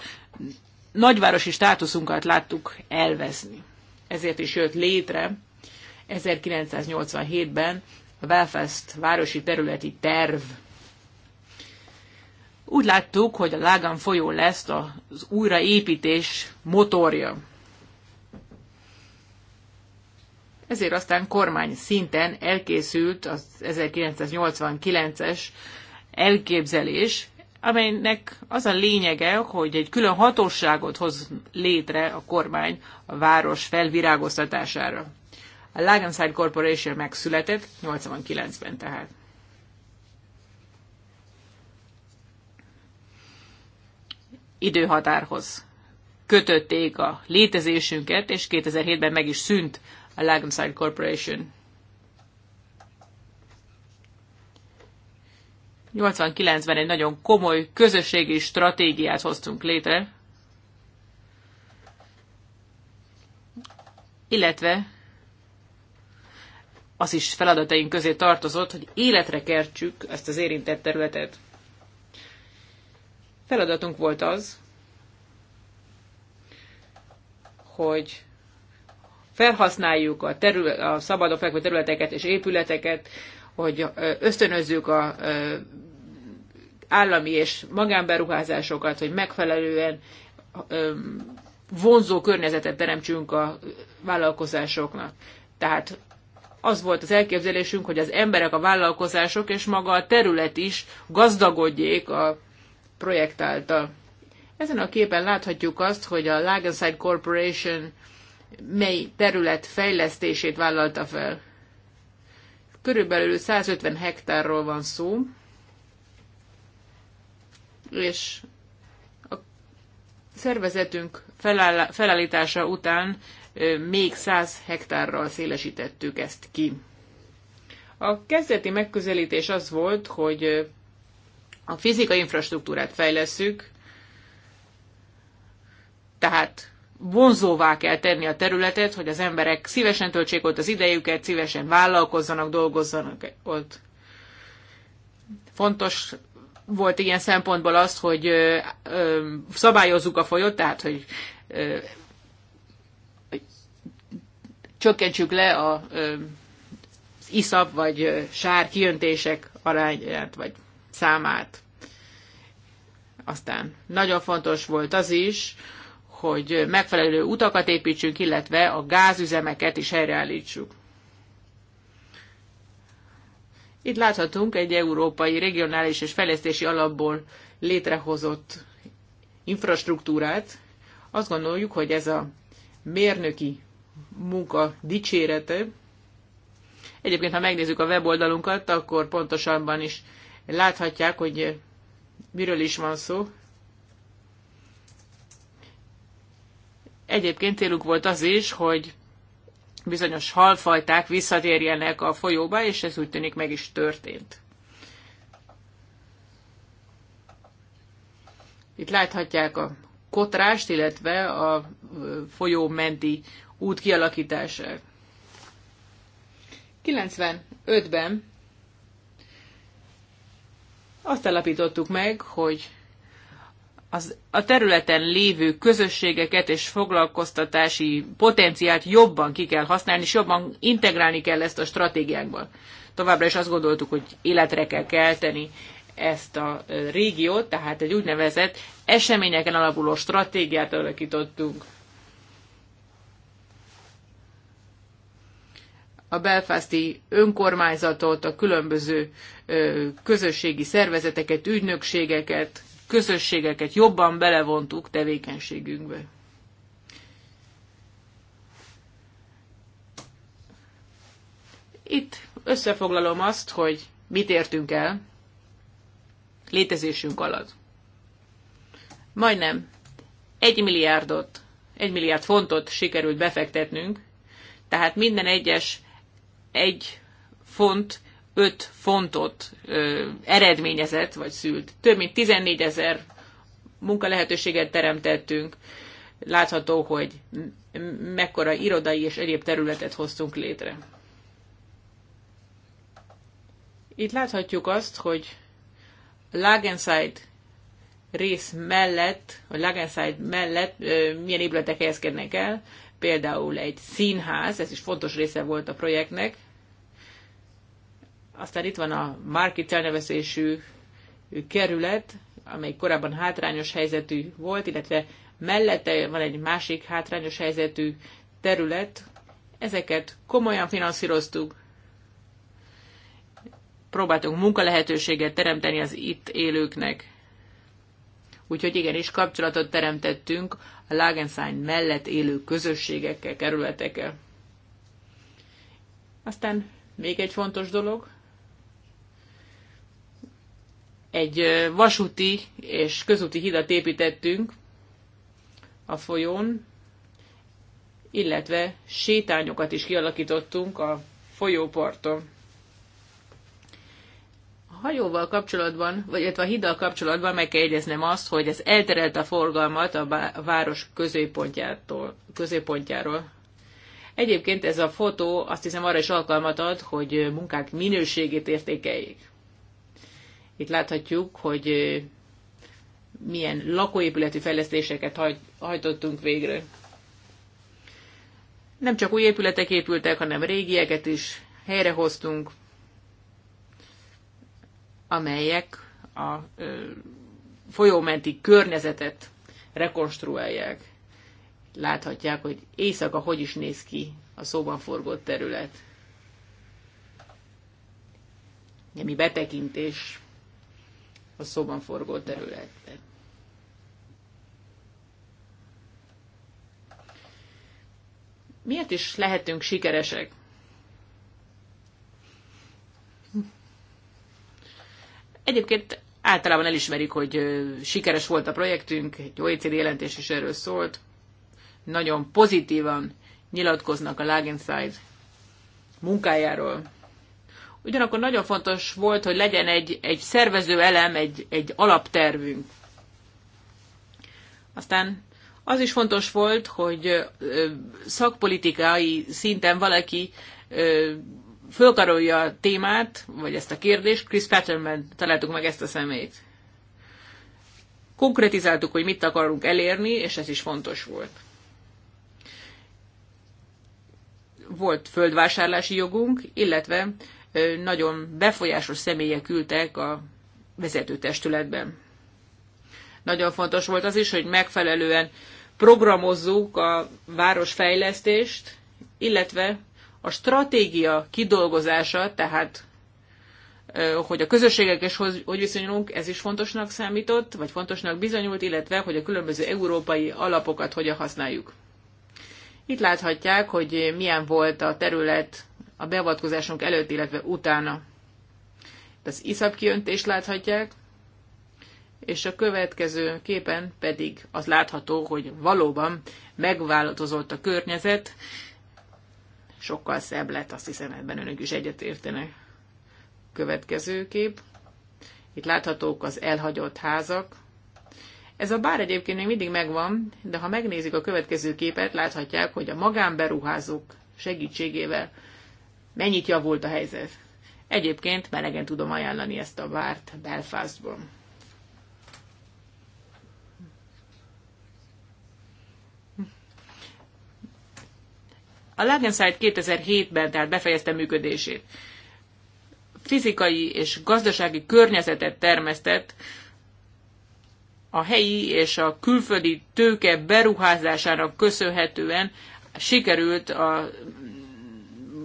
nagyvárosi státuszunkat láttuk elveszni. Ezért is jött létre 1987-ben a Belfast városi területi terv. Úgy láttuk, hogy a Lágan folyó lesz az újraépítés motorja. Ezért aztán kormány szinten elkészült az 1989-es elképzelés, amelynek az a lényege, hogy egy külön hatóságot hoz létre a kormány a város felvirágoztatására. A Lagenside Corporation megszületett, 89-ben tehát. Időhatárhoz kötötték a létezésünket, és 2007-ben meg is szűnt a Lagenside Corporation. 89-ben egy nagyon komoly közösségi stratégiát hoztunk létre, illetve az is feladataink közé tartozott, hogy életre kertsük ezt az érintett területet. Feladatunk volt az, hogy felhasználjuk a, terület, a szabadon fekvő területeket és épületeket hogy ösztönözzük a állami és magánberuházásokat, hogy megfelelően vonzó környezetet teremtsünk a vállalkozásoknak. Tehát az volt az elképzelésünk, hogy az emberek, a vállalkozások és maga a terület is gazdagodjék a projekt által. Ezen a képen láthatjuk azt, hogy a Lagenside Corporation mely terület fejlesztését vállalta fel. Körülbelül 150 hektárról van szó, és a szervezetünk feláll, felállítása után még 100 hektárral szélesítettük ezt ki. A kezdeti megközelítés az volt, hogy a fizikai infrastruktúrát fejleszük, tehát vonzóvá kell tenni a területet, hogy az emberek szívesen töltsék ott az idejüket, szívesen vállalkozzanak, dolgozzanak ott. Fontos volt ilyen szempontból az, hogy ö, ö, szabályozzuk a folyót, tehát hogy ö, csökkentsük le a, ö, az iszap vagy ö, sár kijöntések arányát vagy számát. Aztán nagyon fontos volt az is, hogy megfelelő utakat építsünk, illetve a gázüzemeket is helyreállítsuk. Itt láthatunk egy európai regionális és fejlesztési alapból létrehozott infrastruktúrát. Azt gondoljuk, hogy ez a mérnöki munka dicsérete. Egyébként, ha megnézzük a weboldalunkat, akkor pontosabban is láthatják, hogy miről is van szó. Egyébként céluk volt az is, hogy bizonyos halfajták visszatérjenek a folyóba, és ez úgy tűnik meg is történt. Itt láthatják a kotrást, illetve a folyó menti út kialakítását. 95-ben azt állapítottuk meg, hogy az, a területen lévő közösségeket és foglalkoztatási potenciált jobban ki kell használni, és jobban integrálni kell ezt a stratégiákból. Továbbra is azt gondoltuk, hogy életre kell kelteni ezt a régiót, tehát egy úgynevezett eseményeken alapuló stratégiát alakítottunk. A belfászti önkormányzatot, a különböző közösségi szervezeteket, ügynökségeket, közösségeket jobban belevontuk tevékenységünkbe. Itt összefoglalom azt, hogy mit értünk el létezésünk alatt. Majdnem egy milliárdot, egy milliárd fontot sikerült befektetnünk, tehát minden egyes egy font 5 fontot ö, eredményezett, vagy szült. Több mint 14 ezer munkalehetőséget teremtettünk. Látható, hogy mekkora irodai és egyéb területet hoztunk létre. Itt láthatjuk azt, hogy Lagenside rész mellett, vagy Lagenside mellett ö, milyen épületek helyezkednek el, például egy színház, ez is fontos része volt a projektnek, aztán itt van a Market elnevezésű kerület, amely korábban hátrányos helyzetű volt, illetve mellette van egy másik hátrányos helyzetű terület. Ezeket komolyan finanszíroztuk, próbáltunk munkalehetőséget teremteni az itt élőknek. Úgyhogy igenis kapcsolatot teremtettünk a Lagenszány mellett élő közösségekkel, kerületekkel. Aztán még egy fontos dolog, egy vasúti és közúti hidat építettünk a folyón, illetve sétányokat is kialakítottunk a folyóparton. A hajóval kapcsolatban, vagy illetve a hiddal kapcsolatban meg kell jegyeznem azt, hogy ez elterelt a forgalmat a város középpontjától, középpontjáról. Egyébként ez a fotó azt hiszem arra is alkalmat ad, hogy munkák minőségét értékeljék. Itt láthatjuk, hogy milyen lakóépületi fejlesztéseket hajtottunk végre. Nem csak új épületek épültek, hanem régieket is helyrehoztunk, amelyek a folyómenti környezetet rekonstruálják. Láthatják, hogy éjszaka hogy is néz ki a szóban forgott terület. Mi betekintés a szóban forgó területbe. Miért is lehetünk sikeresek? Egyébként általában elismerik, hogy sikeres volt a projektünk, egy OECD jelentés is erről szólt. Nagyon pozitívan nyilatkoznak a Lagenszide munkájáról. Ugyanakkor nagyon fontos volt, hogy legyen egy, egy szervező elem, egy, egy alaptervünk. Aztán az is fontos volt, hogy szakpolitikai szinten valaki fölkarolja a témát, vagy ezt a kérdést. Chris Patterman találtuk meg ezt a szemét. Konkretizáltuk, hogy mit akarunk elérni, és ez is fontos volt. Volt földvásárlási jogunk, illetve nagyon befolyásos személyek ültek a vezetőtestületben. Nagyon fontos volt az is, hogy megfelelően programozzuk a városfejlesztést, illetve a stratégia kidolgozása, tehát hogy a közösségek és hogy viszonyulunk, ez is fontosnak számított, vagy fontosnak bizonyult, illetve hogy a különböző európai alapokat hogyan használjuk. Itt láthatják, hogy milyen volt a terület a beavatkozásunk előtt, illetve utána. Az iszap kiöntést láthatják, és a következő képen pedig az látható, hogy valóban megváltozott a környezet, sokkal szebb lett, azt hiszem ebben önök is egyetértenek. Következő kép. Itt láthatók az elhagyott házak. Ez a bár egyébként még mindig megvan, de ha megnézik a következő képet, láthatják, hogy a magánberuházók segítségével mennyit javult a helyzet. Egyébként melegen tudom ajánlani ezt a várt Belfastban. A Lagenside 2007-ben tehát befejezte működését. Fizikai és gazdasági környezetet termesztett a helyi és a külföldi tőke beruházásának köszönhetően sikerült a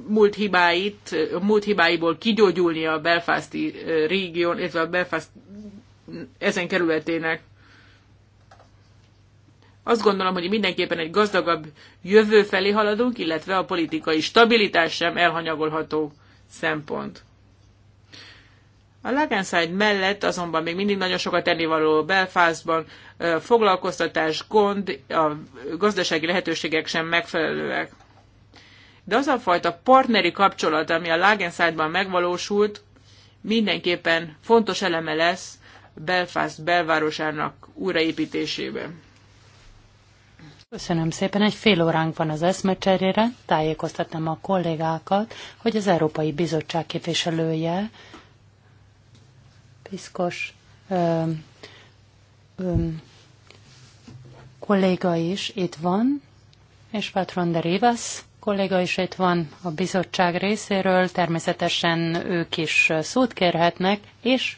múlt hibáit, múlt hibáiból kigyógyulni a belfasti eh, régión, illetve a Belfast ezen kerületének. Azt gondolom, hogy mindenképpen egy gazdagabb jövő felé haladunk, illetve a politikai stabilitás sem elhanyagolható szempont. A Lagenside mellett azonban még mindig nagyon sokat tennivaló Belfastban, eh, foglalkoztatás, gond, a gazdasági lehetőségek sem megfelelőek de az a fajta partneri kapcsolat, ami a Lagenszájban megvalósult, mindenképpen fontos eleme lesz Belfast belvárosának újraépítésében. Köszönöm szépen, egy fél óránk van az eszmecserére. Tájékoztatnám a kollégákat, hogy az Európai Bizottság képviselője, Piszkos kolléga is itt van, és Patron de Rivas kolléga is itt van a bizottság részéről, természetesen ők is szót kérhetnek, és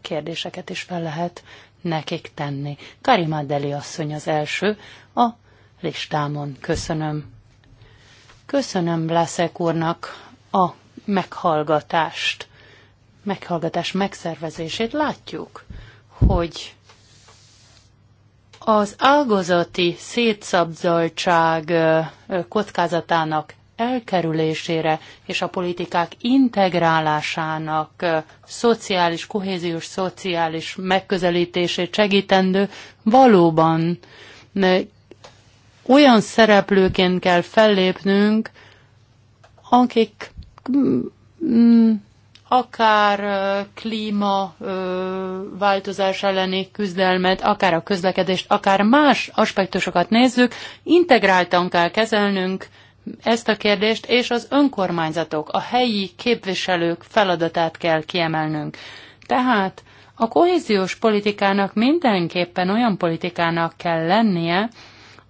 kérdéseket is fel lehet nekik tenni. Karima Deli asszony az első a listámon. Köszönöm. Köszönöm Blaszek úrnak a meghallgatást, meghallgatás megszervezését. Látjuk, hogy az ágazati szétszabzaltság kockázatának elkerülésére és a politikák integrálásának szociális, kohéziós, szociális megközelítését segítendő valóban olyan szereplőként kell fellépnünk, akik akár klíma változás elleni küzdelmet, akár a közlekedést, akár más aspektusokat nézzük, integráltan kell kezelnünk ezt a kérdést, és az önkormányzatok, a helyi képviselők feladatát kell kiemelnünk. Tehát a kohéziós politikának mindenképpen olyan politikának kell lennie,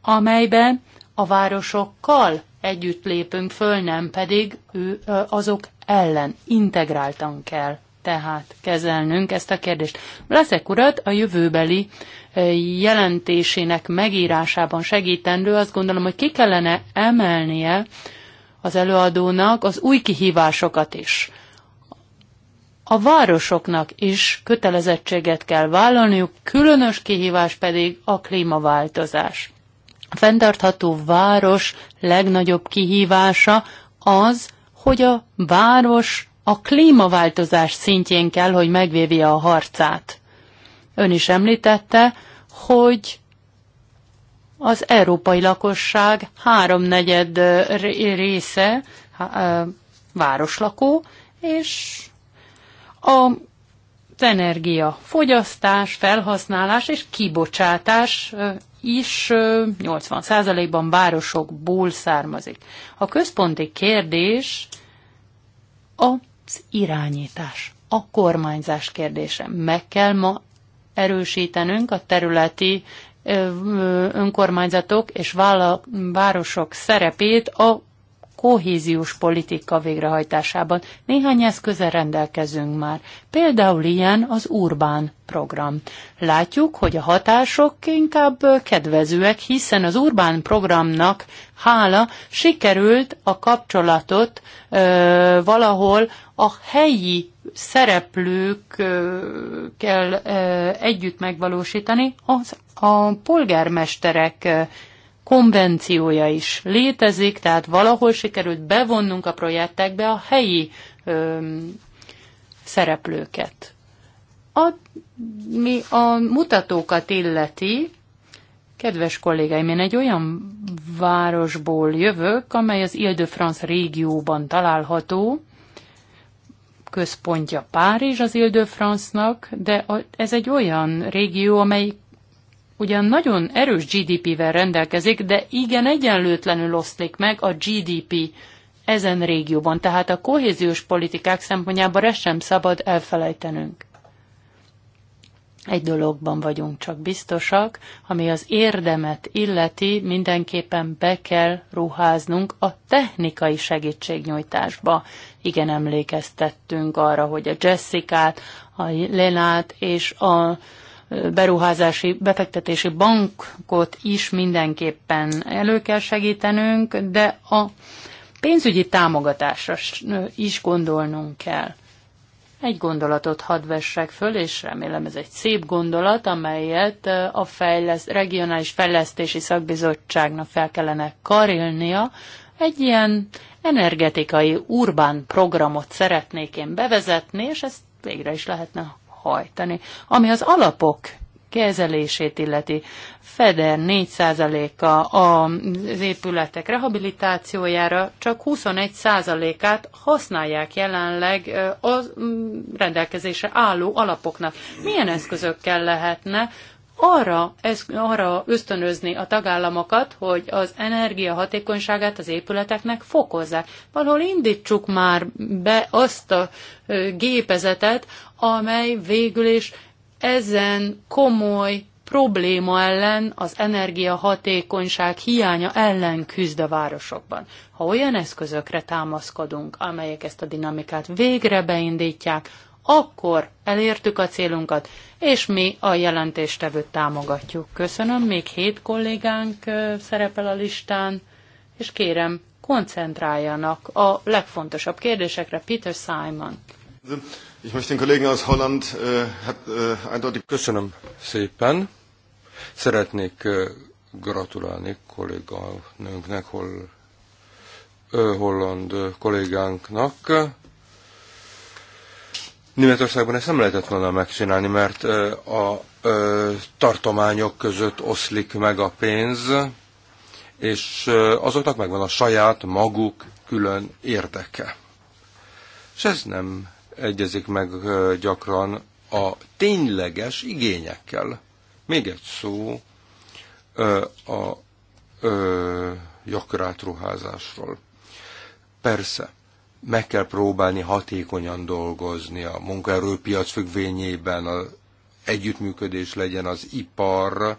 amelyben a városokkal együtt lépünk föl, nem pedig ő, azok ellen. Integráltan kell tehát kezelnünk ezt a kérdést. Leszek urat a jövőbeli jelentésének megírásában segítendő, azt gondolom, hogy ki kellene emelnie az előadónak az új kihívásokat is. A városoknak is kötelezettséget kell vállalniuk, különös kihívás pedig a klímaváltozás. A fenntartható város legnagyobb kihívása az, hogy a város a klímaváltozás szintjén kell, hogy megvévje a harcát. Ön is említette, hogy az európai lakosság háromnegyed része városlakó, és a energia fogyasztás, felhasználás és kibocsátás is 80%-ban városokból származik. A központi kérdés az irányítás, a kormányzás kérdése. Meg kell ma erősítenünk a területi önkormányzatok és városok szerepét a kohéziós politika végrehajtásában. Néhány eszközel rendelkezünk már. Például ilyen az Urbán program. Látjuk, hogy a hatások inkább kedvezőek, hiszen az Urbán programnak hála sikerült a kapcsolatot ö, valahol a helyi szereplőkkel együtt megvalósítani, az a polgármesterek konvenciója is létezik, tehát valahol sikerült bevonnunk a projektekbe a helyi ö, szereplőket. A, mi a mutatókat illeti, kedves kollégáim, én egy olyan városból jövök, amely az Ile-de-France régióban található, központja Párizs az Ile-de-France-nak, de ez egy olyan régió, amely ugyan nagyon erős GDP-vel rendelkezik, de igen egyenlőtlenül oszlik meg a GDP ezen régióban, tehát a kohéziós politikák szempontjából ezt sem szabad elfelejtenünk. Egy dologban vagyunk csak biztosak, ami az érdemet illeti, mindenképpen be kell ruháznunk a technikai segítségnyújtásba. Igen, emlékeztettünk arra, hogy a Jessica-t, a Lenát és a beruházási, befektetési bankot is mindenképpen elő kell segítenünk, de a pénzügyi támogatásra is gondolnunk kell. Egy gondolatot hadd vessek föl, és remélem ez egy szép gondolat, amelyet a fejleszt, regionális fejlesztési szakbizottságnak fel kellene karilnia. Egy ilyen energetikai urbán programot szeretnék én bevezetni, és ezt végre is lehetne hajtani. Ami az alapok kezelését illeti, Feder 4%-a az épületek rehabilitációjára, csak 21%-át használják jelenleg a rendelkezésre álló alapoknak. Milyen eszközökkel lehetne arra, ez, arra ösztönözni a tagállamokat, hogy az energia hatékonyságát az épületeknek fokozzák. Valahol indítsuk már be azt a gépezetet, amely végül is ezen komoly probléma ellen, az energiahatékonyság hiánya ellen küzd a városokban. Ha olyan eszközökre támaszkodunk, amelyek ezt a dinamikát végre beindítják, akkor elértük a célunkat, és mi a jelentéstevőt támogatjuk. Köszönöm, még hét kollégánk szerepel a listán, és kérem, koncentráljanak a legfontosabb kérdésekre. Peter Simon. Ich möchte den Kollegen aus Holland äh, äh, eindeutig... Köszönöm szépen. Szeretnék gratulálni kollégánknak, hol, holland kollégánknak Németországban ezt nem lehetett volna megcsinálni, mert a tartományok között oszlik meg a pénz, és azoknak megvan a saját maguk külön érdeke. És ez nem egyezik meg gyakran a tényleges igényekkel. Még egy szó a jakrát ruházásról. Persze, meg kell próbálni hatékonyan dolgozni a munkaerőpiac függvényében, a együttműködés legyen az ipar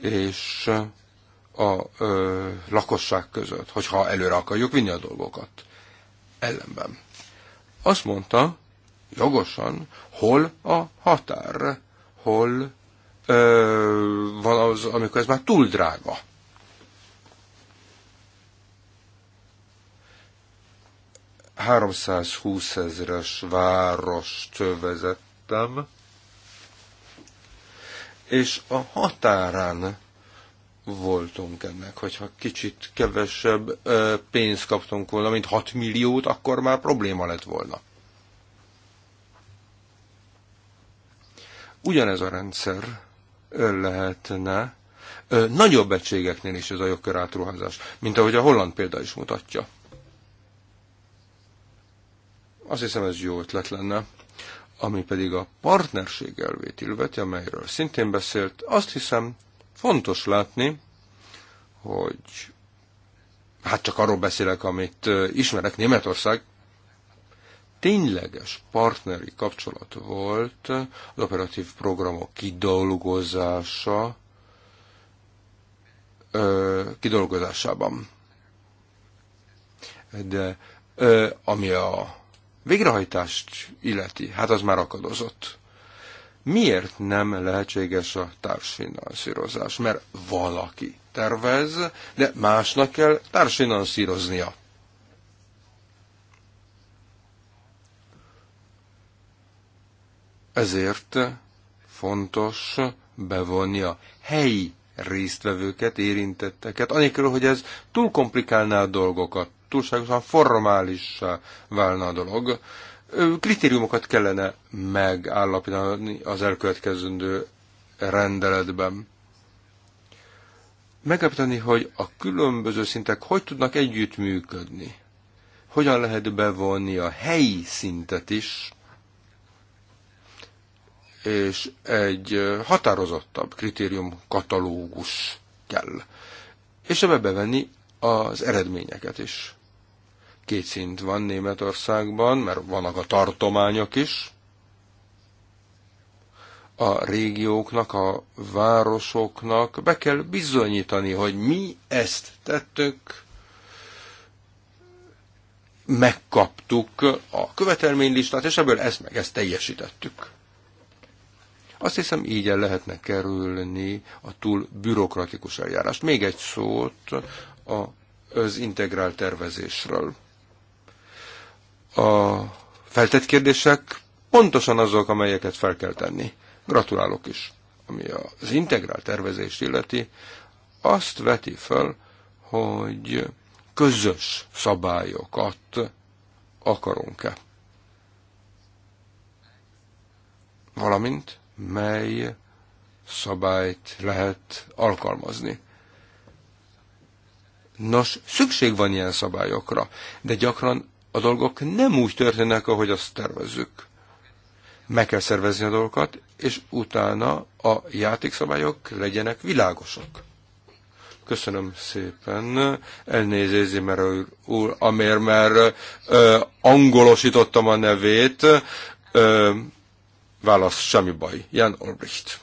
és a ö, lakosság között, hogyha előre akarjuk vinni a dolgokat. Ellenben. Azt mondta, jogosan, hol a határ, hol ö, van az, amikor ez már túl drága. 320 ezeres várost vezettem, és a határán voltunk ennek, hogyha kicsit kevesebb pénzt kaptunk volna, mint 6 milliót, akkor már probléma lett volna. Ugyanez a rendszer lehetne nagyobb egységeknél is ez a jogkör átruházás, mint ahogy a holland példa is mutatja. Azt hiszem, ez jó ötlet lenne. Ami pedig a partnerség elvét illeti, amelyről szintén beszélt, azt hiszem fontos látni, hogy hát csak arról beszélek, amit ismerek, Németország tényleges partneri kapcsolat volt az operatív programok kidolgozása, kidolgozásában. De ami a végrehajtást illeti, hát az már akadozott. Miért nem lehetséges a társfinanszírozás? Mert valaki tervez, de másnak kell társfinanszíroznia. Ezért fontos bevonni a helyi résztvevőket, érintetteket, anélkül, hogy ez túl komplikálná a dolgokat túlságosan formális válna a dolog. Kritériumokat kellene megállapítani az elkövetkezendő rendeletben. Megállapítani, hogy a különböző szintek hogy tudnak együttműködni. Hogyan lehet bevonni a helyi szintet is, és egy határozottabb kritérium katalógus kell. És ebbe bevenni az eredményeket is. Két szint van Németországban, mert vannak a tartományok is. A régióknak, a városoknak be kell bizonyítani, hogy mi ezt tettük, megkaptuk a követelménylistát, és ebből ezt meg ezt teljesítettük. Azt hiszem, így el lehetne kerülni a túl bürokratikus eljárást. Még egy szót a, az integrál tervezésről. A feltett kérdések pontosan azok, amelyeket fel kell tenni. Gratulálok is. Ami az integrál tervezést illeti, azt veti fel, hogy közös szabályokat akarunk-e. Valamint mely szabályt lehet alkalmazni. Nos, szükség van ilyen szabályokra, de gyakran a dolgok nem úgy történnek, ahogy azt tervezzük. Meg kell szervezni a dolgokat, és utána a játékszabályok legyenek világosak. Köszönöm szépen. Elnézést mert úr, amért már ö, angolosítottam a nevét. Ö, válasz, semmi baj. Jan Olbricht.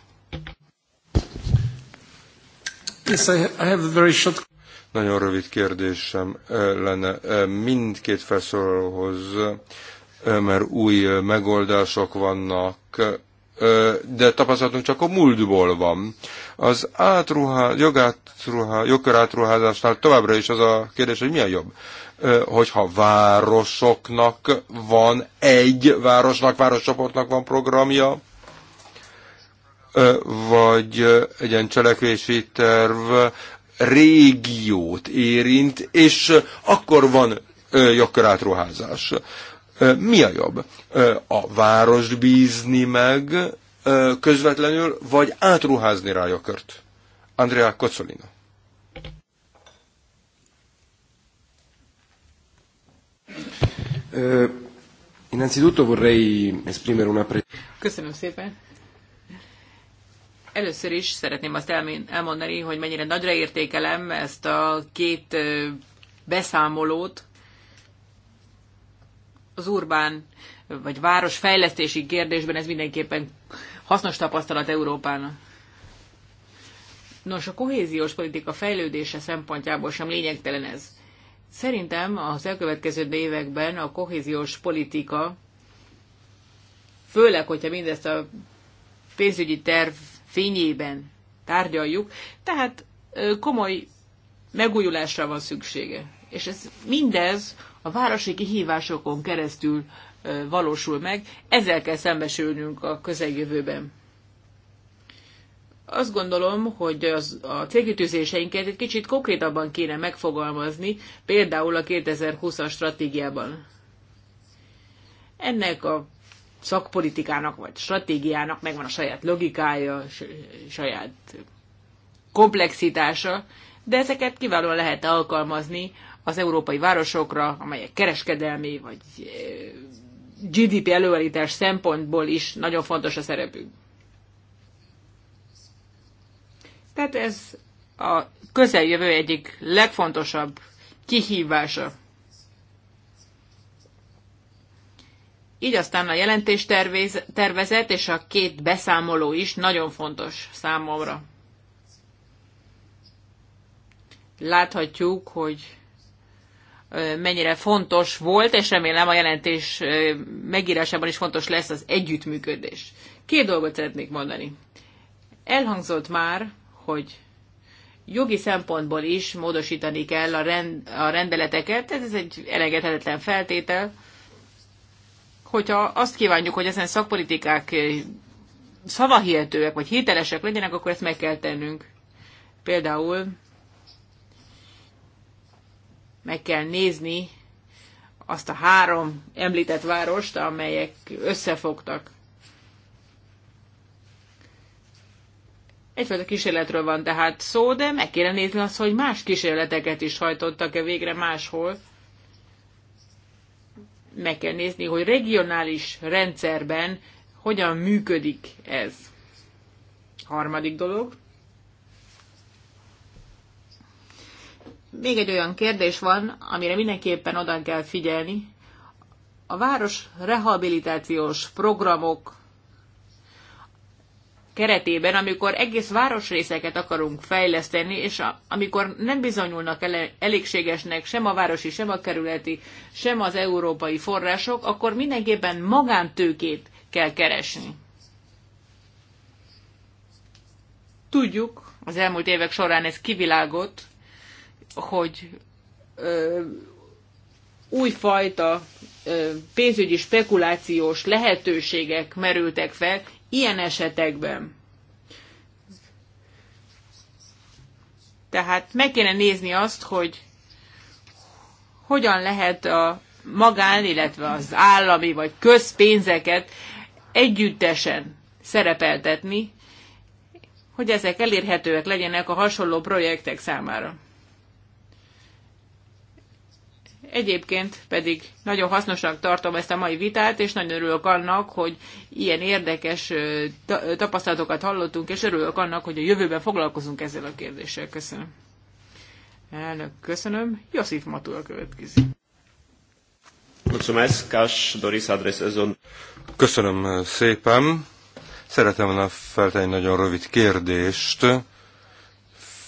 Yes, I have a very short... Nagyon rövid kérdésem lenne mindkét felszólalóhoz, mert új megoldások vannak, de tapasztalatunk csak a múltból van. Az átruhá, jogátruhá, jogkörátruházásnál továbbra is az a kérdés, hogy mi a jobb hogyha városoknak van egy városnak, városcsoportnak van programja, vagy egy ilyen cselekvési terv régiót érint, és akkor van ruházás. Mi a jobb? A várost bízni meg közvetlenül, vagy átruházni rá a kört? Andrea Kocolina. Köszönöm szépen. Először is szeretném azt elmondani, hogy mennyire nagyra értékelem ezt a két beszámolót az urbán vagy városfejlesztési kérdésben ez mindenképpen hasznos tapasztalat Európának. Nos, a kohéziós politika fejlődése szempontjából sem lényegtelen ez. Szerintem az elkövetkező években a kohéziós politika, főleg, hogyha mindezt a pénzügyi terv fényében tárgyaljuk, tehát komoly megújulásra van szüksége. És ez mindez a városi kihívásokon keresztül valósul meg, ezzel kell szembesülnünk a közeljövőben. Azt gondolom, hogy az, a cégütőzéseinket egy kicsit konkrétabban kéne megfogalmazni, például a 2020-as stratégiában. Ennek a szakpolitikának vagy stratégiának megvan a saját logikája, saját komplexitása, de ezeket kiválóan lehet alkalmazni az európai városokra, amelyek kereskedelmi vagy eh, GDP előállítás szempontból is nagyon fontos a szerepük. Tehát ez a közeljövő egyik legfontosabb kihívása. Így aztán a jelentés tervezet és a két beszámoló is nagyon fontos számomra. Láthatjuk, hogy mennyire fontos volt, és remélem a jelentés megírásában is fontos lesz az együttműködés. Két dolgot szeretnék mondani. Elhangzott már, hogy jogi szempontból is módosítani kell a, rend, a rendeleteket, ez, ez egy elengedhetetlen feltétel, hogyha azt kívánjuk, hogy ezen szakpolitikák eh, szavahihetőek vagy hitelesek legyenek, akkor ezt meg kell tennünk. Például meg kell nézni azt a három említett várost, amelyek összefogtak. Egyfajta kísérletről van tehát szó, de meg kéne nézni azt, hogy más kísérleteket is hajtottak-e végre máshol meg kell nézni, hogy regionális rendszerben hogyan működik ez. Harmadik dolog. Még egy olyan kérdés van, amire mindenképpen oda kell figyelni. A város rehabilitációs programok keretében, amikor egész városrészeket akarunk fejleszteni, és a, amikor nem bizonyulnak ele, elégségesnek sem a városi, sem a kerületi, sem az európai források, akkor mindenképpen magántőkét kell keresni. Tudjuk, az elmúlt évek során ez kivilágott, hogy ö, újfajta pénzügyi spekulációs lehetőségek merültek fel, ilyen esetekben. Tehát meg kéne nézni azt, hogy hogyan lehet a magán, illetve az állami vagy közpénzeket együttesen szerepeltetni, hogy ezek elérhetőek legyenek a hasonló projektek számára. Egyébként pedig nagyon hasznosnak tartom ezt a mai vitát, és nagyon örülök annak, hogy ilyen érdekes tapasztalatokat hallottunk, és örülök annak, hogy a jövőben foglalkozunk ezzel a kérdéssel. Köszönöm. Elnök, köszönöm. Josif Matul következik. Mulțumesc, aș dori Köszönöm szépen. Szeretem volna feltenni nagyon rövid kérdést,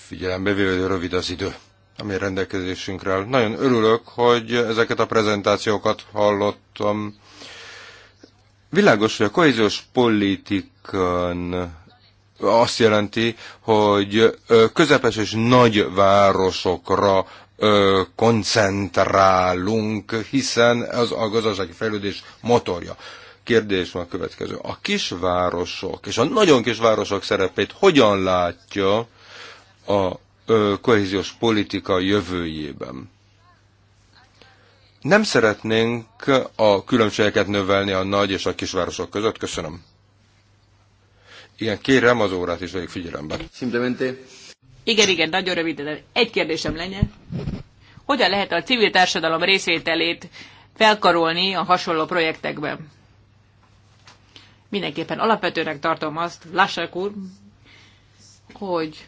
figyelembe véve, hogy rövid az idő ami rendelkezésünkre áll. Nagyon örülök, hogy ezeket a prezentációkat hallottam. Világos, hogy a kohéziós politikán azt jelenti, hogy közepes és nagy városokra koncentrálunk, hiszen az a gazdasági fejlődés motorja. Kérdés van a következő. A kisvárosok és a nagyon kisvárosok szerepét hogyan látja a kohéziós politika jövőjében. Nem szeretnénk a különbségeket növelni a nagy és a kisvárosok között. Köszönöm. Igen, kérem az órát is vegyük figyelembe. Simplemente. Igen, igen, nagyon rövid, de egy kérdésem lenne. Hogyan lehet a civil társadalom részvételét felkarolni a hasonló projektekben? Mindenképpen alapvetőnek tartom azt, lássák úr, hogy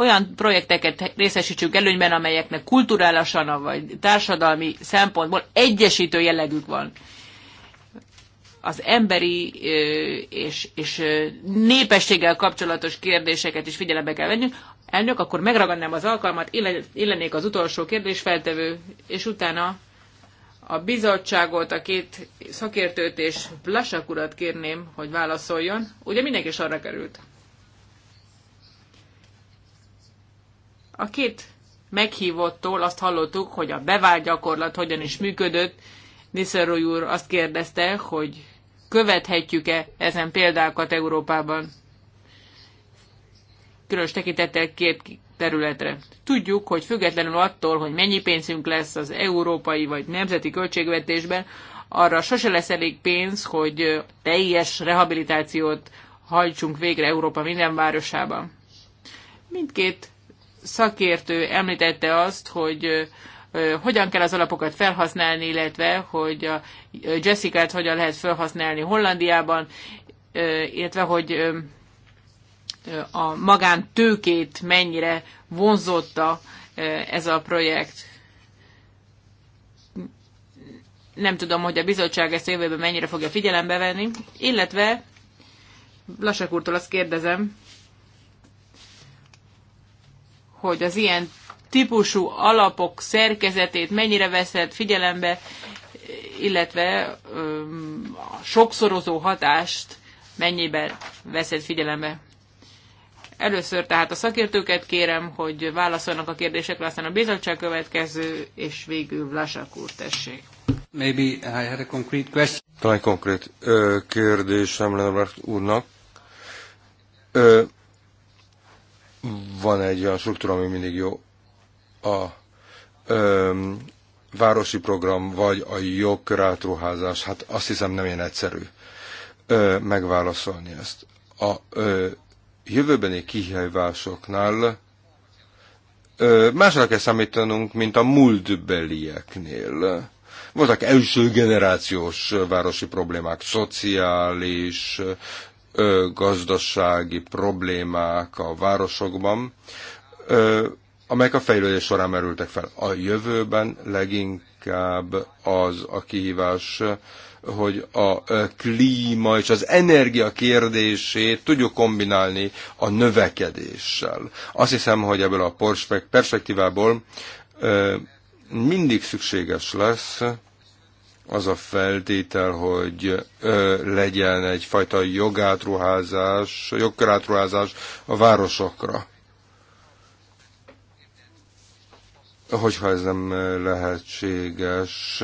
olyan projekteket részesítsük előnyben, amelyeknek kulturálisan vagy társadalmi szempontból egyesítő jellegük van. Az emberi és, és népességgel kapcsolatos kérdéseket is figyelembe kell vennünk. Elnök, akkor megragadnám az alkalmat, illenék az utolsó kérdésfeltevő, és utána a bizottságot, a két szakértőt és Blasak urat kérném, hogy válaszoljon. Ugye mindenki arra került. A két meghívottól azt hallottuk, hogy a bevált gyakorlat hogyan is működött. Niszerói úr azt kérdezte, hogy követhetjük-e ezen példákat Európában. Különös tekintettel két területre. Tudjuk, hogy függetlenül attól, hogy mennyi pénzünk lesz az európai vagy nemzeti költségvetésben, arra sose lesz elég pénz, hogy teljes rehabilitációt hajtsunk végre Európa minden városában. Mindkét szakértő említette azt, hogy hogyan kell az alapokat felhasználni, illetve hogy a Jessica-t hogyan lehet felhasználni Hollandiában, illetve hogy a magántőkét mennyire vonzotta ez a projekt. Nem tudom, hogy a bizottság ezt a jövőben mennyire fogja figyelembe venni, illetve Lasek úrtól azt kérdezem, hogy az ilyen típusú alapok szerkezetét mennyire veszed figyelembe, illetve a sokszorozó hatást mennyiben veszed figyelembe. Először tehát a szakértőket kérem, hogy válaszolnak a kérdésekre, aztán a bizottság következő, és végül Vlasák úr, tessék. Maybe I had a concrete question. Talán konkrét ö, kérdésem Leonard úrnak. Ö, van egy olyan struktúra, ami mindig jó. A ö, városi program, vagy a jogkörátruházás, hát azt hiszem nem ilyen egyszerű ö, megválaszolni ezt. A ö, jövőbeni kihívásoknál másra kell számítanunk, mint a múltbelieknél. Voltak első generációs városi problémák, szociális, gazdasági problémák a városokban, amelyek a fejlődés során merültek fel. A jövőben leginkább az a kihívás, hogy a klíma és az energia kérdését tudjuk kombinálni a növekedéssel. Azt hiszem, hogy ebből a perspektívából mindig szükséges lesz az a feltétel, hogy ö, legyen egyfajta jogátruházás, jogkörátruházás a városokra. Hogyha ez nem lehetséges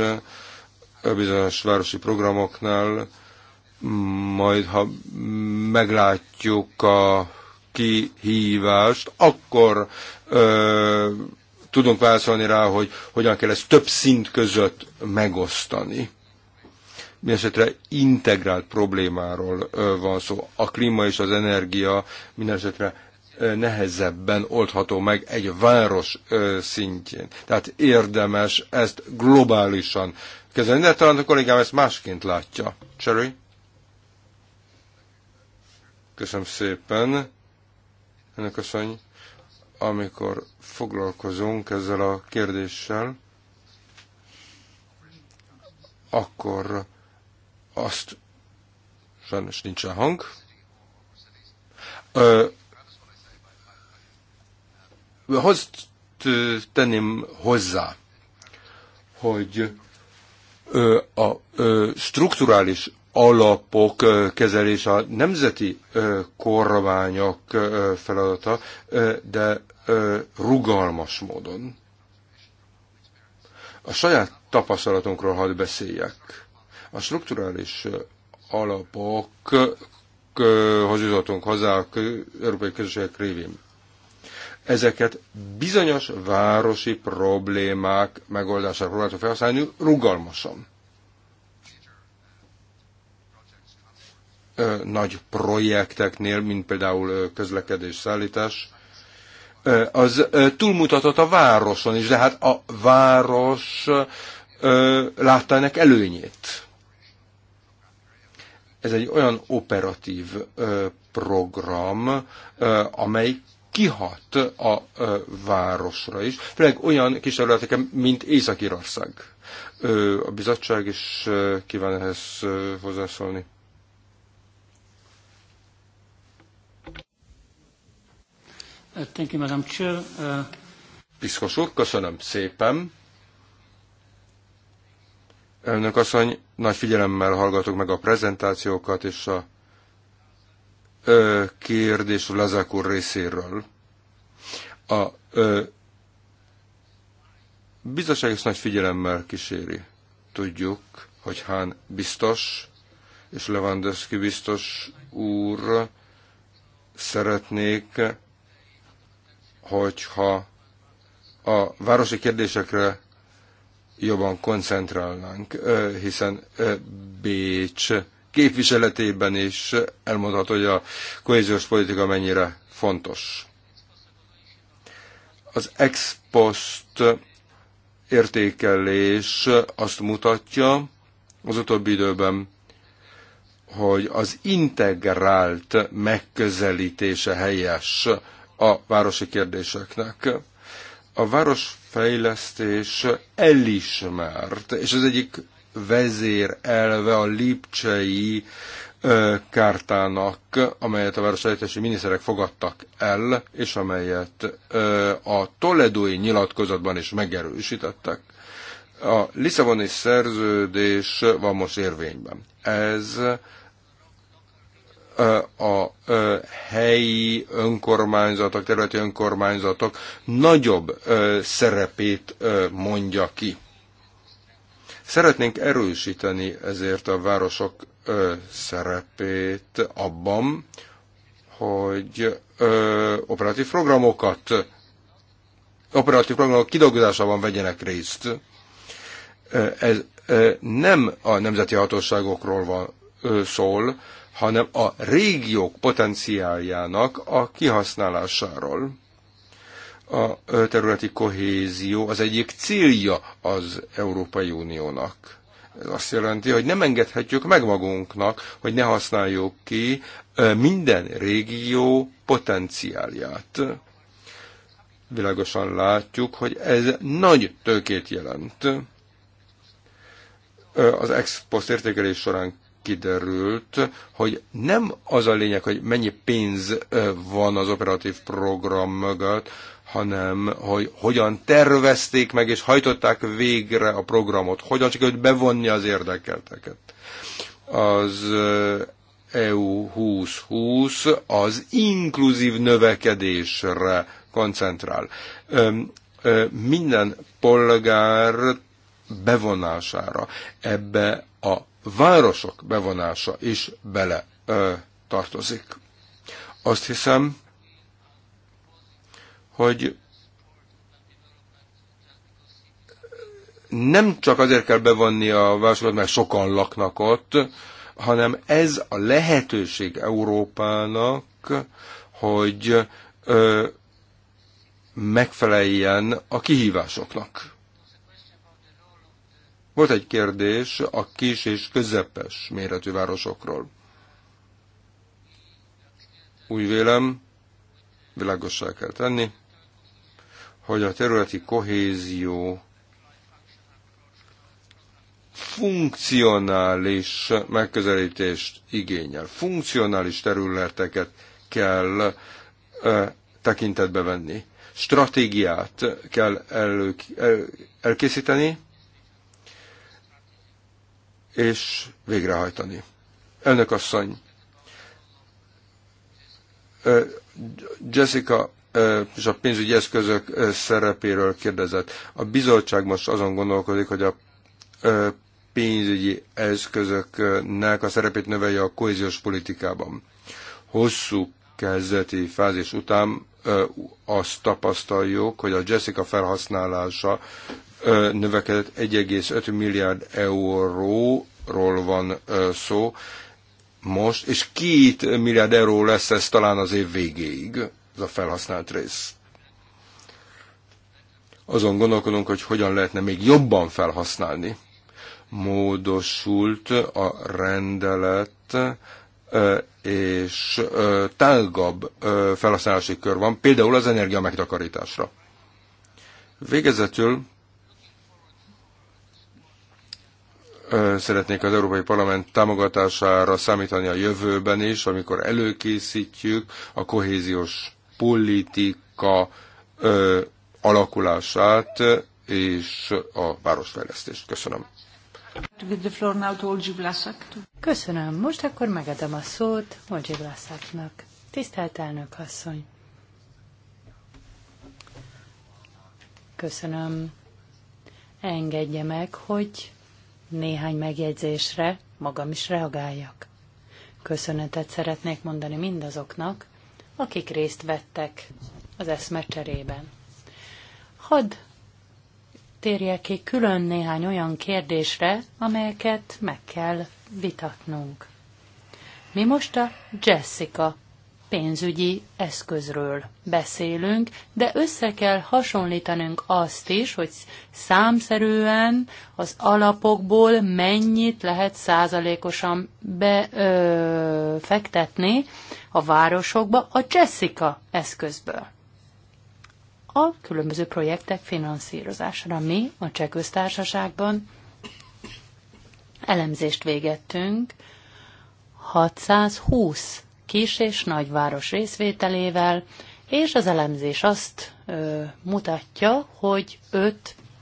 bizonyos városi programoknál, majd ha meglátjuk a kihívást, akkor ö, tudunk válaszolni rá, hogy hogyan kell ezt több szint között megosztani. Mindenesetre integrált problémáról van szó. A klíma és az energia mindenesetre nehezebben oldható meg egy város szintjén. Tehát érdemes ezt globálisan kezelni, de talán a kollégám ezt másként látja. Cherry? Köszönöm szépen. Önök köszönjük amikor foglalkozunk ezzel a kérdéssel, akkor azt sajnos nincsen hang. Ö, azt tenném hozzá, hogy ö, a ö, strukturális alapok kezelése a nemzeti kormányok feladata, de rugalmas módon. A saját tapasztalatunkról hadd beszéljek. A strukturális alapokhoz jutottunk hozzá a európai közösségek révén. Ezeket bizonyos városi problémák megoldására próbáltuk felhasználni rugalmasan. nagy projekteknél, mint például közlekedés, szállítás, az túlmutatott a városon is, de hát a város látta ennek előnyét. Ez egy olyan operatív program, amely kihat a városra is, főleg olyan kis területeken, mint észak irország A bizottság is kíván ehhez hozzászólni. Uh, thank you, Madam Chair. Uh, Piszkos úr, köszönöm szépen. Elnök asszony, nagy figyelemmel hallgatok meg a prezentációkat és a ö, kérdés Lazák úr részéről. A ö, bizottság is nagy figyelemmel kíséri. Tudjuk, hogy Hán biztos és Lewandowski biztos úr szeretnék hogyha a városi kérdésekre jobban koncentrálnánk, hiszen Bécs képviseletében is elmondható, hogy a kohéziós politika mennyire fontos. Az ex post értékelés azt mutatja az utóbbi időben, hogy az integrált megközelítése helyes a városi kérdéseknek. A városfejlesztés elismert, és az egyik elve a lipcsei kártának, amelyet a városfejlesztési miniszterek fogadtak el, és amelyet a toledói nyilatkozatban is megerősítettek. A Lisszaboni szerződés van most érvényben. Ez a helyi önkormányzatok, területi önkormányzatok nagyobb szerepét mondja ki. Szeretnénk erősíteni ezért a városok szerepét abban, hogy operatív programokat, operatív programok kidolgozásában vegyenek részt. Ez nem a nemzeti hatóságokról van, szól, hanem a régiók potenciáljának a kihasználásáról. A területi kohézió az egyik célja az Európai Uniónak. Ez azt jelenti, hogy nem engedhetjük meg magunknak, hogy ne használjuk ki minden régió potenciálját. Világosan látjuk, hogy ez nagy tőkét jelent. Az ex post értékelés során kiderült, hogy nem az a lényeg, hogy mennyi pénz van az operatív program mögött, hanem hogy hogyan tervezték meg és hajtották végre a programot, hogyan sikerült bevonni az érdekelteket. Az EU 2020 az inkluzív növekedésre koncentrál. Minden polgár bevonására ebbe a városok bevonása is bele ö, tartozik. Azt hiszem, hogy nem csak azért kell bevonni a városokat, mert sokan laknak ott, hanem ez a lehetőség Európának, hogy ö, megfeleljen a kihívásoknak. Volt egy kérdés a kis és közepes méretű városokról. Úgy vélem, világossá kell tenni, hogy a területi kohézió funkcionális megközelítést igényel. Funkcionális területeket kell ö, tekintetbe venni. Stratégiát kell elő, el, elkészíteni, és végrehajtani. Elnök asszony, Jessica és a pénzügyi eszközök szerepéről kérdezett. A bizottság most azon gondolkodik, hogy a pénzügyi eszközöknek a szerepét növelje a kohéziós politikában. Hosszú kezdeti fázis után azt tapasztaljuk, hogy a Jessica felhasználása növekedett 1,5 milliárd euróról van szó most, és két milliárd euró lesz ez talán az év végéig, ez a felhasznált rész. Azon gondolkodunk, hogy hogyan lehetne még jobban felhasználni. Módosult a rendelet és tágabb felhasználási kör van, például az energia megtakarításra. Végezetül szeretnék az Európai Parlament támogatására számítani a jövőben is, amikor előkészítjük a kohéziós politika alakulását és a városfejlesztést. Köszönöm. Köszönöm. Most akkor megadom a szót Olgyi Vlaszaknak. Tisztelt elnök asszony! Köszönöm. Engedje meg, hogy néhány megjegyzésre magam is reagáljak. Köszönetet szeretnék mondani mindazoknak, akik részt vettek az eszmecserében. Hadd térjek ki külön néhány olyan kérdésre, amelyeket meg kell vitatnunk. Mi most a Jessica pénzügyi eszközről beszélünk, de össze kell hasonlítanunk azt is, hogy számszerűen az alapokból mennyit lehet százalékosan befektetni a városokba a Jessica eszközből a különböző projektek finanszírozására. Mi a Cseh Köztársaságban elemzést végettünk 620 kis és nagyváros részvételével, és az elemzés azt ö, mutatja, hogy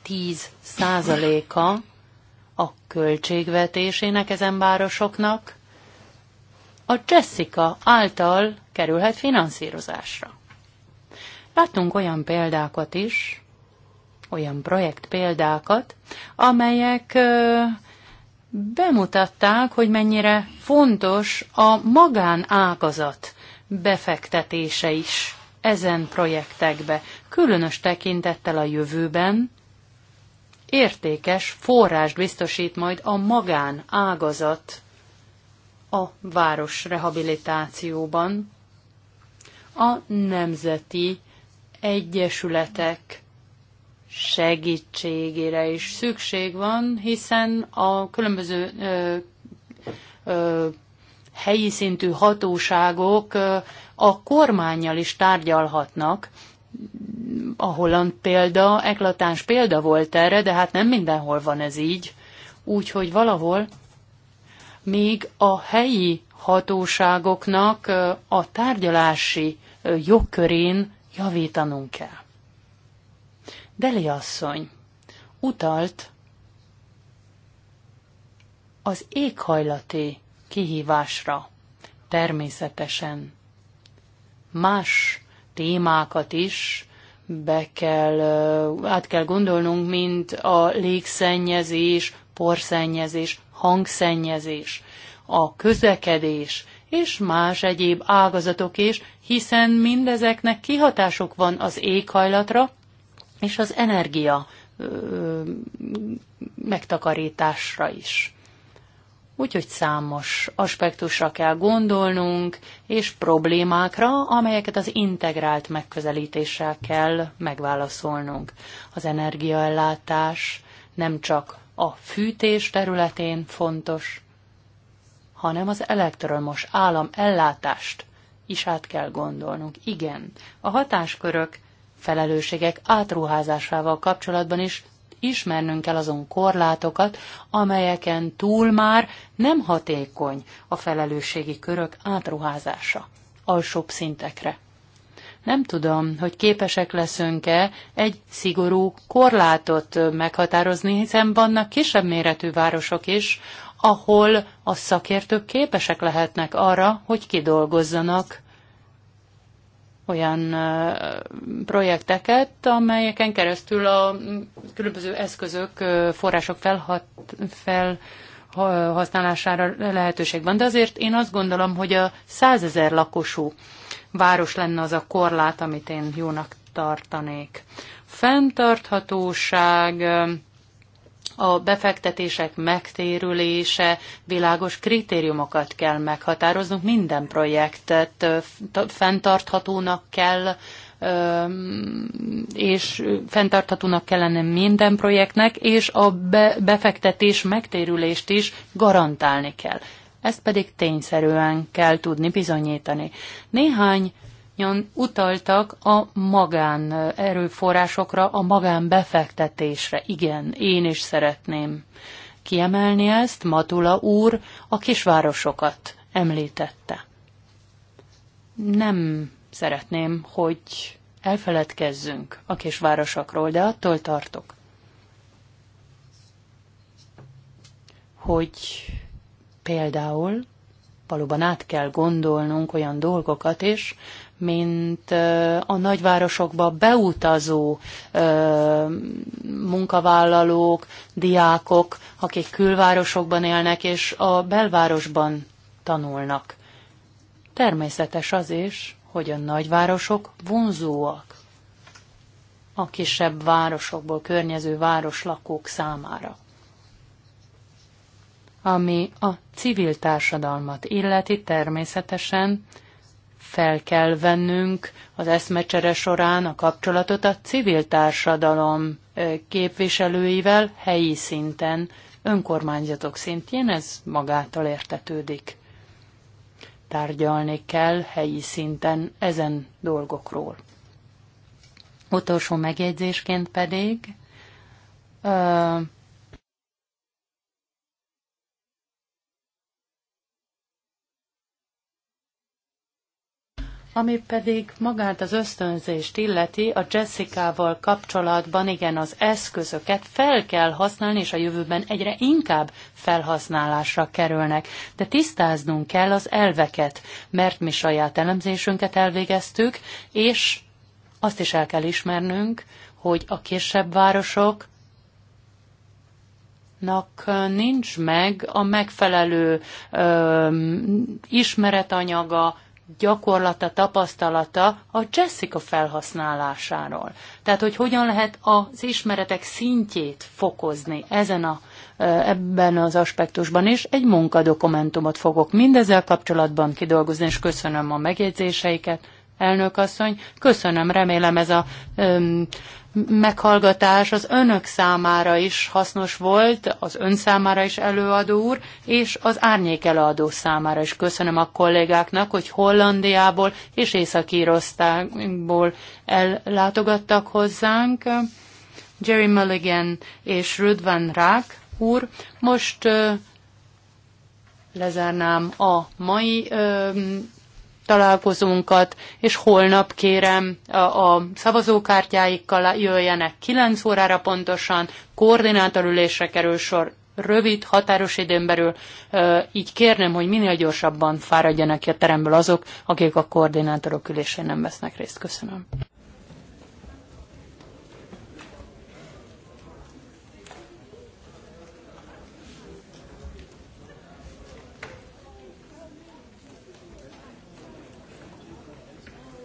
5-10 százaléka a költségvetésének ezen városoknak a Jessica által kerülhet finanszírozásra. Láttunk olyan példákat is, olyan projekt példákat, amelyek bemutatták, hogy mennyire fontos a magánágazat befektetése is ezen projektekbe, különös tekintettel a jövőben, értékes forrást biztosít majd a magánágazat a város rehabilitációban, a nemzeti egyesületek segítségére is szükség van, hiszen a különböző ö, ö, helyi szintű hatóságok ö, a kormányjal is tárgyalhatnak. A holland példa, eklatáns példa volt erre, de hát nem mindenhol van ez így. Úgyhogy valahol még a helyi hatóságoknak a tárgyalási jogkörén javítanunk kell. Deli asszony utalt az éghajlati kihívásra természetesen más témákat is be kell, át kell gondolnunk, mint a légszennyezés, porszennyezés, hangszennyezés, a közlekedés és más egyéb ágazatok is, hiszen mindezeknek kihatásuk van az éghajlatra és az energia ö, megtakarításra is. Úgyhogy számos aspektusra kell gondolnunk, és problémákra, amelyeket az integrált megközelítéssel kell megválaszolnunk. Az energiaellátás nem csak a fűtés területén fontos, hanem az elektromos állam ellátást is át kell gondolnunk. Igen, a hatáskörök, felelősségek átruházásával kapcsolatban is ismernünk kell azon korlátokat, amelyeken túl már nem hatékony a felelősségi körök átruházása alsóbb szintekre. Nem tudom, hogy képesek leszünk-e egy szigorú korlátot meghatározni, hiszen vannak kisebb méretű városok is, ahol a szakértők képesek lehetnek arra, hogy kidolgozzanak olyan projekteket, amelyeken keresztül a különböző eszközök, források felhat, fel, használására lehetőség van. De azért én azt gondolom, hogy a százezer lakosú város lenne az a korlát, amit én jónak tartanék. Fentarthatóság a befektetések megtérülése, világos kritériumokat kell meghatároznunk, minden projektet fenntarthatónak kell és fenntarthatónak kellene minden projektnek, és a be, befektetés megtérülést is garantálni kell. Ezt pedig tényszerűen kell tudni bizonyítani. Néhány mindannyian utaltak a magán erőforrásokra, a magán befektetésre. Igen, én is szeretném kiemelni ezt. Matula úr a kisvárosokat említette. Nem szeretném, hogy elfeledkezzünk a kisvárosokról, de attól tartok, hogy például valóban át kell gondolnunk olyan dolgokat is, mint a nagyvárosokba beutazó munkavállalók, diákok, akik külvárosokban élnek és a belvárosban tanulnak. Természetes az is, hogy a nagyvárosok vonzóak a kisebb városokból környező városlakók számára. Ami a civil társadalmat illeti természetesen, fel kell vennünk az eszmecsere során a kapcsolatot a civil társadalom képviselőivel helyi szinten, önkormányzatok szintjén, ez magától értetődik. Tárgyalni kell helyi szinten ezen dolgokról. Utolsó megjegyzésként pedig Ami pedig magát az ösztönzést illeti, a Jessica-val kapcsolatban igen, az eszközöket fel kell használni, és a jövőben egyre inkább felhasználásra kerülnek. De tisztáznunk kell az elveket, mert mi saját elemzésünket elvégeztük, és azt is el kell ismernünk, hogy a kisebb városok nincs meg a megfelelő ö, ismeretanyaga, gyakorlata, tapasztalata a Jessica felhasználásáról. Tehát, hogy hogyan lehet az ismeretek szintjét fokozni ezen a, ebben az aspektusban is. Egy munkadokumentumot fogok mindezzel kapcsolatban kidolgozni, és köszönöm a megjegyzéseiket. Elnök asszony, köszönöm, remélem ez a um, meghallgatás az önök számára is hasznos volt, az ön számára is előadó úr, és az árnyék előadó számára is. Köszönöm a kollégáknak, hogy Hollandiából és észak ellátogattak hozzánk. Jerry Mulligan és Rudvan Rák úr. Most lezárnám a mai találkozónkat, és holnap kérem a, a szavazókártyáikkal jöjjenek 9 órára pontosan, koordinátorülésre kerül sor rövid, határos időn belül, így kérném, hogy minél gyorsabban fáradjanak ki a teremből azok, akik a koordinátorok ülésén nem vesznek részt. Köszönöm.